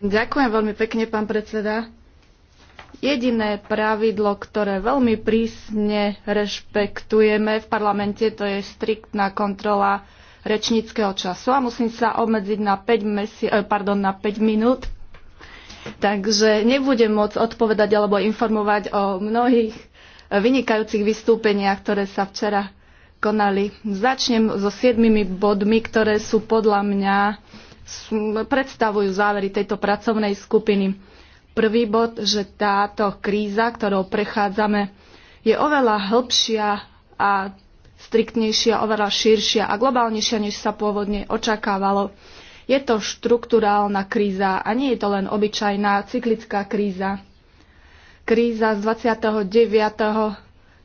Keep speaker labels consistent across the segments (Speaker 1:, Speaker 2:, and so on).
Speaker 1: Ďakujem veľmi pekne, pán predseda. Jediné pravidlo, ktoré veľmi prísne rešpektujeme v parlamente, to je striktná kontrola rečníckého času a musím sa obmedziť na 5, mesi- eh, pardon, na 5 minút. Takže nebudem môcť odpovedať alebo informovať o mnohých eh, vynikajúcich vystúpeniach, ktoré sa včera konali. Začnem so siedmimi bodmi, ktoré sú podľa mňa predstavujú závery tejto pracovnej skupiny. Prvý bod, že táto kríza, ktorou prechádzame, je oveľa hĺbšia a striktnejšia, oveľa širšia a globálnejšia, než sa pôvodne očakávalo. Je to štruktúrálna kríza a nie je to len obyčajná cyklická kríza. Kríza z 29.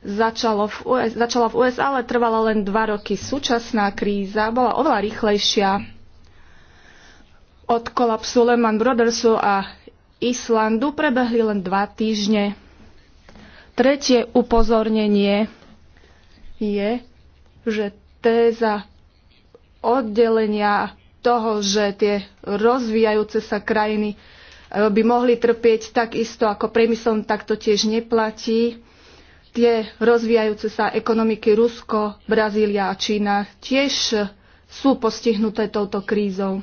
Speaker 1: Začalo v US, začala v USA, ale trvala len dva roky. Súčasná kríza bola oveľa rýchlejšia od kolapsu Lehman Brothersu a Islandu prebehli len dva týždne. Tretie upozornenie je, že téza oddelenia toho, že tie rozvíjajúce sa krajiny e, by mohli trpieť takisto ako priemyslom, tak to tiež neplatí. Tie rozvíjajúce sa ekonomiky Rusko, Brazília a Čína tiež sú postihnuté touto krízou.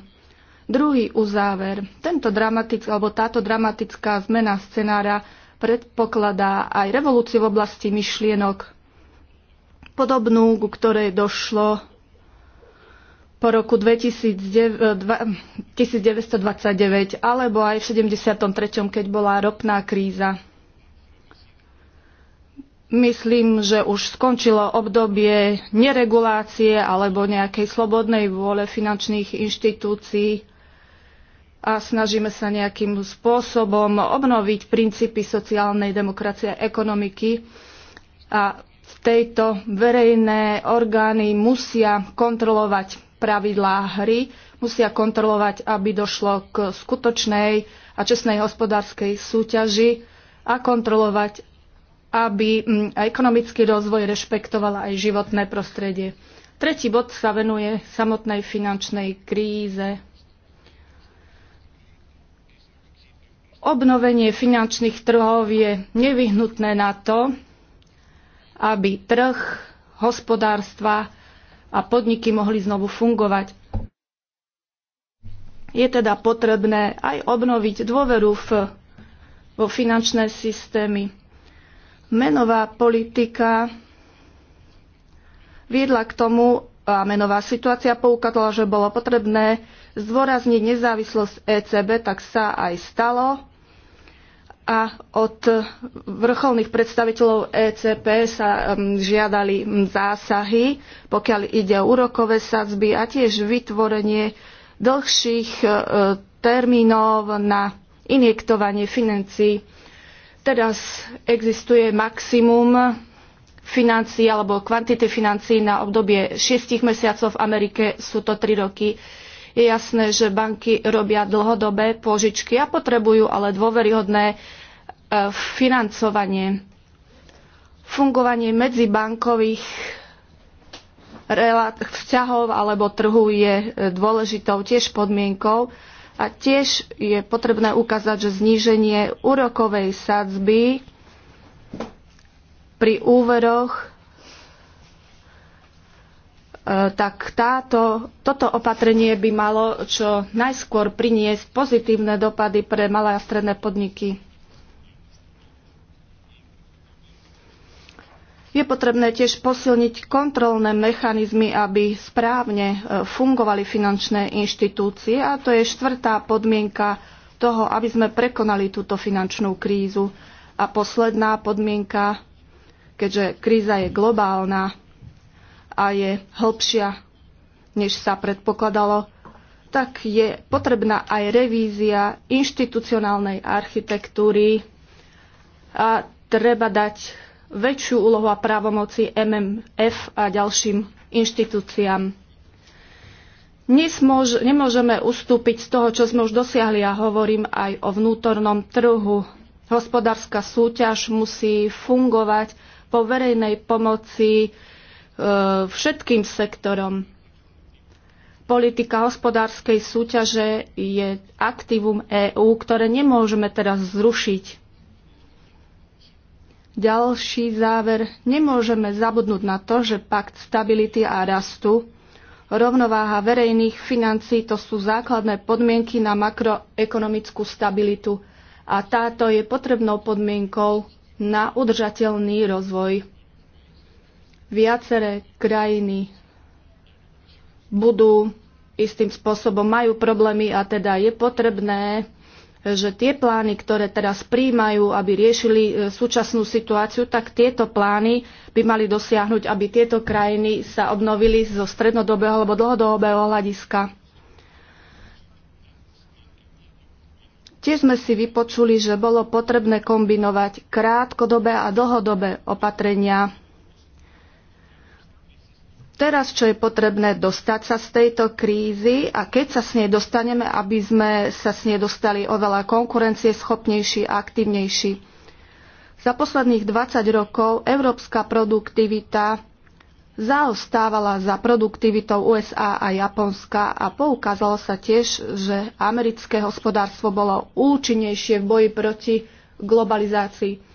Speaker 1: Druhý uzáver. Tento dramatic, alebo táto dramatická zmena scenára predpokladá aj revolúciu v oblasti myšlienok, podobnú, ku ktorej došlo po roku 1929 alebo aj v 73., keď bola ropná kríza. Myslím, že už skončilo obdobie neregulácie alebo nejakej slobodnej vôle finančných inštitúcií a snažíme sa nejakým spôsobom obnoviť princípy sociálnej demokracie a ekonomiky. A v tejto verejné orgány musia kontrolovať pravidlá hry, musia kontrolovať, aby došlo k skutočnej a čestnej hospodárskej súťaži a kontrolovať, aby mm, ekonomický rozvoj rešpektovala aj životné prostredie. Tretí bod sa venuje samotnej finančnej kríze Obnovenie finančných trhov je nevyhnutné na to, aby trh, hospodárstva a podniky mohli znovu fungovať. Je teda potrebné aj obnoviť dôveru v, vo finančné systémy. Menová politika viedla k tomu, a menová situácia poukázala, že bolo potrebné zdôrazniť nezávislosť ECB, tak sa aj stalo a od vrcholných predstaviteľov ECP sa um, žiadali um, zásahy, pokiaľ ide o úrokové sadzby a tiež vytvorenie dlhších uh, termínov na injektovanie financií. Teraz existuje maximum financií alebo kvantity financií na obdobie 6 mesiacov, v Amerike sú to 3 roky. Je jasné, že banky robia dlhodobé požičky a potrebujú ale dôveryhodné e, financovanie. Fungovanie medzibankových vzťahov alebo trhu je e, dôležitou tiež podmienkou a tiež je potrebné ukázať, že zníženie úrokovej sadzby pri úveroch E, tak táto, toto opatrenie by malo čo najskôr priniesť pozitívne dopady pre malé a stredné podniky. Je potrebné tiež posilniť kontrolné mechanizmy, aby správne e, fungovali finančné inštitúcie a to je štvrtá podmienka toho, aby sme prekonali túto finančnú krízu. A posledná podmienka, keďže kríza je globálna, a je hlbšia, než sa predpokladalo, tak je potrebná aj revízia inštitucionálnej architektúry a treba dať väčšiu úlohu a právomoci MMF a ďalším inštitúciám. Nesmôž, nemôžeme ustúpiť z toho, čo sme už dosiahli a ja hovorím aj o vnútornom trhu. Hospodárska súťaž musí fungovať po verejnej pomoci, E, všetkým sektorom. Politika hospodárskej súťaže je aktívum EÚ, ktoré nemôžeme teraz zrušiť. Ďalší záver. Nemôžeme zabudnúť na to, že pakt stability a rastu, rovnováha verejných financí, to sú základné podmienky na makroekonomickú stabilitu a táto je potrebnou podmienkou na udržateľný rozvoj. Viaceré krajiny budú istým spôsobom, majú problémy a teda je potrebné, že tie plány, ktoré teraz príjmajú, aby riešili e, súčasnú situáciu, tak tieto plány by mali dosiahnuť, aby tieto krajiny sa obnovili zo strednodobého alebo dlhodobého hľadiska. Tiež sme si vypočuli, že bolo potrebné kombinovať krátkodobé a dlhodobé opatrenia. Teraz, čo je potrebné dostať sa z tejto krízy a keď sa s nej dostaneme, aby sme sa s nej dostali oveľa konkurencieschopnejší a aktívnejší. Za posledných 20 rokov európska produktivita zaostávala za produktivitou USA a Japonska a poukázalo sa tiež, že americké hospodárstvo bolo účinnejšie v boji proti globalizácii.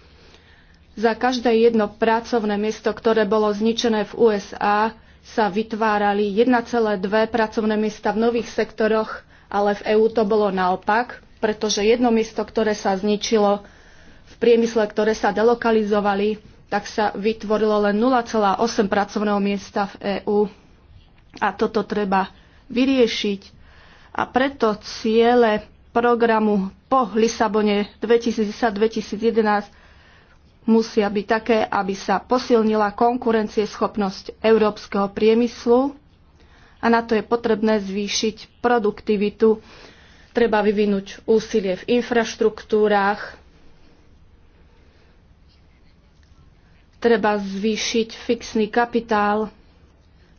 Speaker 1: Za každé jedno pracovné miesto, ktoré bolo zničené v USA, sa vytvárali 1,2 pracovné miesta v nových sektoroch, ale v EÚ to bolo naopak, pretože jedno miesto, ktoré sa zničilo v priemysle, ktoré sa delokalizovali, tak sa vytvorilo len 0,8 pracovného miesta v EÚ. A toto treba vyriešiť. A preto ciele programu po Lisabone 2010-2011 musia byť také, aby sa posilnila konkurencieschopnosť európskeho priemyslu a na to je potrebné zvýšiť produktivitu. Treba vyvinúť úsilie v infraštruktúrách, treba zvýšiť fixný kapitál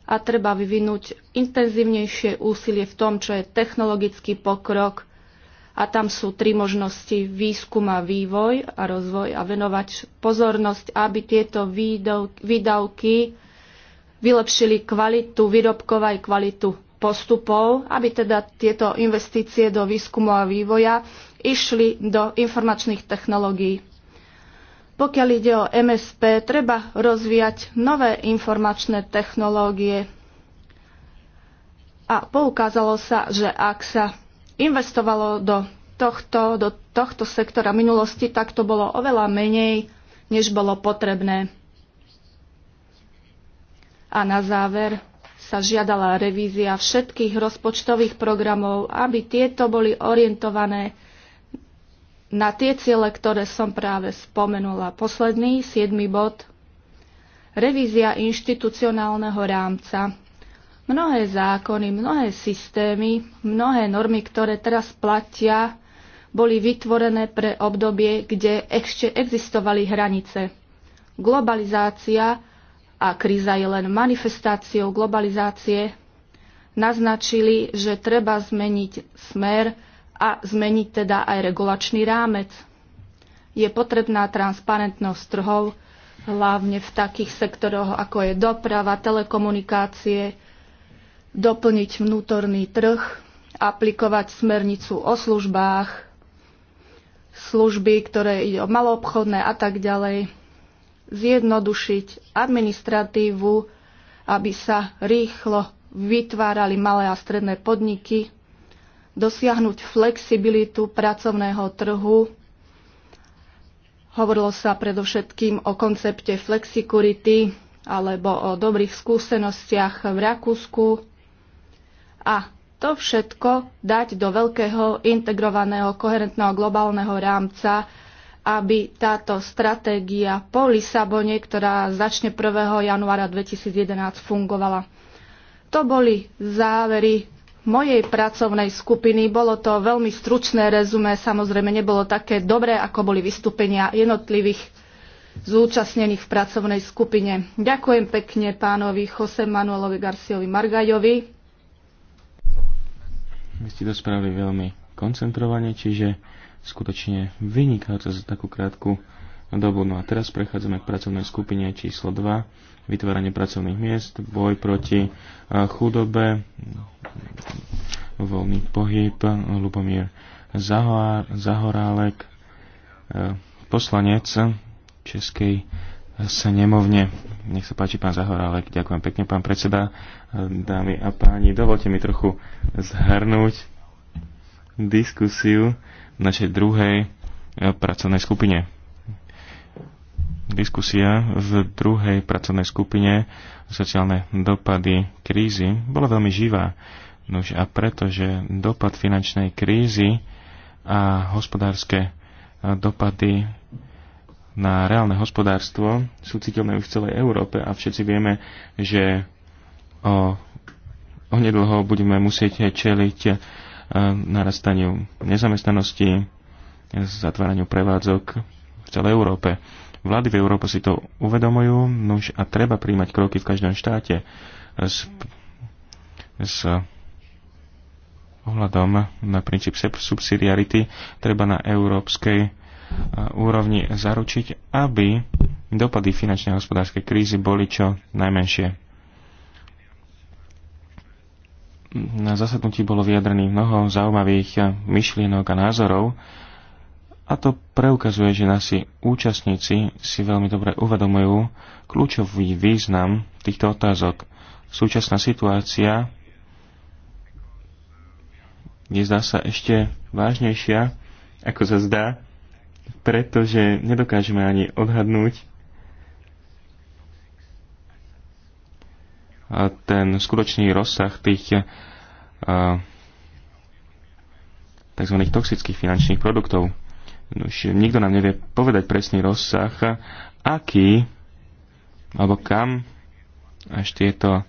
Speaker 1: a treba vyvinúť intenzívnejšie úsilie v tom, čo je technologický pokrok, a tam sú tri možnosti výskum a vývoj a rozvoj a venovať pozornosť, aby tieto výdavky vylepšili kvalitu výrobkov aj kvalitu postupov, aby teda tieto investície do výskumu a vývoja išli do informačných technológií. Pokiaľ ide o MSP, treba rozvíjať nové informačné technológie. A poukázalo sa, že ak sa investovalo do tohto, do tohto sektora minulosti, tak to bolo oveľa menej, než bolo potrebné. A na záver sa žiadala revízia všetkých rozpočtových programov, aby tieto boli orientované na tie ciele, ktoré som práve spomenula. Posledný, siedmy bod. Revízia inštitucionálneho rámca Mnohé zákony, mnohé systémy, mnohé normy, ktoré teraz platia, boli vytvorené pre obdobie, kde ešte existovali hranice. Globalizácia a kríza je len manifestáciou globalizácie, naznačili, že treba zmeniť smer a zmeniť teda aj regulačný rámec. Je potrebná transparentnosť trhov, hlavne v takých sektoroch, ako je doprava, telekomunikácie, doplniť vnútorný trh, aplikovať smernicu o službách, služby, ktoré ide o maloobchodné a tak ďalej, zjednodušiť administratívu, aby sa rýchlo vytvárali malé a stredné podniky, dosiahnuť flexibilitu pracovného trhu. Hovorilo sa predovšetkým o koncepte flexicurity alebo o dobrých skúsenostiach v Rakúsku, a to všetko dať do veľkého integrovaného, koherentného globálneho rámca, aby táto stratégia po Lisabone, ktorá začne 1. januára 2011, fungovala. To boli závery mojej pracovnej skupiny. Bolo to veľmi stručné rezume, samozrejme nebolo také dobré, ako boli vystúpenia jednotlivých zúčastnených v pracovnej skupine. Ďakujem pekne pánovi Jose Manuelovi Garciovi Margajovi
Speaker 2: vy ste to spravili veľmi koncentrovane, čiže skutočne vynikajúce za takú krátku dobu. No a teraz prechádzame k pracovnej skupine číslo 2, vytváranie pracovných miest, boj proti chudobe, voľný pohyb, Lubomír Zahor, Zahorálek, poslanec Českej senemovne. Nech sa páči, pán Zahorálek. Ďakujem pekne, pán predseda. Dámy a páni, dovolte mi trochu zhrnúť diskusiu v našej druhej e, pracovnej skupine. Diskusia v druhej pracovnej skupine sociálne dopady krízy bola veľmi živá. Nož a pretože dopad finančnej krízy a hospodárske e, dopady na reálne hospodárstvo sú citeľné už v celej Európe a všetci vieme, že o, onedlho budeme musieť čeliť e, narastaniu nezamestnanosti, zatváraniu prevádzok v celej Európe. Vlády v Európe si to uvedomujú nuž a treba príjmať kroky v každom štáte s, s ohľadom na princíp subsidiarity. Treba na európskej e, úrovni zaručiť, aby dopady finančnej a hospodárskej krízy boli čo najmenšie na zasadnutí bolo vyjadrených mnoho zaujímavých myšlienok a názorov a to preukazuje, že naši účastníci si veľmi dobre uvedomujú kľúčový význam týchto otázok. Súčasná situácia je zdá sa ešte vážnejšia, ako sa zdá, pretože nedokážeme ani odhadnúť, ten skutočný rozsah tých eh, tzv. toxických finančných produktov. No už nikto nám nevie povedať presný rozsah, aký alebo kam až tieto,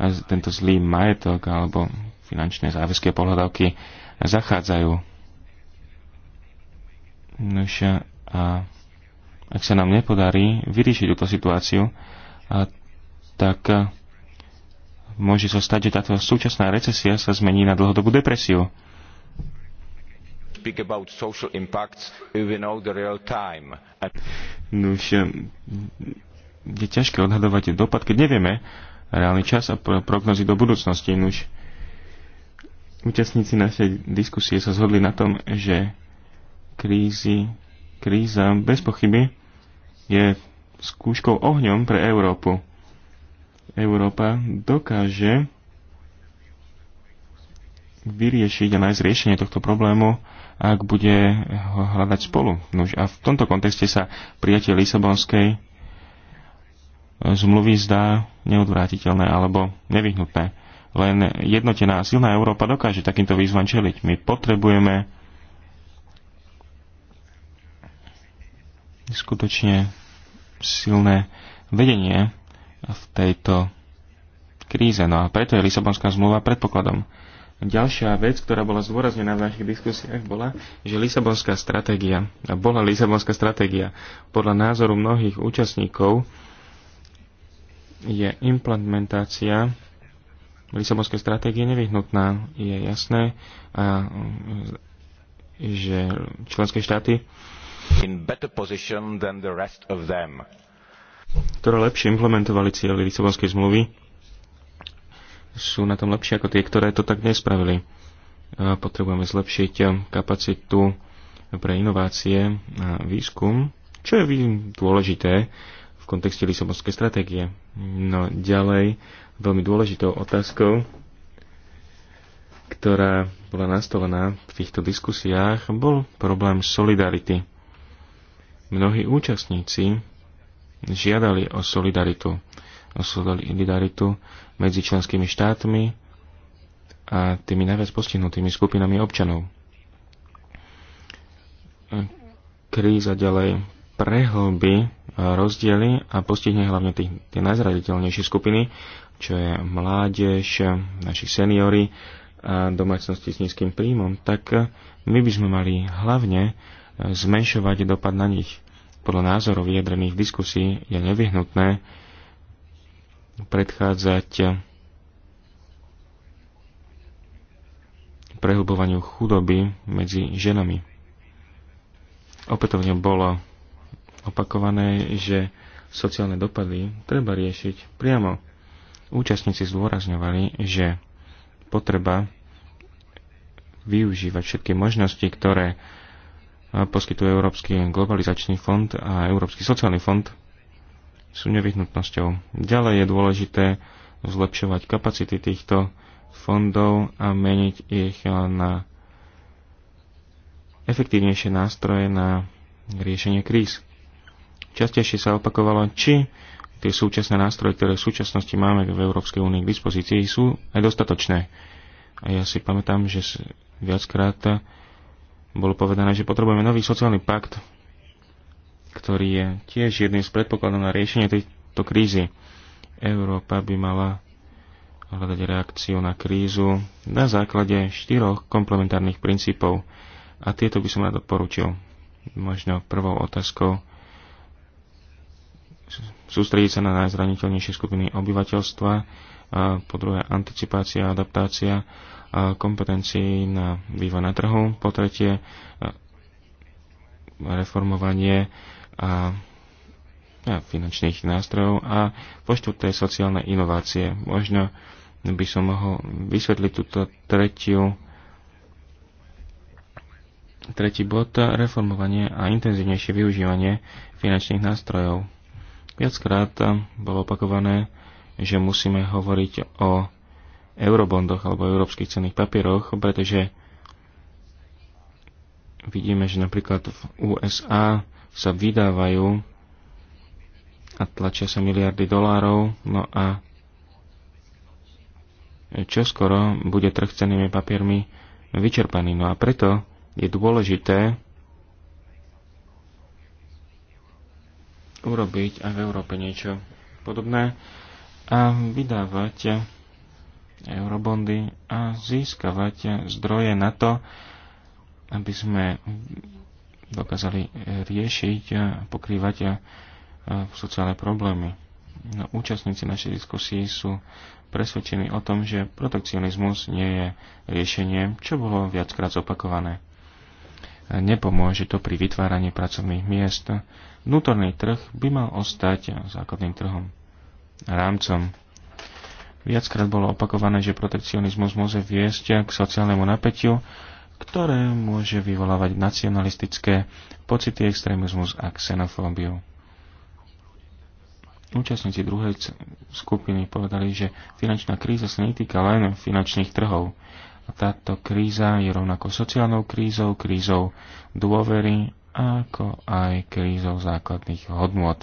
Speaker 2: eh, tento zlý majetok alebo finančné záväzky a pohľadavky zachádzajú. Už, eh, a ak sa nám nepodarí vyriešiť túto situáciu, a, tak a, môže sa stať, že táto súčasná recesia sa zmení na dlhodobú depresiu. No ehm, je ťažké odhadovať dopad, keď nevieme reálny čas a prognozy do budúcnosti. No účastníci našej diskusie sa zhodli na tom, že krízy, kríza bez pochyby je skúškou ohňom pre Európu Európa dokáže vyriešiť a nájsť riešenie tohto problému, ak bude ho hľadať spolu. Nož a v tomto kontexte sa prijatie Lisabonskej zmluvy zdá neodvrátiteľné alebo nevyhnutné. Len jednotená a silná Európa dokáže takýmto výzvam čeliť. My potrebujeme skutočne silné vedenie v tejto kríze. No a preto je Lisabonská zmluva predpokladom. Ďalšia vec, ktorá bola zdôraznená v našich diskusiách, bola, že Lisabonská stratégia, bola Lisabonská stratégia podľa názoru mnohých účastníkov je implementácia Lisabonskej stratégie nevyhnutná. Je jasné, a, že členské štáty in better position than the rest of them ktoré lepšie implementovali cieľy Lisabonskej zmluvy, sú na tom lepšie ako tie, ktoré to tak nespravili. Potrebujeme zlepšiť kapacitu pre inovácie a výskum, čo je dôležité v kontexte Lisabonskej stratégie. No ďalej, veľmi dôležitou otázkou, ktorá bola nastolená v týchto diskusiách, bol problém solidarity. Mnohí účastníci žiadali o solidaritu. O solidaritu medzi členskými štátmi a tými najviac postihnutými skupinami občanov. Kríza ďalej prehlbí rozdiely a postihne hlavne tých, tie najzraditeľnejšie skupiny, čo je mládež, naši seniory a domácnosti s nízkym príjmom, tak my by sme mali hlavne zmenšovať dopad na nich. Podľa názorov vyjadrených v diskusii je nevyhnutné predchádzať prehlbovaniu chudoby medzi ženami. Opätovne bolo opakované, že sociálne dopady treba riešiť priamo. Účastníci zdôrazňovali, že potreba využívať všetky možnosti, ktoré poskytuje Európsky globalizačný fond a Európsky sociálny fond, sú nevyhnutnosťou. Ďalej je dôležité zlepšovať kapacity týchto fondov a meniť ich na efektívnejšie nástroje na riešenie kríz. Častejšie sa opakovalo, či tie súčasné nástroje, ktoré v súčasnosti máme v Európskej únii k dispozícii, sú aj dostatočné. A ja si pamätám, že viackrát bolo povedané, že potrebujeme nový sociálny pakt, ktorý je tiež jedným z predpokladov na riešenie tejto krízy. Európa by mala hľadať reakciu na krízu na základe štyroch komplementárnych princípov. A tieto by som rád odporučil. Možno prvou otázkou sústrediť sa na najzraniteľnejšie skupiny obyvateľstva a po druhé anticipácia a adaptácia kompetencií na vývoj na trhu, po tretie reformovanie a finančných nástrojov a po štvrté sociálne inovácie. Možno by som mohol vysvetliť túto tretiu tretí bod, reformovanie a intenzívnejšie využívanie finančných nástrojov. Viackrát bolo opakované, že musíme hovoriť o eurobondoch alebo európskych cenných papieroch, pretože vidíme, že napríklad v USA sa vydávajú a tlačia sa miliardy dolárov, no a čo skoro bude trh cenými papiermi vyčerpaný. No a preto je dôležité urobiť aj v Európe niečo podobné a vydávať eurobondy a získavať zdroje na to, aby sme dokázali riešiť a pokrývať sociálne problémy. No, účastníci našej diskusie sú presvedčení o tom, že protekcionizmus nie je riešenie, čo bolo viackrát zopakované. Nepomôže to pri vytváraní pracovných miest. Vnútorný trh by mal ostať základným trhom rámcom. Viackrát bolo opakované, že protekcionizmus môže viesť k sociálnemu napätiu, ktoré môže vyvolávať nacionalistické pocity, extrémizmus a xenofóbiu. Účastníci druhej skupiny povedali, že finančná kríza sa netýka len finančných trhov. A táto kríza je rovnako sociálnou krízou, krízou dôvery, ako aj krízou základných hodnôt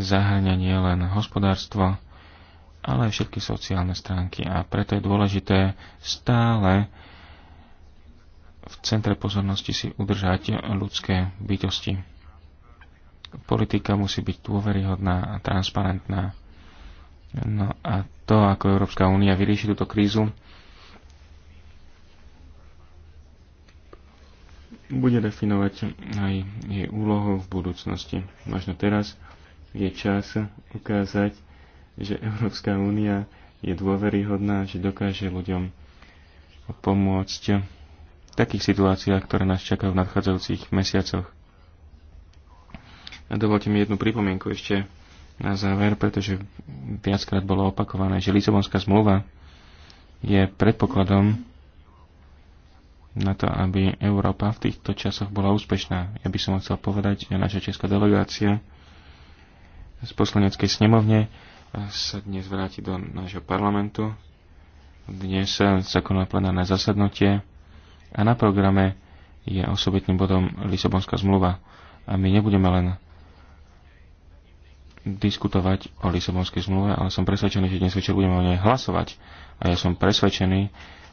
Speaker 2: zahrňa nie len hospodárstvo, ale aj všetky sociálne stránky. A preto je dôležité stále v centre pozornosti si udržať ľudské bytosti. Politika musí byť dôveryhodná a transparentná. No a to, ako Európska únia vyrieši túto krízu, bude definovať aj jej úlohu v budúcnosti. Možno teraz je čas ukázať, že Európska únia je dôveryhodná, že dokáže ľuďom pomôcť v takých situáciách, ktoré nás čakajú v nadchádzajúcich mesiacoch. A dovolte mi jednu pripomienku ešte na záver, pretože viackrát bolo opakované, že Lisabonská zmluva je predpokladom na to, aby Európa v týchto časoch bola úspešná. Ja by som chcel povedať, že naša česká delegácia z poslaneckej snemovne sa dnes vráti do nášho parlamentu. Dnes sa koná plenárne zasadnutie a na programe je osobitným bodom Lisabonská zmluva. A my nebudeme len diskutovať o Lisabonskej zmluve, ale som presvedčený, že dnes večer budeme o nej hlasovať. A ja som presvedčený,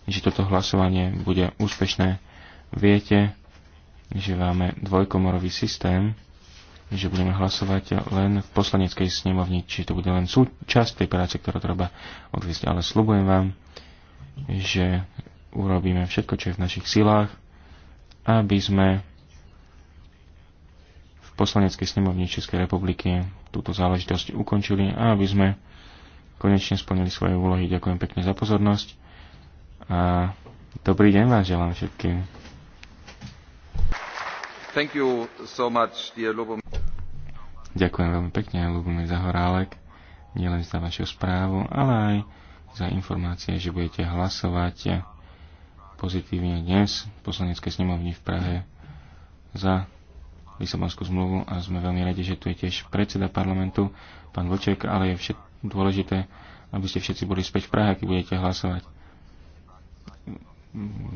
Speaker 2: že toto hlasovanie bude úspešné. Viete, že máme dvojkomorový systém, že budeme hlasovať len v poslaneckej snemovni, či to bude len súčasť tej práce, ktorú treba odviesť. Ale slubujem vám, že urobíme všetko, čo je v našich silách, aby sme v poslaneckej snemovni Českej republiky túto záležitosť ukončili a aby sme konečne splnili svoje úlohy. Ďakujem pekne za pozornosť a dobrý deň vám želám všetkým. Ďakujem veľmi pekne, Lubomir Zahorálek, nielen za vašu správu, ale aj za informácie, že budete hlasovať pozitívne dnes v poslaneckej snemovni v Prahe za Lisabonskú zmluvu a sme veľmi radi, že tu je tiež predseda parlamentu, pán Vlček, ale je všet, dôležité, aby ste všetci boli späť v Prahe, keď budete hlasovať.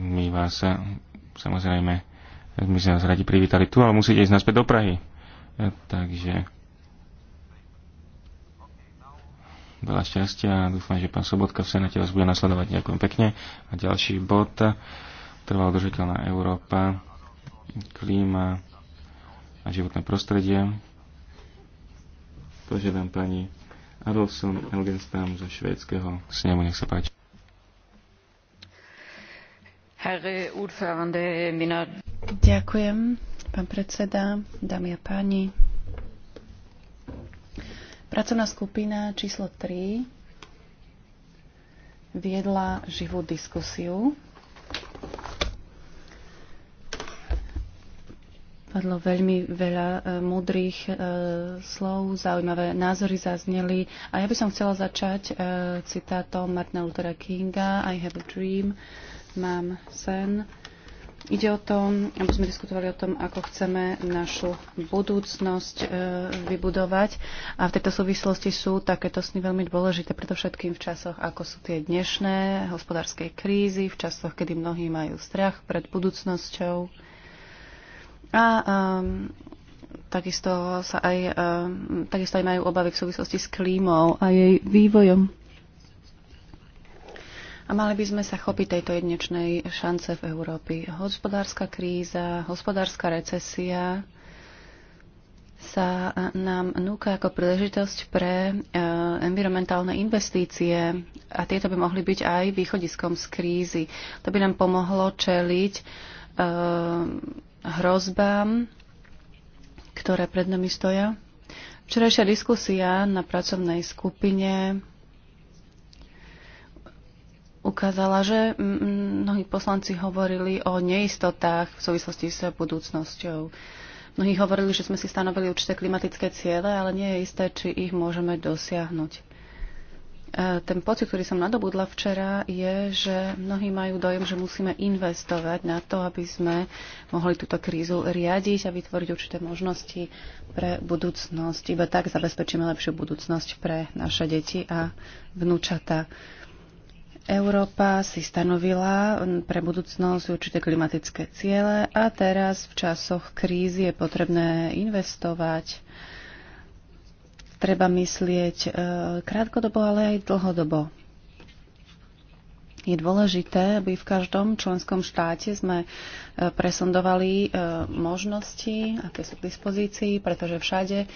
Speaker 2: My vás samozrejme my sme vás radi privítali tu, ale musíte ísť naspäť do Prahy. E, takže veľa šťastia a dúfam, že pán Sobotka v Senate vás bude nasledovať. Ďakujem pekne. A ďalší bod, trvá udržateľná Európa, klíma a životné prostredie. Požiadam pani Adolfson Elgenstam zo švédskeho snemu, nech sa páči.
Speaker 3: Ďakujem, pán predseda, dámy a páni. Pracovná skupina číslo 3 viedla živú diskusiu. Padlo veľmi veľa e, múdrych e, slov, zaujímavé názory zazneli. A ja by som chcela začať e, citátom Martina Luthera Kinga I have a dream, mám sen. Ide o to, aby sme diskutovali o tom, ako chceme našu budúcnosť e, vybudovať. A v tejto súvislosti sú takéto sny veľmi dôležité, preto všetkým v časoch, ako sú tie dnešné hospodárskej krízy, v časoch, kedy mnohí majú strach pred budúcnosťou. A um, takisto, sa aj, um, takisto aj majú obavy v súvislosti s klímou a jej vývojom a mali by sme sa chopiť tejto jednečnej šance v Európe. Hospodárska kríza, hospodárska recesia sa nám núka ako príležitosť pre e, environmentálne investície a tieto by mohli byť aj východiskom z krízy. To by nám pomohlo čeliť e, hrozbám, ktoré pred nami stoja. Včerajšia diskusia na pracovnej skupine ukázala, že mnohí poslanci hovorili o neistotách v súvislosti s budúcnosťou. Mnohí hovorili, že sme si stanovili určité klimatické ciele, ale nie je isté, či ich môžeme dosiahnuť. E, ten pocit, ktorý som nadobudla včera, je, že mnohí majú dojem, že musíme investovať na to, aby sme mohli túto krízu riadiť a vytvoriť určité možnosti pre budúcnosť. Iba tak zabezpečíme lepšiu budúcnosť pre naše deti a vnúčata. Európa si stanovila pre budúcnosť určité klimatické ciele a teraz v časoch krízy je potrebné investovať. Treba myslieť e, krátkodobo, ale aj dlhodobo. Je dôležité, aby v každom členskom štáte sme e, presondovali e, možnosti, aké sú k dispozícii, pretože všade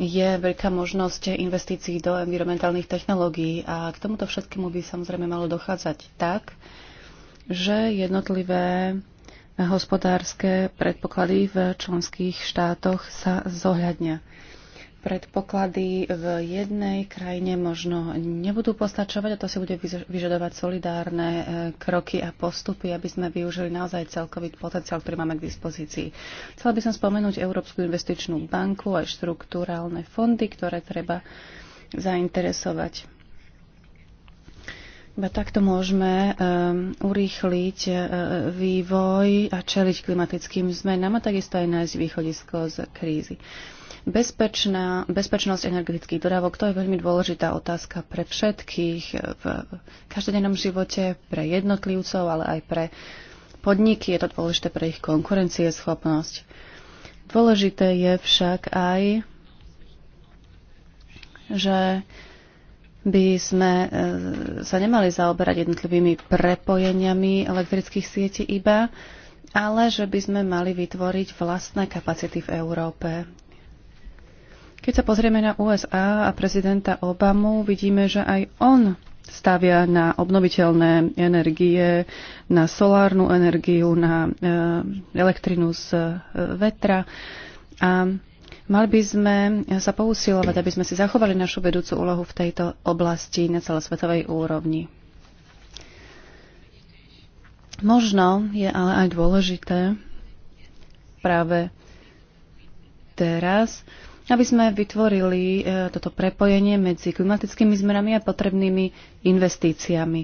Speaker 3: je veľká možnosť investícií do environmentálnych technológií a k tomuto všetkému by samozrejme malo dochádzať tak, že jednotlivé hospodárske predpoklady v členských štátoch sa zohľadnia predpoklady v jednej krajine možno nebudú postačovať a to si bude vyžadovať solidárne e, kroky a postupy, aby sme využili naozaj celkový potenciál, ktorý máme k dispozícii. Chcela by som spomenúť Európsku investičnú banku aj štruktúrálne fondy, ktoré treba zainteresovať. Iba takto môžeme um, urýchliť uh, vývoj a čeliť klimatickým zmenám a takisto aj nájsť východisko z krízy. Uh, Bezpečná, bezpečnosť energetických dodávok, to je veľmi dôležitá otázka pre všetkých eh, v každodennom živote, pre jednotlivcov, ale aj pre podniky. Je to dôležité pre ich konkurencieschopnosť. Dôležité je však aj, že by sme eh, sa nemali zaoberať jednotlivými prepojeniami elektrických sietí iba, ale že by sme mali vytvoriť vlastné kapacity v Európe. Keď sa pozrieme na USA a prezidenta Obamu, vidíme, že aj on stavia na obnoviteľné energie, na solárnu energiu, na eh, elektrinu z eh, vetra. A mali by sme sa pousilovať, aby sme si zachovali našu vedúcu úlohu v tejto oblasti na celosvetovej úrovni. Možno je ale aj dôležité práve teraz aby sme vytvorili e, toto prepojenie medzi klimatickými zmenami a potrebnými investíciami.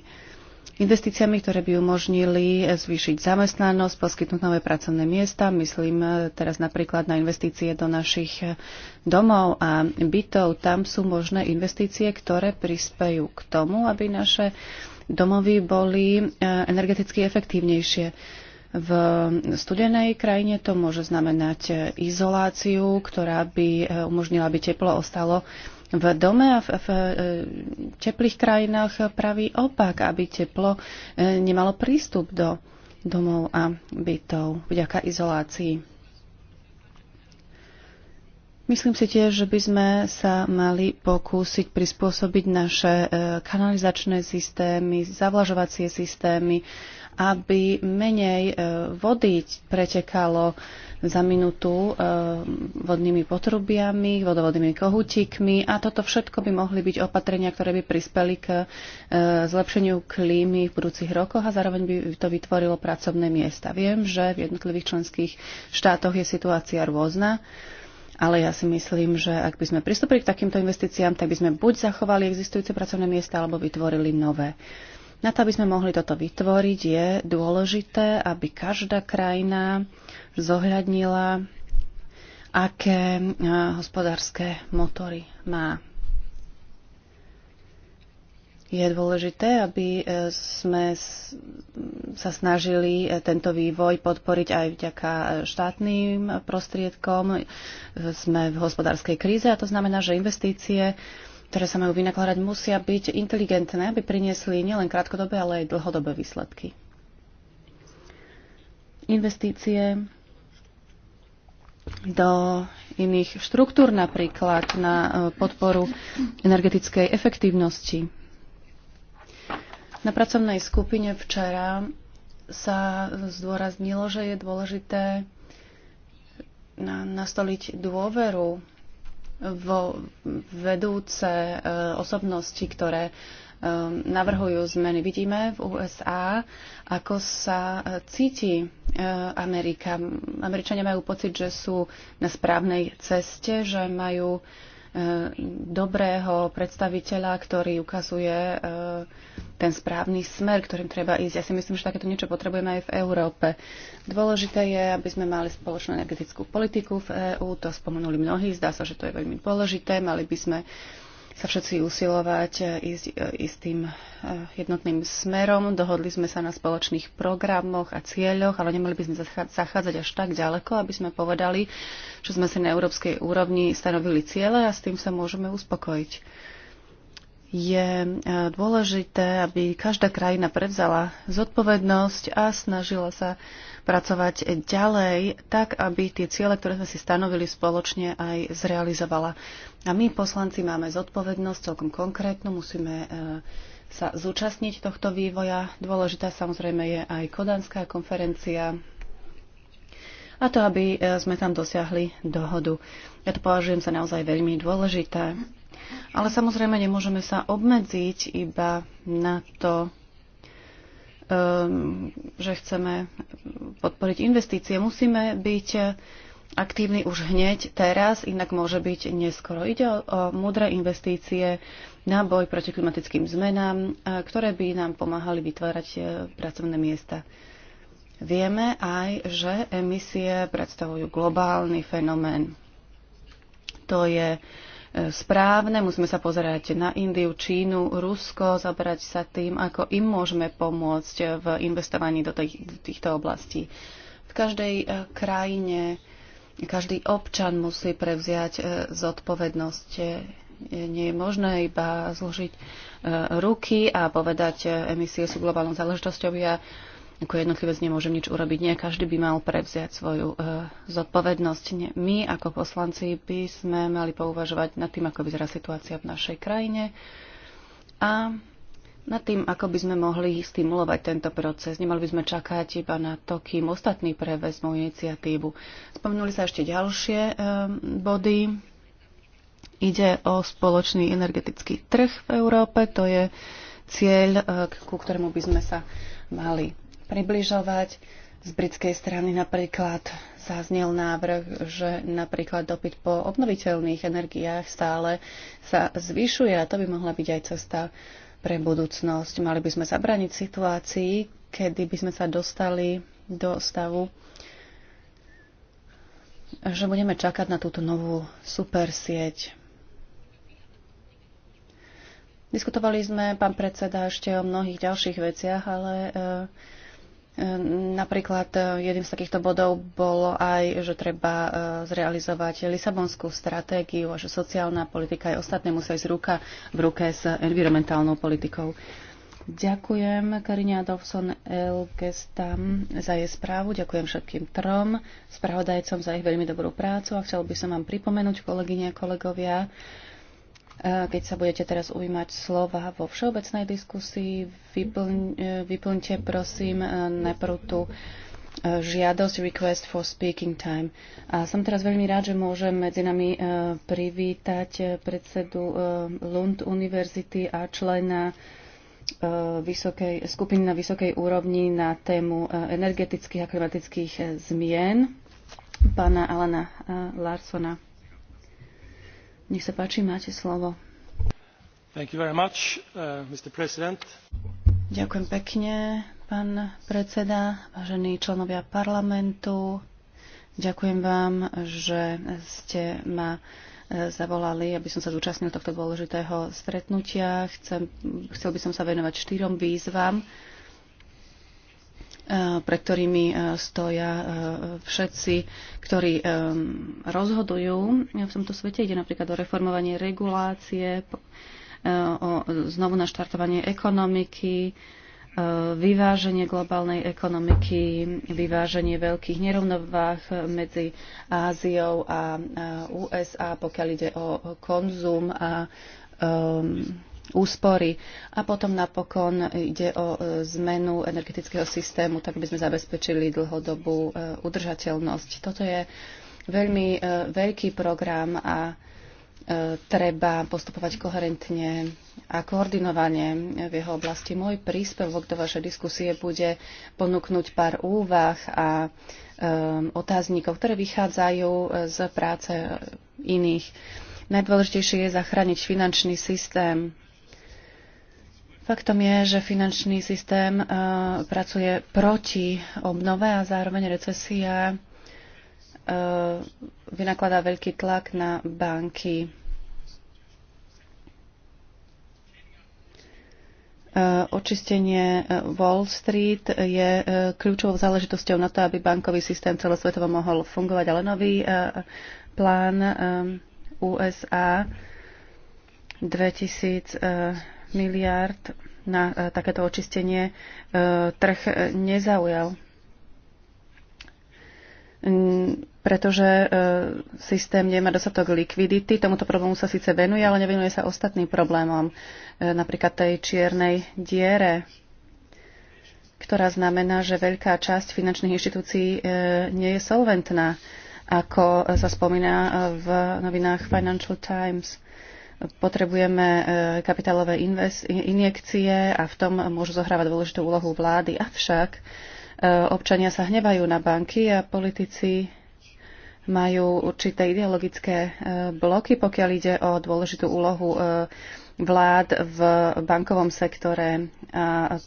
Speaker 3: Investíciami, ktoré by umožnili e, zvýšiť zamestnanosť, poskytnúť nové pracovné miesta. Myslím e, teraz napríklad na investície do našich domov a bytov. Tam sú možné investície, ktoré prispejú k tomu, aby naše domovy boli energeticky efektívnejšie. V studenej krajine to môže znamenať izoláciu, ktorá by e, umožnila, aby teplo ostalo v dome a v, v e, teplých krajinách pravý opak, aby teplo e, nemalo prístup do domov a bytov vďaka izolácii. Myslím si tiež, že by sme sa mali pokúsiť prispôsobiť naše kanalizačné systémy, zavlažovacie systémy aby menej e, vody pretekalo za minútu e, vodnými potrubiami, vodovodnými kohútikmi a toto všetko by mohli byť opatrenia, ktoré by prispeli k e, zlepšeniu klímy v budúcich rokoch a zároveň by to vytvorilo pracovné miesta. Viem, že v jednotlivých členských štátoch je situácia rôzna. Ale ja si myslím, že ak by sme pristúpili k takýmto investíciám, tak by sme buď zachovali existujúce pracovné miesta, alebo vytvorili nové. Uh, na to, aby sme mohli toto vytvoriť, je dôležité, aby každá krajina zohľadnila, aké eh, hospodárske motory má. Je dôležité, aby eh, sme sa snažili eh, tento vývoj podporiť aj vďaka štátnym prostriedkom. Sme v hospodárskej kríze a to znamená, že investície ktoré sa majú vynakladať, musia byť inteligentné, aby priniesli nielen krátkodobé, ale aj dlhodobé výsledky. Investície do iných štruktúr, napríklad na e, podporu energetickej efektívnosti. Na pracovnej skupine včera sa zdôraznilo, že je dôležité nastoliť dôveru vo vedúce eh, osobnosti, ktoré eh, navrhujú zmeny. Vidíme v USA, ako sa eh, cíti Amerika. Američania majú pocit, že sú na správnej ceste, že majú dobrého predstaviteľa, ktorý ukazuje e, ten správny smer, ktorým treba ísť. Ja si myslím, že takéto niečo potrebujeme aj v Európe. Dôležité je, aby sme mali spoločnú energetickú politiku v EÚ, to spomenuli mnohí, zdá sa, že to je veľmi dôležité. Mali by sme sa všetci usilovať e, ísť istým e, e, jednotným smerom. Dohodli sme sa na spoločných programoch a cieľoch, ale nemali by sme zachádzať až tak ďaleko, aby sme povedali, že sme si na európskej úrovni stanovili ciele a s tým sa môžeme uspokojiť je e, dôležité, aby každá krajina prevzala zodpovednosť a snažila sa pracovať ďalej, tak aby tie ciele, ktoré sme si stanovili spoločne, aj zrealizovala. A my, poslanci, máme zodpovednosť celkom konkrétnu, musíme e, sa zúčastniť tohto vývoja. Dôležitá samozrejme je aj Kodanská konferencia, a to, aby e, sme tam dosiahli dohodu. Ja to považujem za naozaj veľmi dôležité. Ale samozrejme nemôžeme sa obmedziť iba na to, ehm, že chceme podporiť investície. Musíme byť aktívny už hneď teraz, inak môže byť neskoro. Ide o, o múdre investície na boj proti klimatickým zmenám, ktoré by nám pomáhali vytvárať e, pracovné miesta. Vieme aj, že emisie predstavujú globálny fenomén. To je uh, správne. Musíme sa pozerať na Indiu, Čínu, Rusko, zaberať sa tým, ako im môžeme pomôcť v investovaní do týchto oblastí. V každej eh, krajine každý občan musí prevziať eh, zodpovednosť. Nie je možné iba zložiť eh, ruky a povedať, emisie sú globálnou záležitosťou. Ja ako jednotlivec nemôžem nič urobiť. Nie každý by mal prevziať svoju e, zodpovednosť. Nie. My ako poslanci by sme mali pouvažovať nad tým, ako vyzerá situácia v našej krajine a nad tým, ako by sme mohli stimulovať tento proces. Nemali by sme čakať iba na to, kým ostatní prevezmú iniciatívu. Spomenuli sa ešte ďalšie e, body. Ide o spoločný energetický trh v Európe. To je cieľ, e, ku ktorému by sme sa mali približovať. Z britskej strany napríklad zaznel návrh, že napríklad dopyt po obnoviteľných energiách stále sa zvyšuje a to by mohla byť aj cesta pre budúcnosť. Mali by sme zabraniť situácii, kedy by sme sa dostali do stavu, že budeme čakať na túto novú supersieť. Diskutovali sme, pán predseda, ešte o mnohých ďalších veciach, ale e, Ehm, napríklad e, jedným z takýchto bodov bolo aj, že treba e, zrealizovať Lisabonskú stratégiu a že sociálna politika aj ostatné musia ísť ruka v ruke s environmentálnou politikou. Ďakujem Karine Adolfson Elgestam za jej správu, ďakujem všetkým trom spravodajcom za ich veľmi dobrú prácu a chcel by som vám pripomenúť, kolegyne a kolegovia, Eh, keď sa budete teraz ujímať slova vo všeobecnej diskusii, vyplň, eh, vyplňte prosím eh, najprv tú žiadosť Request for Speaking Time. A som teraz veľmi rád, že môžem medzi nami privítať predsedu Lund Univerzity a člena vysokej, skupiny na vysokej úrovni na tému energetických a klimatických zmien, pána Alana Larsona. Nech sa páči, máte slovo.
Speaker 2: Thank you very much, uh, Mr. President.
Speaker 3: Ďakujem pekne, pán predseda, vážení členovia parlamentu. Ďakujem vám, že ste ma uh, zavolali, aby som sa zúčastnil tohto dôležitého stretnutia. Chcem, chcel by som sa venovať štyrom výzvam, Eh, pred ktorými eh, stoja eh, všetci, ktorí rozhodujú v tomto svete. Ide napríklad o reformovanie regulácie, o znovu naštartovanie ekonomiky, vyváženie globálnej ekonomiky, vyváženie veľkých nerovnováh medzi Áziou a USA, pokiaľ ide o konzum a um, úspory. A potom napokon ide o e, zmenu energetického systému, tak by sme zabezpečili dlhodobú e, udržateľnosť. Toto je veľmi e, veľký program a treba postupovať koherentne a koordinovanie v jeho oblasti. Môj príspevok do vašej diskusie bude ponúknuť pár úvah a otáznikov, ktoré vychádzajú z práce iných. Najdôležitejšie je zachrániť finančný systém Faktom je, že finančný systém e, pracuje proti obnove a zároveň recesia e, vynakladá veľký tlak na banky. E, očistenie Wall Street je kľúčovou záležitosťou na to, aby bankový systém celosvetovo mohol fungovať, ale nový plán USA 2000 miliárd na e, takéto očistenie e, trh e, nezaujal. Pretože systém nemá dostatok likvidity. Tomuto problému sa síce venuje, ale nevenuje sa ostatným problémom. Napríklad tej čiernej diere, ktorá znamená, že veľká časť finančných inštitúcií nie je solventná, ako sa spomína v novinách Financial Times. Potrebujeme e, kapitálové injekcie a v tom môžu zohrávať dôležitú úlohu vlády. Avšak e, občania sa hnevajú na banky a politici majú určité ideologické e, bloky, pokiaľ ide o dôležitú úlohu vlád v bankovom sektore a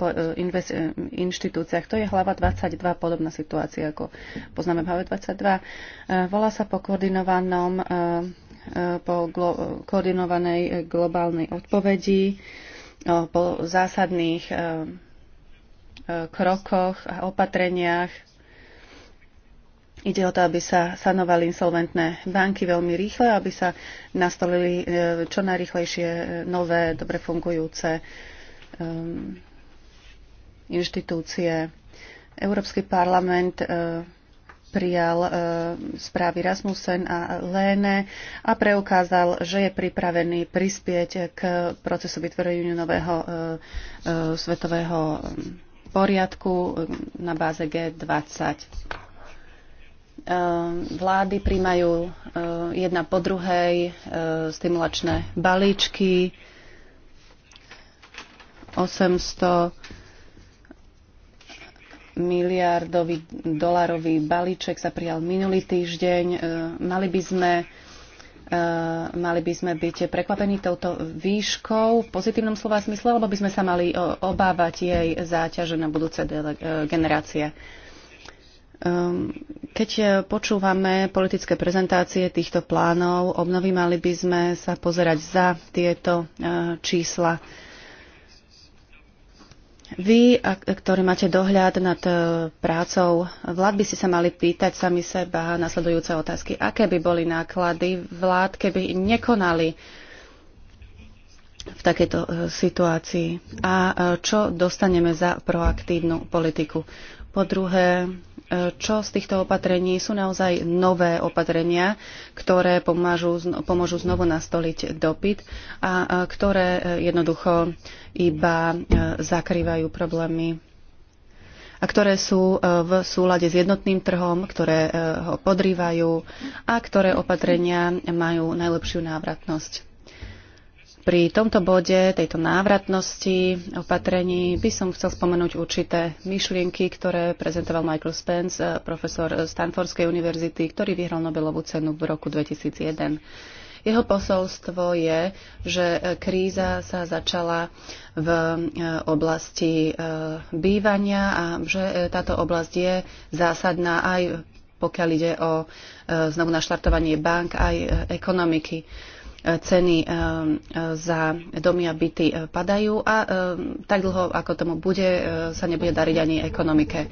Speaker 3: inštitúciách. To je hlava 22, podobná situácia, ako poznáme v hlave 22. Volá sa po koordinovanom po glo- koordinovanej globálnej odpovedi, po zásadných e, e, krokoch a opatreniach. Ide o to, aby sa sanovali insolventné banky veľmi rýchle, aby sa nastolili e, čo najrychlejšie nové, dobre fungujúce inštitúcie. Európsky parlament prijal e, správy Rasmussen a Léne a preukázal, že je pripravený prispieť k procesu vytvorenia nového e, e, svetového poriadku na báze G20. Vlády príjmajú jedna po druhej stimulačné balíčky 800 miliardový dolarový balíček sa prijal minulý týždeň. E, mali by sme e, mali by sme byť prekvapení touto výškou v pozitívnom slova smysle, alebo by sme sa mali e, obávať jej záťaže na budúce generácie. Ehm, keď počúvame politické prezentácie týchto plánov obnovy, mali by sme sa pozerať za tieto čísla vy, ktorí máte dohľad nad e, prácou vlád, by ste sa mali pýtať sami seba nasledujúce otázky. Aké by boli náklady vlád, keby nekonali v takejto e, situácii? A e, čo dostaneme za proaktívnu politiku? Po druhé, čo z týchto opatrení sú naozaj nové opatrenia, ktoré pomážu, pomôžu znovu nastoliť dopyt a ktoré e, jednoducho iba e, zakrývajú problémy a ktoré sú e, v súlade s jednotným trhom, ktoré ho podrývajú a ktoré opatrenia majú najlepšiu návratnosť. Pri tomto bode, tejto návratnosti opatrení by som chcel spomenúť určité myšlienky, ktoré prezentoval Michael Spence, profesor Stanfordskej univerzity, ktorý vyhral Nobelovú cenu v roku 2001. Jeho posolstvo je, že kríza sa začala v e, oblasti e, bývania a že e, táto oblasť je zásadná aj pokiaľ ide o znovu naštartovanie bank aj ekonomiky ceny eh, za domy a byty eh, padajú a eh, tak dlho, ako tomu bude, sa nebude dariť ani ekonomike.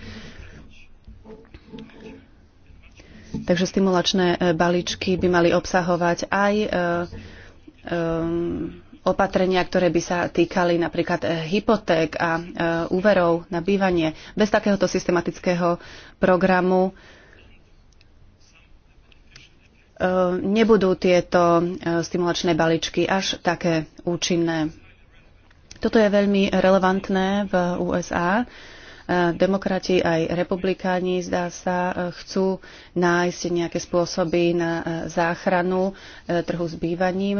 Speaker 3: Takže stimulačné balíčky by mali obsahovať aj opatrenia, ktoré by sa týkali napríklad hypoték a úverov na bývanie. Bez takéhoto systematického programu nebudú tieto e, stimulačné balíčky až také účinné. Toto je veľmi relevantné v USA. E, demokrati aj republikáni, zdá sa, e, chcú nájsť nejaké spôsoby na záchranu trhu s bývaním.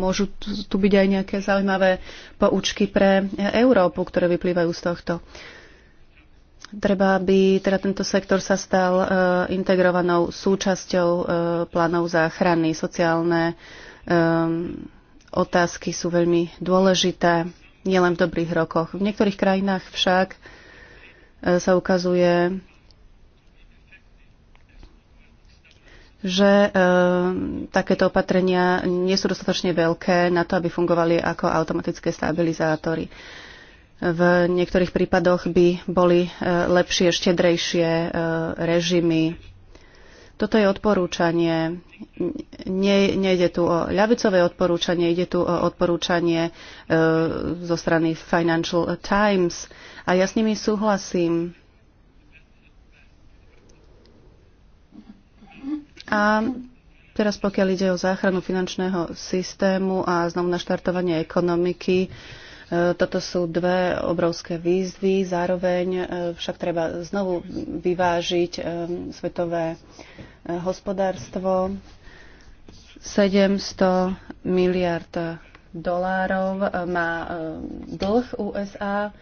Speaker 3: Môžu tu byť aj nejaké zaujímavé poučky pre Európu, ktoré vyplývajú z tohto. Treba, aby teda tento sektor sa stal e, integrovanou súčasťou e, plánov záchrany. Sociálne e, otázky sú veľmi dôležité, nielen v dobrých rokoch. V niektorých krajinách však sa ukazuje, že e, takéto opatrenia nie sú dostatočne veľké na to, aby fungovali ako automatické stabilizátory v niektorých prípadoch by boli e, lepšie, štedrejšie e, režimy. Toto je odporúčanie. Nie, nejde tu o ľavicové odporúčanie, ide tu o odporúčanie e, zo strany Financial Times. A ja s nimi súhlasím. A teraz pokiaľ ide o záchranu finančného systému a znovu naštartovanie ekonomiky, toto sú dve obrovské výzvy, zároveň e, však treba znovu vyvážiť e, svetové e, hospodárstvo. 700 miliard dolárov má dlh USA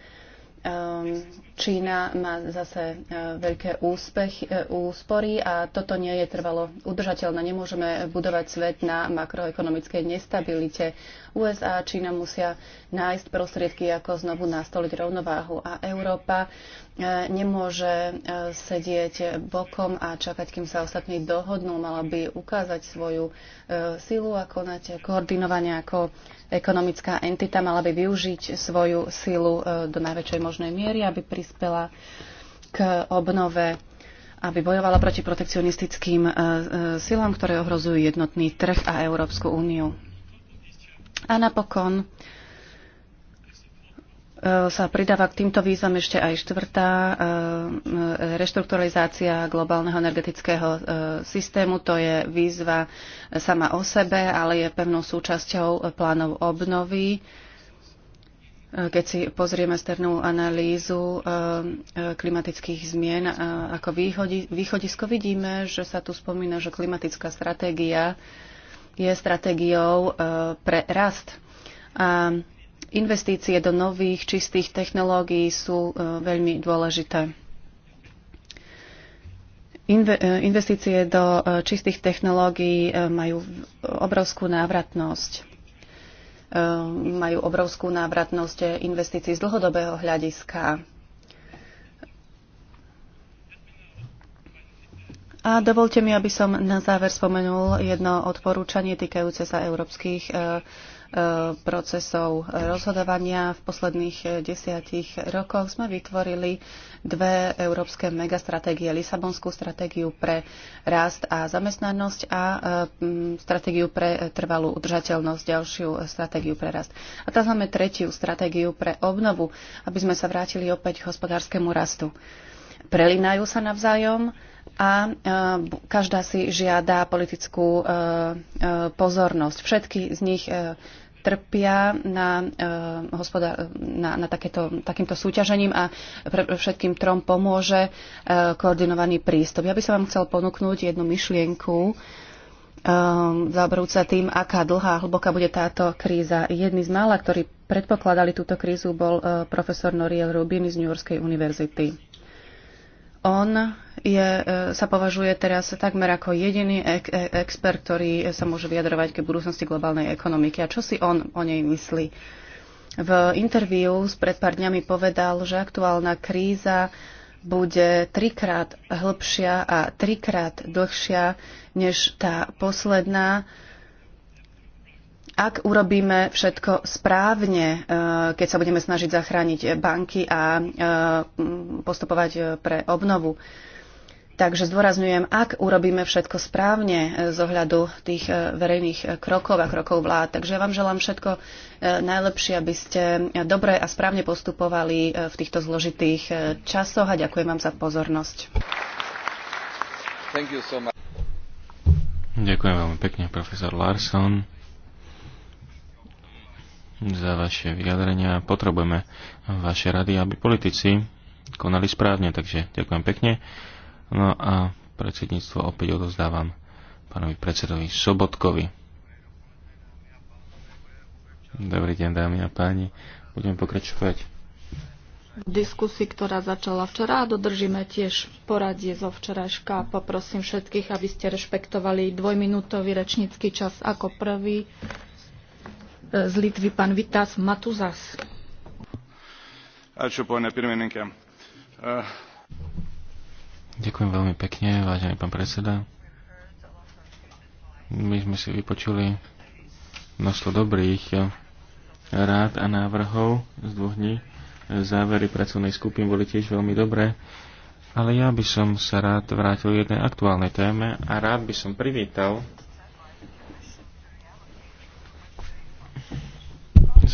Speaker 3: Čína má zase e, veľké úspech, e, úspory a toto nie je trvalo udržateľné. Nemôžeme budovať svet na makroekonomickej nestabilite. USA a Čína musia nájsť prostriedky, ako znovu nastoliť rovnováhu a Európa e, nemôže sedieť bokom a čakať, kým sa ostatní dohodnú. Mala by ukázať svoju silu a konať koordinovanie ako ekonomická entita. Mala by využiť svoju silu do najväčšej možnej miery, aby pri prispela k obnove aby bojovala proti protekcionistickým e, e, silám, ktoré ohrozujú jednotný trh a Európsku úniu. A napokon e, sa pridáva k týmto výzvam ešte aj štvrtá reštrukturalizácia globálneho energetického systému. To je výzva sama o sebe, ale je pevnou súčasťou plánov obnovy keď si pozrieme sternú analýzu eh, eh, klimatických zmien eh, ako východisko, vidíme, že sa tu spomína, že klimatická stratégia je stratégiou pre rast. A investície do nových čistých technológií sú veľmi dôležité. Investície do čistých technológií majú obrovskú návratnosť. Ehm, majú obrovskú návratnosť investícií z dlhodobého hľadiska. A dovolte mi, aby som na záver spomenul jedno odporúčanie týkajúce sa európskych e, Eh, procesov rozhodovania. V posledných eh, desiatich rokoch sme vytvorili dve európske megastratégie. Lisabonskú stratégiu pre rast a zamestnanosť a eh, stratégiu pre trvalú udržateľnosť, ďalšiu stratégiu pre rast. A tá máme tretiu stratégiu pre obnovu, aby sme sa vrátili opäť k hospodárskému rastu. Prelinajú sa navzájom a každá si žiada politickú pozornosť. Všetky z nich trpia na, uh, hospoda- na, na takéto, takýmto súťažením a pre všetkým trom pomôže uh, koordinovaný prístup. Ja by som vám chcel ponúknuť jednu myšlienku, uh, eh, zaoberúť sa tým, aká dlhá a hlboká bude táto kríza. Jedný z mála, ktorí predpokladali túto krízu, bol uh, profesor Noriel Rubin z New Yorkskej univerzity on je, e, sa považuje teraz takmer ako jediný ek- e, expert, ktorý sa môže vyjadrovať k budúcnosti globálnej ekonomiky. A čo si on o nej myslí? V interviu s pred pár dňami povedal, že aktuálna kríza bude trikrát hĺbšia a trikrát dlhšia než tá posledná, ak urobíme všetko správne, e, keď sa budeme snažiť zachrániť banky a e, postupovať pre obnovu. Takže zdôrazňujem, ak urobíme všetko správne e, z ohľadu tých verejných krokov a krokov vlád. Takže ja vám želám všetko najlepšie, aby ste dobre a správne postupovali v týchto zložitých časoch a ďakujem vám za pozornosť.
Speaker 1: So
Speaker 2: ďakujem veľmi pekne, profesor Larson za vaše vyjadrenia. Potrebujeme vaše rady, aby politici konali správne, takže ďakujem pekne. No a predsedníctvo opäť odozdávam pánovi predsedovi Sobotkovi. Dobrý deň, dámy a páni. Budeme pokračovať.
Speaker 1: Diskusii, ktorá začala včera dodržíme tiež poradie zo včerajška. Poprosím všetkých, aby ste rešpektovali dvojminútový rečnícky čas ako prvý z Litvy, pán Vitas Matuzas. Ačiū, eh.
Speaker 2: Ďakujem veľmi pekne, vážený pán predseda. My sme si vypočuli množstvo dobrých rád a návrhov z dvoch dní. Závery pracovnej skupiny boli tiež veľmi dobré, ale ja by som sa rád vrátil k jednej aktuálnej téme a rád by som privítal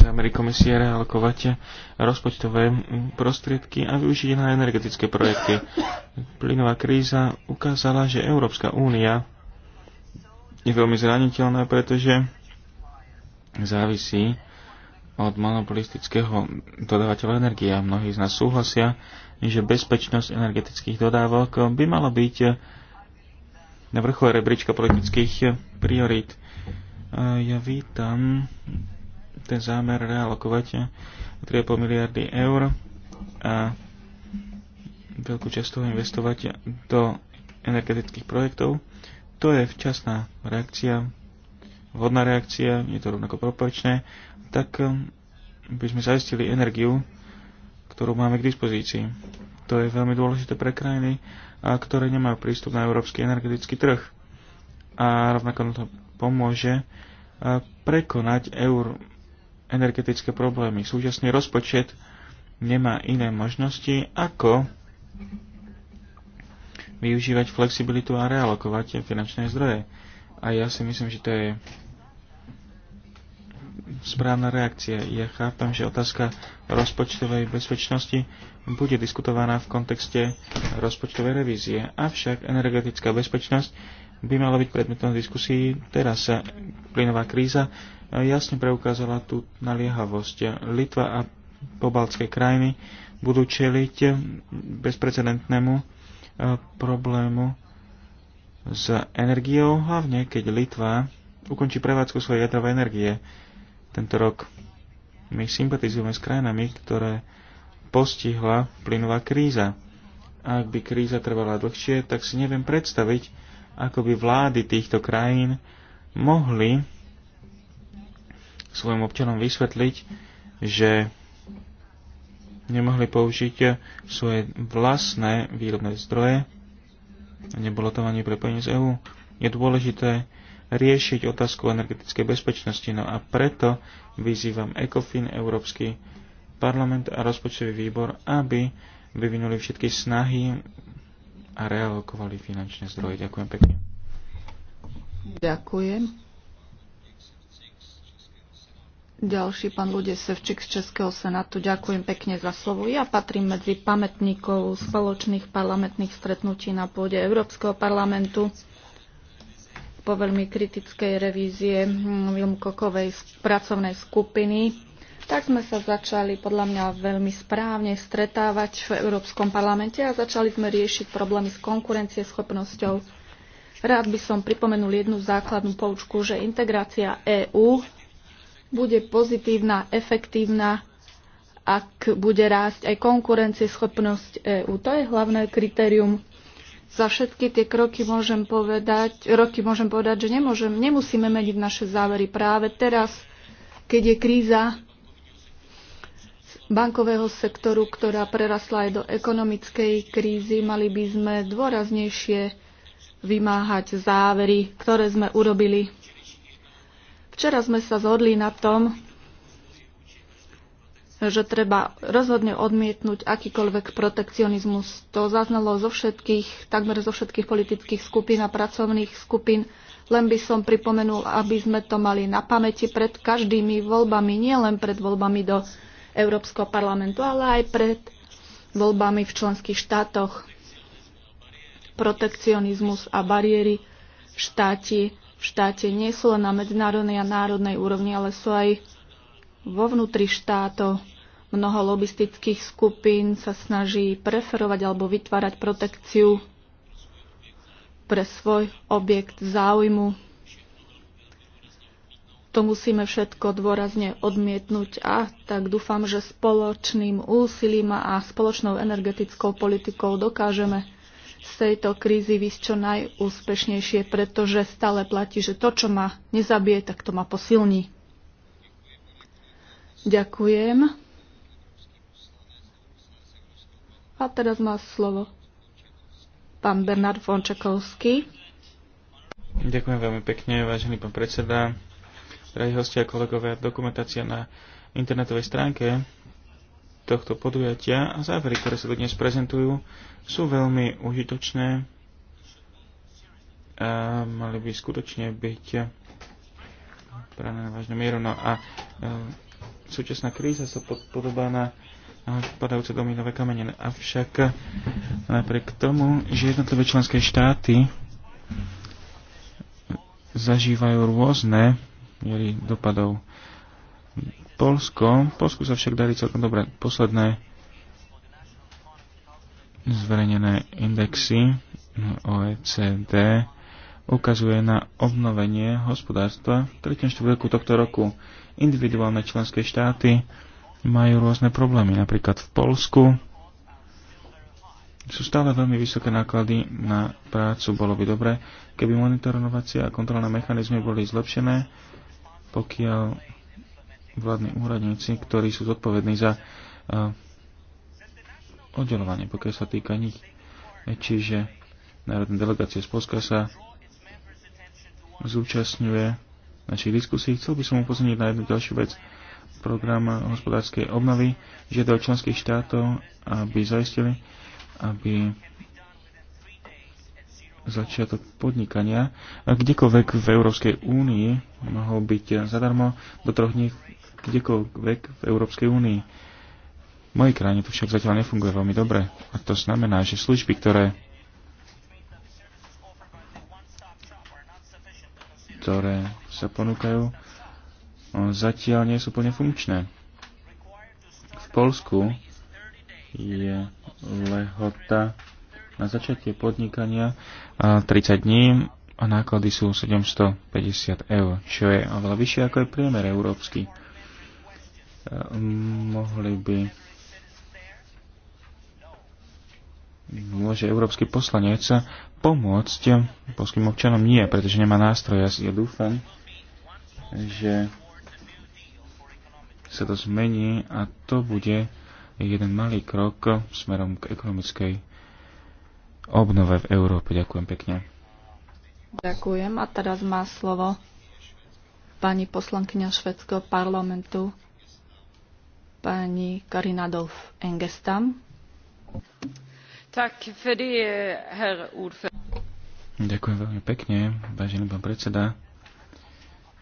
Speaker 2: zámery komisie realokovať rozpočtové prostriedky a využiť na energetické projekty. Plynová kríza ukázala, že Európska únia je veľmi zraniteľná, pretože závisí od monopolistického dodávateľa energie. Mnohí z nás súhlasia, že bezpečnosť energetických dodávok by mala byť na vrchole rebríčka politických priorít. Ja vítam ten zámer realokovať 3,5 miliardy eur a veľkú časť toho investovať do energetických projektov. To je včasná reakcia, vhodná reakcia, je to rovnako proporčné, tak um, by sme zaistili energiu, ktorú máme k dispozícii. To je veľmi dôležité pre krajiny, ktoré nemajú prístup na európsky energetický trh. A rovnako to pomôže prekonať eur, energetické problémy. Súčasný rozpočet nemá iné možnosti, ako využívať flexibilitu a realokovať finančné zdroje. A ja si myslím, že to je správna reakcia. Ja chápam, že otázka rozpočtovej bezpečnosti bude diskutovaná v kontexte rozpočtovej revízie. Avšak energetická bezpečnosť by mala byť predmetom diskusí teraz. Plynová kríza jasne preukázala tú naliehavosť. Litva a pobaltské krajiny budú čeliť bezprecedentnému e, problému s energiou, hlavne keď Litva ukončí prevádzku svojej jadrovej energie tento rok. My sympatizujeme s krajinami, ktoré postihla plynová kríza. A ak by kríza trvala dlhšie, tak si neviem predstaviť, ako by vlády týchto krajín mohli svojim občanom vysvetliť, že nemohli použiť svoje vlastné výrobné zdroje. Nebolo to ani prepojenie z EÚ. Je dôležité riešiť otázku energetickej bezpečnosti. No a preto vyzývam ECOFIN, Európsky parlament a rozpočtový výbor, aby vyvinuli všetky snahy a realokovali finančné zdroje. Ďakujem pekne.
Speaker 1: Ďakujem ďalší pán Ľude Sevčík z Českého senátu. Ďakujem pekne za slovo. Ja patrím medzi pamätníkov spoločných parlamentných stretnutí na pôde Európskeho parlamentu po veľmi kritickej revízie Vilmkokovej hm, pracovnej skupiny. Tak sme sa začali podľa mňa veľmi správne stretávať v Európskom parlamente a začali sme riešiť problémy s konkurencieschopnosťou. Rád by som pripomenul jednu základnú poučku, že integrácia EÚ bude pozitívna, efektívna, ak bude rásť aj konkurencieschopnosť EÚ. To je hlavné kritérium. Za všetky tie kroky môžem povedať, roky môžem povedať, že nemôžem, nemusíme meniť naše závery práve teraz, keď je kríza bankového sektoru, ktorá prerasla aj do ekonomickej krízy, mali by sme dôraznejšie vymáhať závery, ktoré sme urobili Včera sme sa zhodli na tom, že treba rozhodne odmietnúť akýkoľvek protekcionizmus. To zaznalo zo všetkých, takmer zo všetkých politických skupín a pracovných skupín. Len by som pripomenul, aby sme to mali na pamäti pred každými voľbami, nie len pred voľbami do Európskeho parlamentu, ale aj pred voľbami v členských štátoch. Protekcionizmus a bariéry štáti v štáte nie sú len na medzinárodnej a národnej úrovni, ale sú aj vo vnútri štátov. Mnoho lobistických skupín sa snaží preferovať alebo vytvárať protekciu pre svoj objekt záujmu. To musíme všetko dôrazne odmietnúť a tak dúfam, že spoločným úsilím a spoločnou energetickou politikou dokážeme z tejto krízy vysť čo najúspešnejšie, pretože stále platí, že to, čo ma nezabije, tak to ma posilní. Ďakujem. A teraz má slovo pán Bernard
Speaker 2: Vončakovský. Ďakujem veľmi pekne, vážený pán predseda. Drahí hostia a kolegovia, dokumentácia na internetovej stránke tohto podujatia a závery, ktoré sa dnes prezentujú, sú veľmi užitočné a mali by skutočne byť práve na vážnu mieru. No a e, súčasná kríza sa podobá na padajúce dominové kamene. Avšak e, napriek tomu, že jednotlivé členské štáty e, zažívajú rôzne miery dopadov Polsko. Polsku sa však darí celkom dobre. Posledné zverejnené indexy OECD ukazuje na obnovenie hospodárstva v 3. štvrtku tohto roku. Individuálne členské štáty majú rôzne problémy. Napríklad v Polsku sú stále veľmi vysoké náklady na prácu. Bolo by dobre, keby monitorovacie a kontrolné mechanizmy boli zlepšené, pokiaľ vládni úradníci, ktorí sú zodpovední za eh, oddelovanie, pokiaľ sa týka nich. Čiže Národná delegácia z Polska sa zúčastňuje našich diskusí. Chcel by som upozorniť na jednu ďalšiu vec. Program hospodárskej obnovy žiada od členských štátov, aby zaistili, aby začiatok podnikania kdekoľvek v Európskej únii mohol byť zadarmo do troch dní kdekoľvek v Európskej únii. V mojej krajine to však zatiaľ nefunguje veľmi dobre. A to znamená, že služby, ktoré ktoré sa ponúkajú, zatiaľ nie sú plne funkčné. V Polsku je lehota na začiatie podnikania 30 dní a náklady sú 750 eur, čo je oveľa vyššie ako je priemer európsky mohli by môže európsky poslanec pomôcť polským občanom? Nie, pretože nemá nástroj. Ja, ja dúfam, že sa to zmení a to bude jeden malý krok smerom k ekonomickej obnove v Európe. Ďakujem pekne.
Speaker 1: Ďakujem a teraz má slovo pani poslankyňa Švedského parlamentu pani Karina Dolf Engestam. Tak, Urfe. Eh,
Speaker 2: Ďakujem veľmi pekne, vážený pán predseda.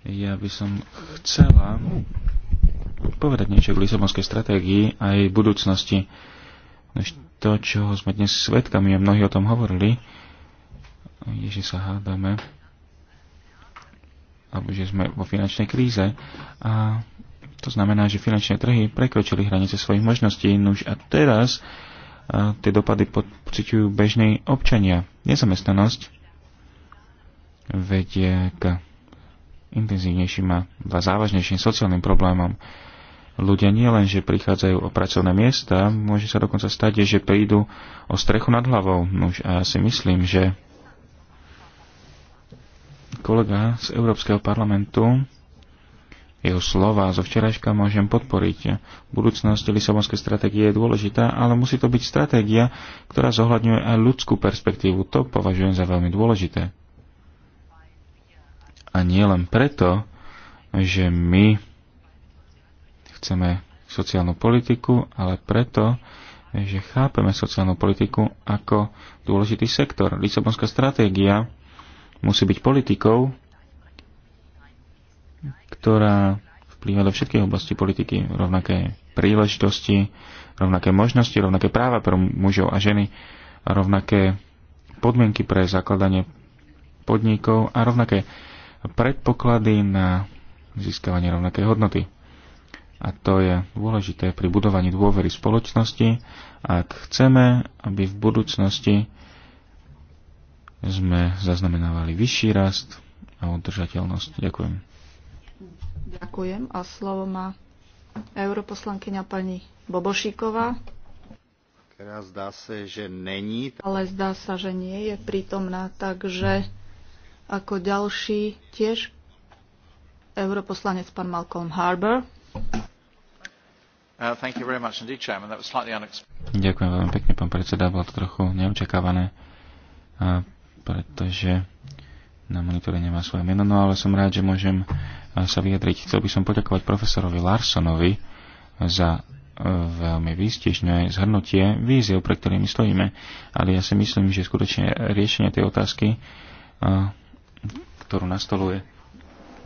Speaker 2: Ja by som chcela povedať niečo k Lisabonskej stratégii a jej budúcnosti. To, čo sme dnes svetkami a mnohí o tom hovorili, je, že sa hádame alebo že sme vo finančnej kríze a to znamená, že finančné trhy prekročili hranice svojich možností. Nuž a teraz a tie dopady pociťujú bežní občania. Nezamestnanosť vedie k intenzívnejším a závažnejším sociálnym problémom. Ľudia nie len, že prichádzajú o pracovné miesta, môže sa dokonca stať, že prídu o strechu nad hlavou. Nuž a ja si myslím, že kolega z Európskeho parlamentu jeho slova zo včerajška môžem podporiť. Budúcnosť Lisabonskej stratégie je dôležitá, ale musí to byť stratégia, ktorá zohľadňuje aj ľudskú perspektívu. To považujem za veľmi dôležité. A nie len preto, že my chceme sociálnu politiku, ale preto, že chápeme sociálnu politiku ako dôležitý sektor. Lisabonská stratégia musí byť politikou, ktorá vplýva do všetkých oblastí politiky, rovnaké príležitosti, rovnaké možnosti, rovnaké práva pre mužov a ženy, rovnaké podmienky pre zakladanie podnikov a rovnaké predpoklady na získavanie rovnakej hodnoty. A to je dôležité pri budovaní dôvery spoločnosti, ak chceme, aby v budúcnosti sme zaznamenávali vyšší rast a udržateľnosť. Ďakujem.
Speaker 1: Ďakujem a slovo má europoslankyňa pani Bobošíková. Teraz zdá sa, že není. Ale zdá sa, že nie je prítomná, takže ako ďalší tiež europoslanec pán Malcolm Harbour.
Speaker 2: Uh, Ďakujem veľmi pekne, pán predseda. Bolo to trochu neočakávané, uh, pretože na monitore nemá svoje meno, no ale som rád, že môžem e, sa vyjadriť. Chcel by som poďakovať profesorovi Larsonovi za e, veľmi výstižné zhrnutie víziev, pre ktorými stojíme. Ale ja si myslím, že skutočne riešenie tej otázky, e, ktorú nastoluje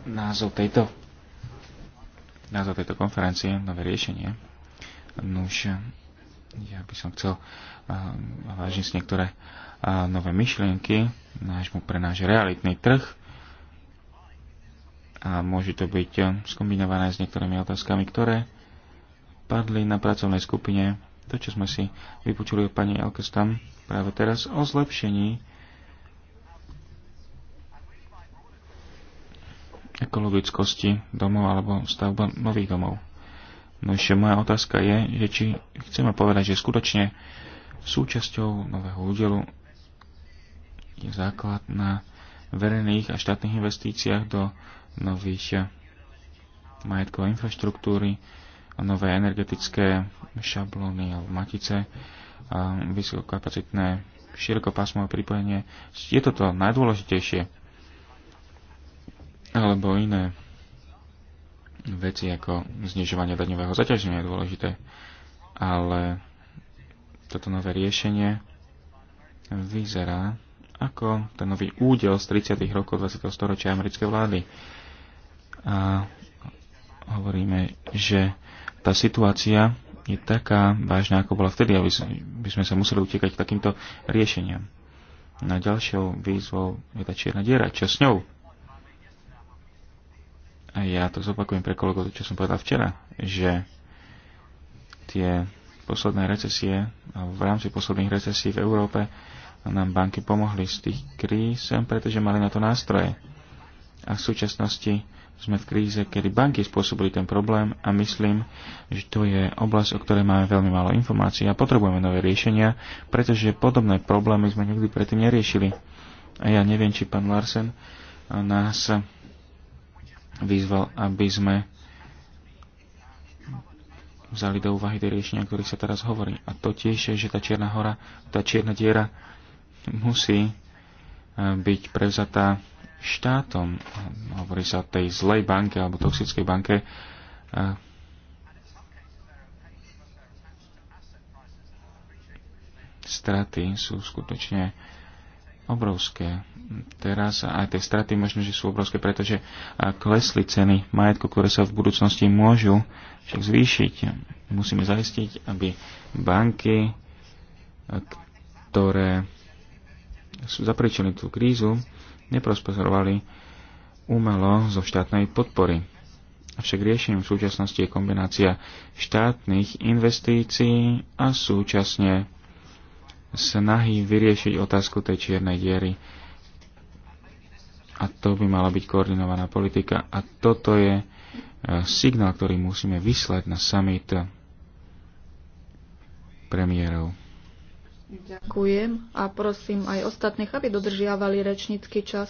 Speaker 2: názov tejto, názov tejto konferencie, nové riešenie, no už ja by som chcel vážiť niektoré nové myšlienky náš, pre náš realitný trh a môže to byť eh, skombinované s niektorými otázkami, ktoré padli na pracovnej skupine. To, čo sme si vypočuli od pani Elkestam práve teraz o zlepšení ekologickosti domov alebo stavba nových domov. No ešte moja otázka je, že či chceme povedať, že skutočne súčasťou nového údelu je základ na verejných a štátnych investíciách do nových majetkové infraštruktúry, nové energetické šablóny alebo matice, vysokokapacitné širokopásmové pripojenie. Je toto najdôležitejšie? Alebo iné veci ako znižovanie daňového zaťaženia je dôležité. Ale toto nové riešenie vyzerá ako ten nový údel z 30. rokov 20. storočia americkej vlády. A hovoríme, že tá situácia je taká vážna, ako bola vtedy, aby by sme sa museli utiekať k takýmto riešeniam. Na ďalšou výzvou je tá čierna diera. Čo s ňou? A ja to zopakujem pre kolegov, čo som povedal včera, že tie posledné recesie, v rámci posledných recesí v Európe nám banky pomohli z tých kríz, pretože mali na to nástroje. A v súčasnosti sme v kríze, kedy banky spôsobili ten problém a myslím, že to je oblasť, o ktorej máme veľmi málo informácií a potrebujeme nové riešenia, pretože podobné problémy sme nikdy predtým neriešili. A ja neviem, či pán Larsen nás vyzval, aby sme vzali do úvahy tie riešenia, o ktorých sa teraz hovorí. A to tiež je, že tá čierna hora, tá čierna diera musí e, byť prevzatá štátom. Hovorí sa o tej zlej banke alebo toxickej banke. E, straty sú skutočne obrovské. Teraz aj tie straty možno, že sú obrovské, pretože e, klesli ceny majetku, ktoré sa v budúcnosti môžu však zvýšiť. Musíme zaistiť, aby banky, ktoré zapričili tú krízu, neprosporovali umelo zo štátnej podpory. Avšak riešením v súčasnosti je kombinácia štátnych investícií a súčasne snahy vyriešiť otázku tej čiernej diery. A to by mala byť koordinovaná politika. A toto je e, signál, ktorý musíme vyslať na summit premiérov.
Speaker 1: Ďakujem a prosím aj ostatných, aby dodržiavali rečnícky čas.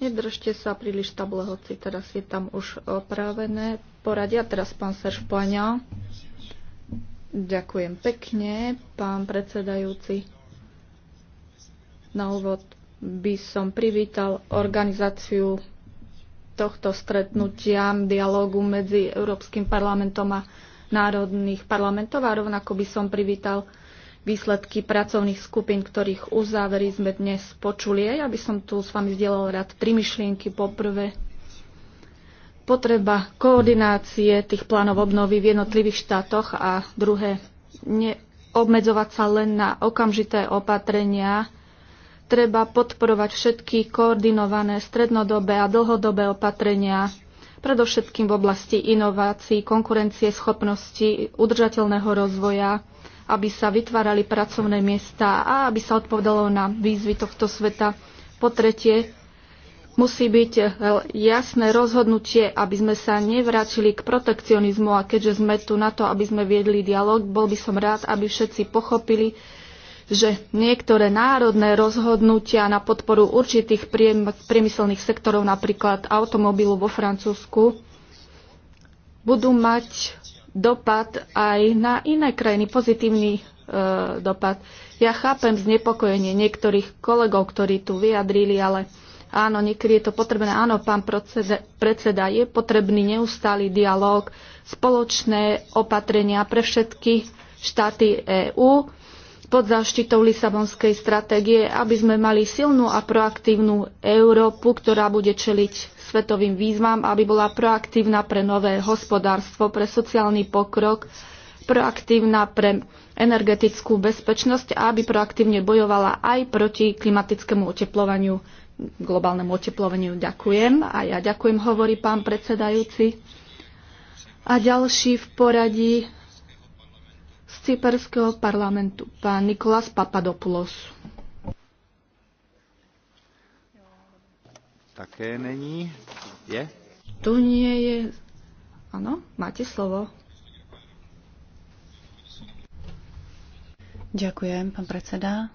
Speaker 1: Nedržte sa príliš table, hoci teraz je tam už opravené poradia. Teraz pán Serž Poňa. Ďakujem pekne, pán predsedajúci. Na úvod by som privítal organizáciu tohto stretnutia, dialógu medzi Európskym parlamentom a národných parlamentov a rovnako by som privítal výsledky pracovných skupín, ktorých uzávery sme dnes počuli. Ja by som tu s vami zdieľal rád tri myšlienky. Poprvé, potreba koordinácie tých plánov obnovy v jednotlivých štátoch a druhé, neobmedzovať sa len na okamžité opatrenia. Treba podporovať všetky koordinované strednodobé a dlhodobé opatrenia predovšetkým v oblasti inovácií, konkurencie, schopnosti, udržateľného rozvoja, aby sa vytvárali pracovné miesta a aby sa odpovedalo na výzvy tohto sveta. Po tretie, musí byť eh, jasné rozhodnutie, aby sme sa nevrátili k protekcionizmu a keďže sme tu na to, aby sme viedli dialog, bol by som rád, aby všetci pochopili, že niektoré národné rozhodnutia na podporu určitých priemyselných sektorov, napríklad automobilu vo Francúzsku, budú mať dopad aj na iné krajiny, pozitívny e, dopad. Ja chápem znepokojenie niektorých kolegov, ktorí tu vyjadrili, ale áno, niekedy je to potrebné. Áno, pán predseda, je potrebný neustály dialog, spoločné opatrenia pre všetky štáty EÚ pod záštitou Lisabonskej stratégie, aby sme mali silnú a proaktívnu Európu, ktorá bude čeliť svetovým výzvam, aby bola proaktívna pre nové hospodárstvo, pre sociálny pokrok, proaktívna pre energetickú bezpečnosť a aby proaktívne bojovala aj proti klimatickému oteplovaniu, globálnemu oteplovaniu. Ďakujem a ja ďakujem, hovorí pán predsedajúci. A ďalší v poradí Cyperského parlamentu pán Nikolás Papadopoulos.
Speaker 2: Také není.
Speaker 1: Je? Tu nie je. Áno, máte slovo.
Speaker 3: Ďakujem, pán predseda.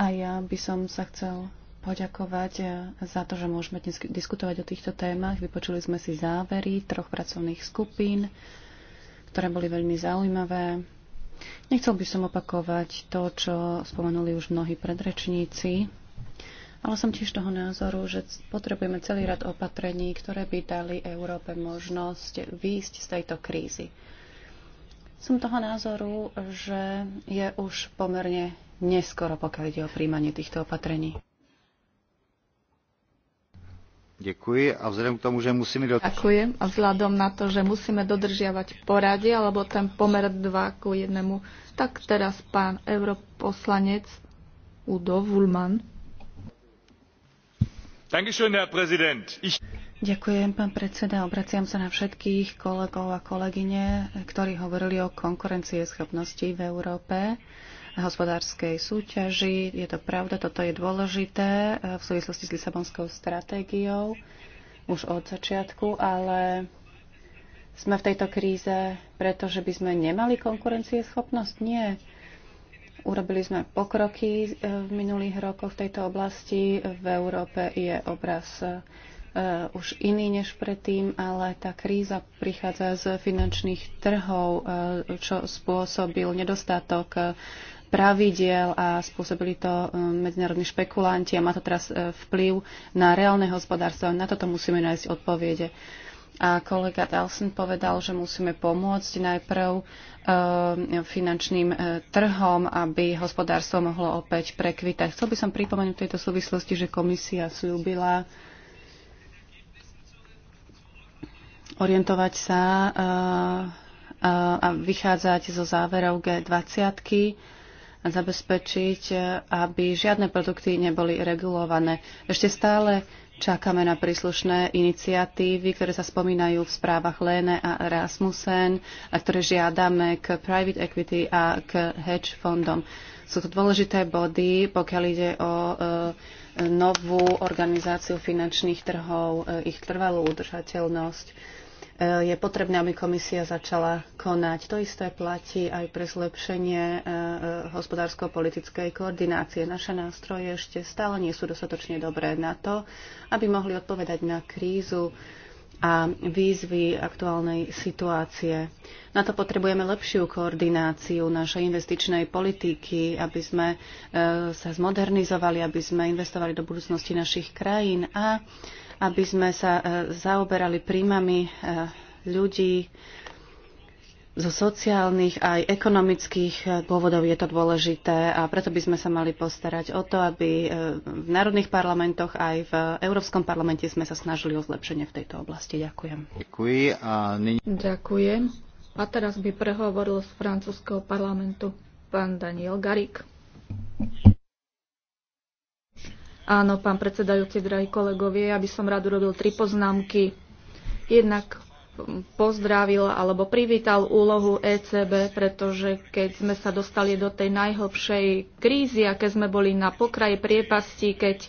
Speaker 3: A ja by som sa chcel poďakovať za to, že môžeme dnes diskutovať o týchto témach. Vypočuli sme si závery troch pracovných skupín ktoré boli veľmi zaujímavé. Nechcel by som opakovať to, čo spomenuli už mnohí predrečníci, ale som tiež toho názoru, že potrebujeme celý rad opatrení, ktoré by dali Európe možnosť výjsť z tejto krízy. Som toho názoru, že je už pomerne neskoro, pokiaľ ide o príjmanie týchto opatrení.
Speaker 1: Ďakujem a vzhľadom na to, že musíme dodržiavať poradie alebo ten pomer 2 ku 1, tak teraz pán europoslanec Udo Wulman.
Speaker 3: Ďakujem, pán predseda. Obraciam sa na všetkých kolegov a kolegyne, ktorí hovorili o konkurencieschopnosti v Európe hospodárskej súťaži. Je to pravda, toto je dôležité eh, v súvislosti s Lisabonskou stratégiou už od začiatku, ale sme v tejto kríze, pretože by sme nemali konkurencieschopnosť? Nie. Urobili sme pokroky eh, v minulých rokoch v tejto oblasti. V Európe je obraz eh, už iný než predtým, ale tá kríza prichádza z finančných trhov, čo spôsobil nedostatok pravidiel a spôsobili to e, medzinárodní špekulanti a má to teraz e, vplyv na reálne hospodárstvo a na toto musíme nájsť odpovede. A kolega Dalson povedal, že musíme pomôcť najprv e, finančným trhom, aby hospodárstvo mohlo opäť prekvitať. Chcel by som pripomenúť v tejto súvislosti, že komisia slúbila orientovať sa a vychádzať zo záverov G20. -ky zabezpečiť, e, aby žiadne produkty neboli regulované. Ešte stále čakáme na príslušné iniciatívy, ktoré sa spomínajú v správach Lene a Rasmussen, a ktoré žiadame k private equity a k hedge fondom. Sú to dôležité body, pokiaľ ide o e, novú organizáciu finančných trhov, e, ich trvalú udržateľnosť je potrebné, aby komisia začala konať. To isté platí aj pre zlepšenie e, e, hospodársko-politickej koordinácie. Naše nástroje ešte stále nie sú dostatočne dobré na to, aby mohli odpovedať na krízu a výzvy aktuálnej situácie. Na to potrebujeme lepšiu koordináciu našej investičnej politiky, aby sme e, sa zmodernizovali, aby sme investovali do budúcnosti našich krajín a aby sme sa e, zaoberali príjmami e, ľudí zo sociálnych aj ekonomických e, dôvodov je to dôležité a preto by sme sa mali postarať o to, aby v národných parlamentoch aj v Európskom parlamente sme sa snažili o zlepšenie v tejto oblasti. Ďakujem.
Speaker 2: Ďakujem. A, nyní...
Speaker 1: Ďakujem. a teraz by prehovoril z francúzského parlamentu pán Daniel Garik. Áno, pán predsedajúci, drahí kolegovie, ja by som rád urobil tri poznámky. Jednak pozdravil alebo privítal úlohu ECB, pretože keď sme sa dostali do tej najhlbšej krízy, a keď sme boli na pokraji priepasti, keď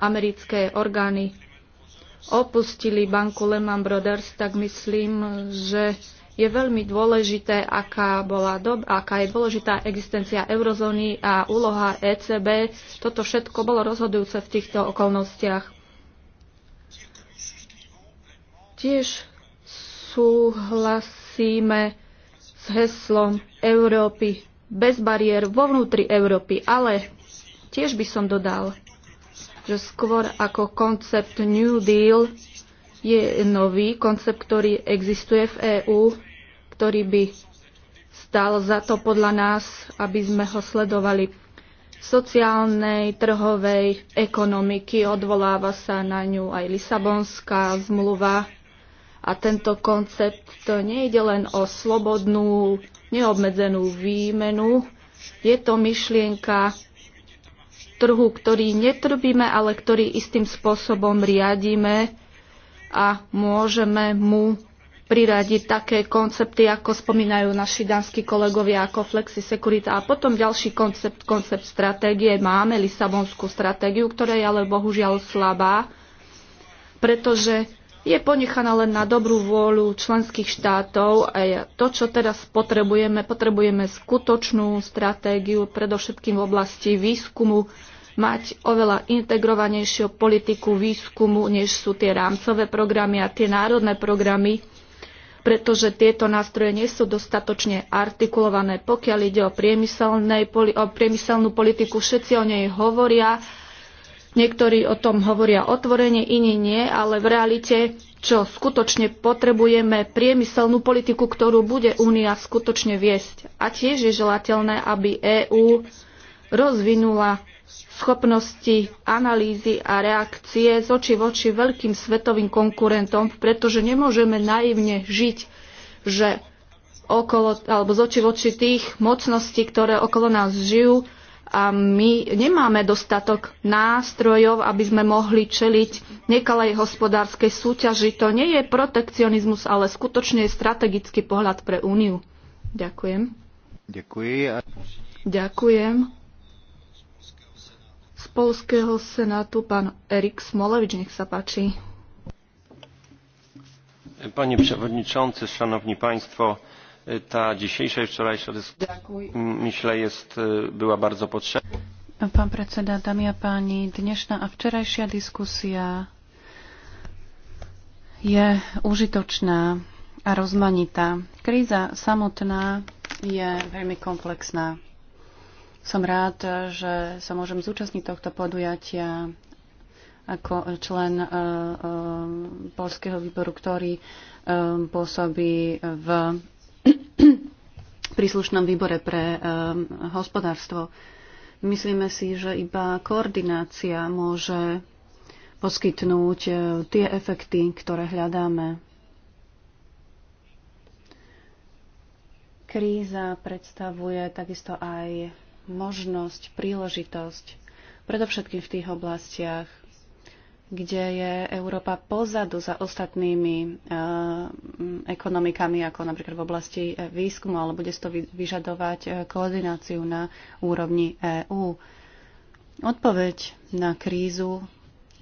Speaker 1: americké orgány opustili banku Lehman Brothers, tak myslím, že je veľmi dôležité, aká, bola dob- aká je dôležitá existencia eurozóny a úloha ECB. Toto všetko bolo rozhodujúce v týchto okolnostiach. Tiež súhlasíme s heslom Európy bez bariér vo vnútri Európy, ale tiež by som dodal, že skôr ako koncept New Deal je nový koncept, ktorý existuje v EÚ ktorý by stal za to podľa nás, aby sme ho sledovali. Sociálnej, trhovej ekonomiky odvoláva sa na ňu aj Lisabonská zmluva. A tento koncept nejde len o slobodnú, neobmedzenú výmenu. Je to myšlienka trhu, ktorý netrbíme, ale ktorý istým spôsobom riadíme a môžeme mu priradiť také koncepty, ako spomínajú naši dánsky kolegovia, ako Flexi Security. A potom ďalší koncept, koncept stratégie. Máme Lisabonskú stratégiu, ktorá je ale bohužiaľ slabá, pretože je ponechaná len na dobrú vôľu členských štátov a to, čo teraz potrebujeme, potrebujeme skutočnú stratégiu, predovšetkým v oblasti výskumu, mať oveľa integrovanejšiu politiku výskumu, než sú tie rámcové programy a tie národné programy pretože tieto nástroje nie sú dostatočne artikulované. Pokiaľ ide o, o priemyselnú politiku, všetci o nej hovoria, Niektorí o tom hovoria otvorene, iní nie, ale v realite, čo skutočne potrebujeme, priemyselnú politiku, ktorú bude Únia skutočne viesť. A tiež je želateľné, aby EÚ rozvinula schopnosti analýzy a reakcie z oči voči veľkým svetovým konkurentom, pretože nemôžeme naivne žiť, že okolo, alebo z oči voči tých mocností, ktoré okolo nás žijú a my nemáme dostatok nástrojov, aby sme mohli čeliť nekalej hospodárskej súťaži. To nie je protekcionizmus, ale skutočne je strategický pohľad pre Úniu. Ďakujem.
Speaker 2: Ďakujem.
Speaker 1: Ďakujem. Polského senátu pán Erik Smolevič. Nech sa páči.
Speaker 2: Panie przewodniczący, szanowni państwo, ta dzisiejsza i wczorajsza dyskusja myślę jest, była bardzo potrzebna.
Speaker 3: Pán predseda, dámy a páni, dnešná a včerajšia diskusia je užitočná a rozmanitá. Kríza samotná je veľmi komplexná. Som rád, že sa môžem zúčastniť tohto podujatia ako člen e, e, Polského výboru, ktorý e, pôsobí v príslušnom výbore pre hospodárstvo. Myslíme si, že iba koordinácia môže poskytnúť tie efekty, ktoré hľadáme. Kríza predstavuje takisto aj možnosť, príležitosť, predovšetkým v tých oblastiach, kde je Európa pozadu za ostatnými eh, ekonomikami, ako napríklad v oblasti eh, výskumu, ale bude to vyžadovať eh, koordináciu na úrovni EÚ. Odpoveď na krízu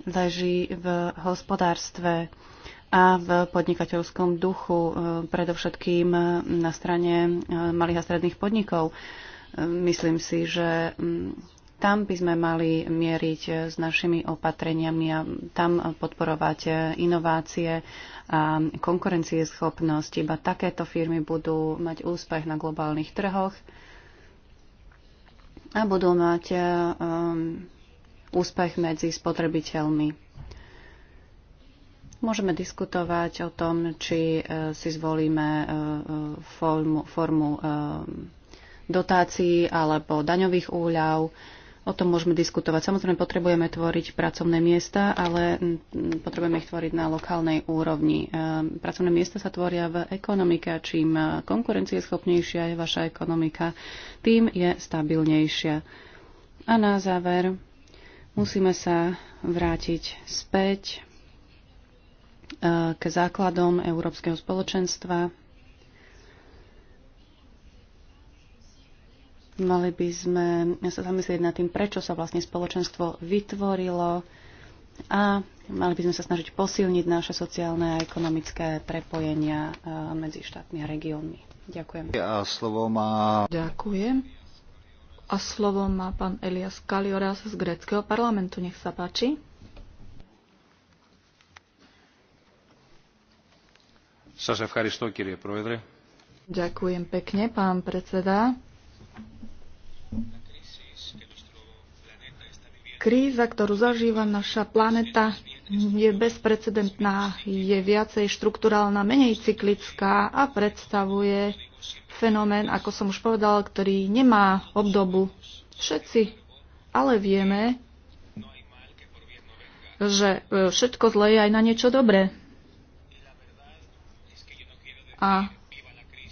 Speaker 3: leží v hospodárstve a v podnikateľskom duchu, predovšetkým na strane malých a stredných podnikov. Myslím si, že mm, tam by sme mali mieriť s našimi opatreniami a tam podporovať inovácie a konkurencieschopnosť. Iba takéto firmy budú mať úspech na globálnych trhoch a budú mať eh, um, úspech medzi spotrebiteľmi. Môžeme diskutovať o tom, či eh, si zvolíme eh, formu, formu dotácií alebo daňových úľav. O tom môžeme diskutovať. Samozrejme, potrebujeme tvoriť pracovné miesta, ale mm, potrebujeme ich tvoriť na lokálnej úrovni. Ehm, pracovné miesta sa tvoria v ekonomike čím konkurencieschopnejšia je vaša ekonomika, tým je stabilnejšia. A na záver musíme sa vrátiť späť ehm, k základom Európskeho spoločenstva, Mali by sme sa zamyslieť nad tým, prečo sa vlastne spoločenstvo vytvorilo a mali by sme sa snažiť posilniť naše sociálne a ekonomické prepojenia e, medzi štátmi a regiónmi.
Speaker 1: Ďakujem. A slovo má... Ďakujem. A slovo má pán Elias Kalioras z greckého parlamentu. Nech sa páči. Ďakujem pekne, pán predseda. Kríza, ktorú zažíva naša planéta, je bezprecedentná, je viacej štruktúrálna, menej cyklická a predstavuje fenomén, ako som už povedal, ktorý nemá obdobu. Všetci ale vieme, že e, všetko zlé je aj na niečo dobré. A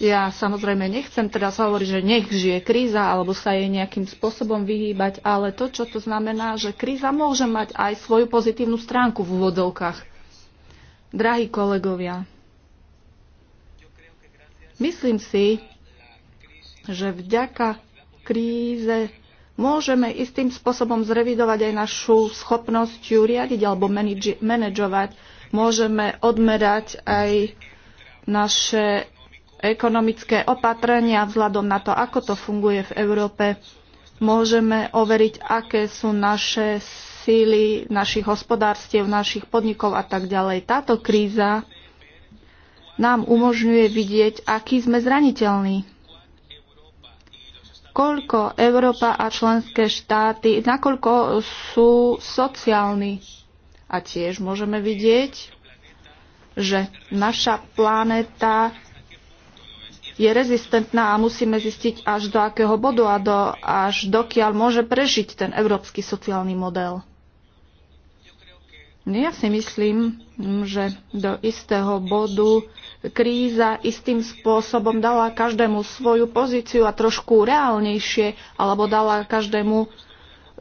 Speaker 1: ja samozrejme nechcem teraz hovoriť, že nech žije kríza alebo sa jej nejakým spôsobom vyhýbať, ale to, čo to znamená, že kríza môže mať aj svoju pozitívnu stránku v úvodovkách. Drahí kolegovia, myslím si, že vďaka kríze môžeme istým spôsobom zrevidovať aj našu schopnosť ju riadiť alebo manažovať. Môžeme odmerať aj naše ekonomické opatrenia vzhľadom na to, ako to funguje v Európe. Môžeme overiť, aké sú naše síly našich hospodárstiev, našich podnikov a tak ďalej. Táto kríza nám umožňuje vidieť, aký sme zraniteľní. Koľko Európa a členské štáty, nakoľko sú sociálni. A tiež môžeme vidieť, že naša planéta je rezistentná a musíme zistiť až do akého bodu a do, až dokiaľ môže prežiť ten európsky sociálny model. No ja si myslím, že do istého bodu kríza istým spôsobom dala každému svoju pozíciu a trošku reálnejšie, alebo dala každému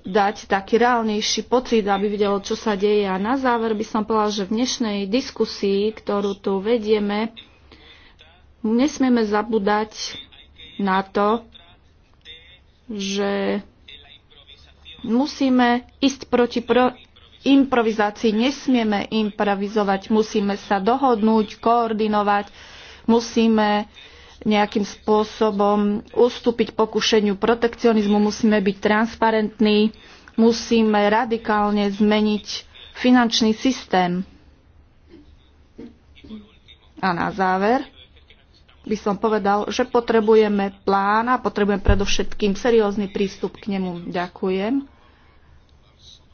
Speaker 1: dať taký reálnejší pocit, aby videlo, čo sa deje. A na záver by som povedala, že v dnešnej diskusii, ktorú tu vedieme, Nesmieme zabúdať na to, že musíme ísť proti pro improvizácii. Nesmieme improvizovať, musíme sa dohodnúť, koordinovať, musíme nejakým spôsobom ustúpiť pokušeniu protekcionizmu, musíme byť transparentní, musíme radikálne zmeniť finančný systém. A na záver, by som povedal, že potrebujeme plán a potrebujem predovšetkým seriózny prístup k nemu. Ďakujem.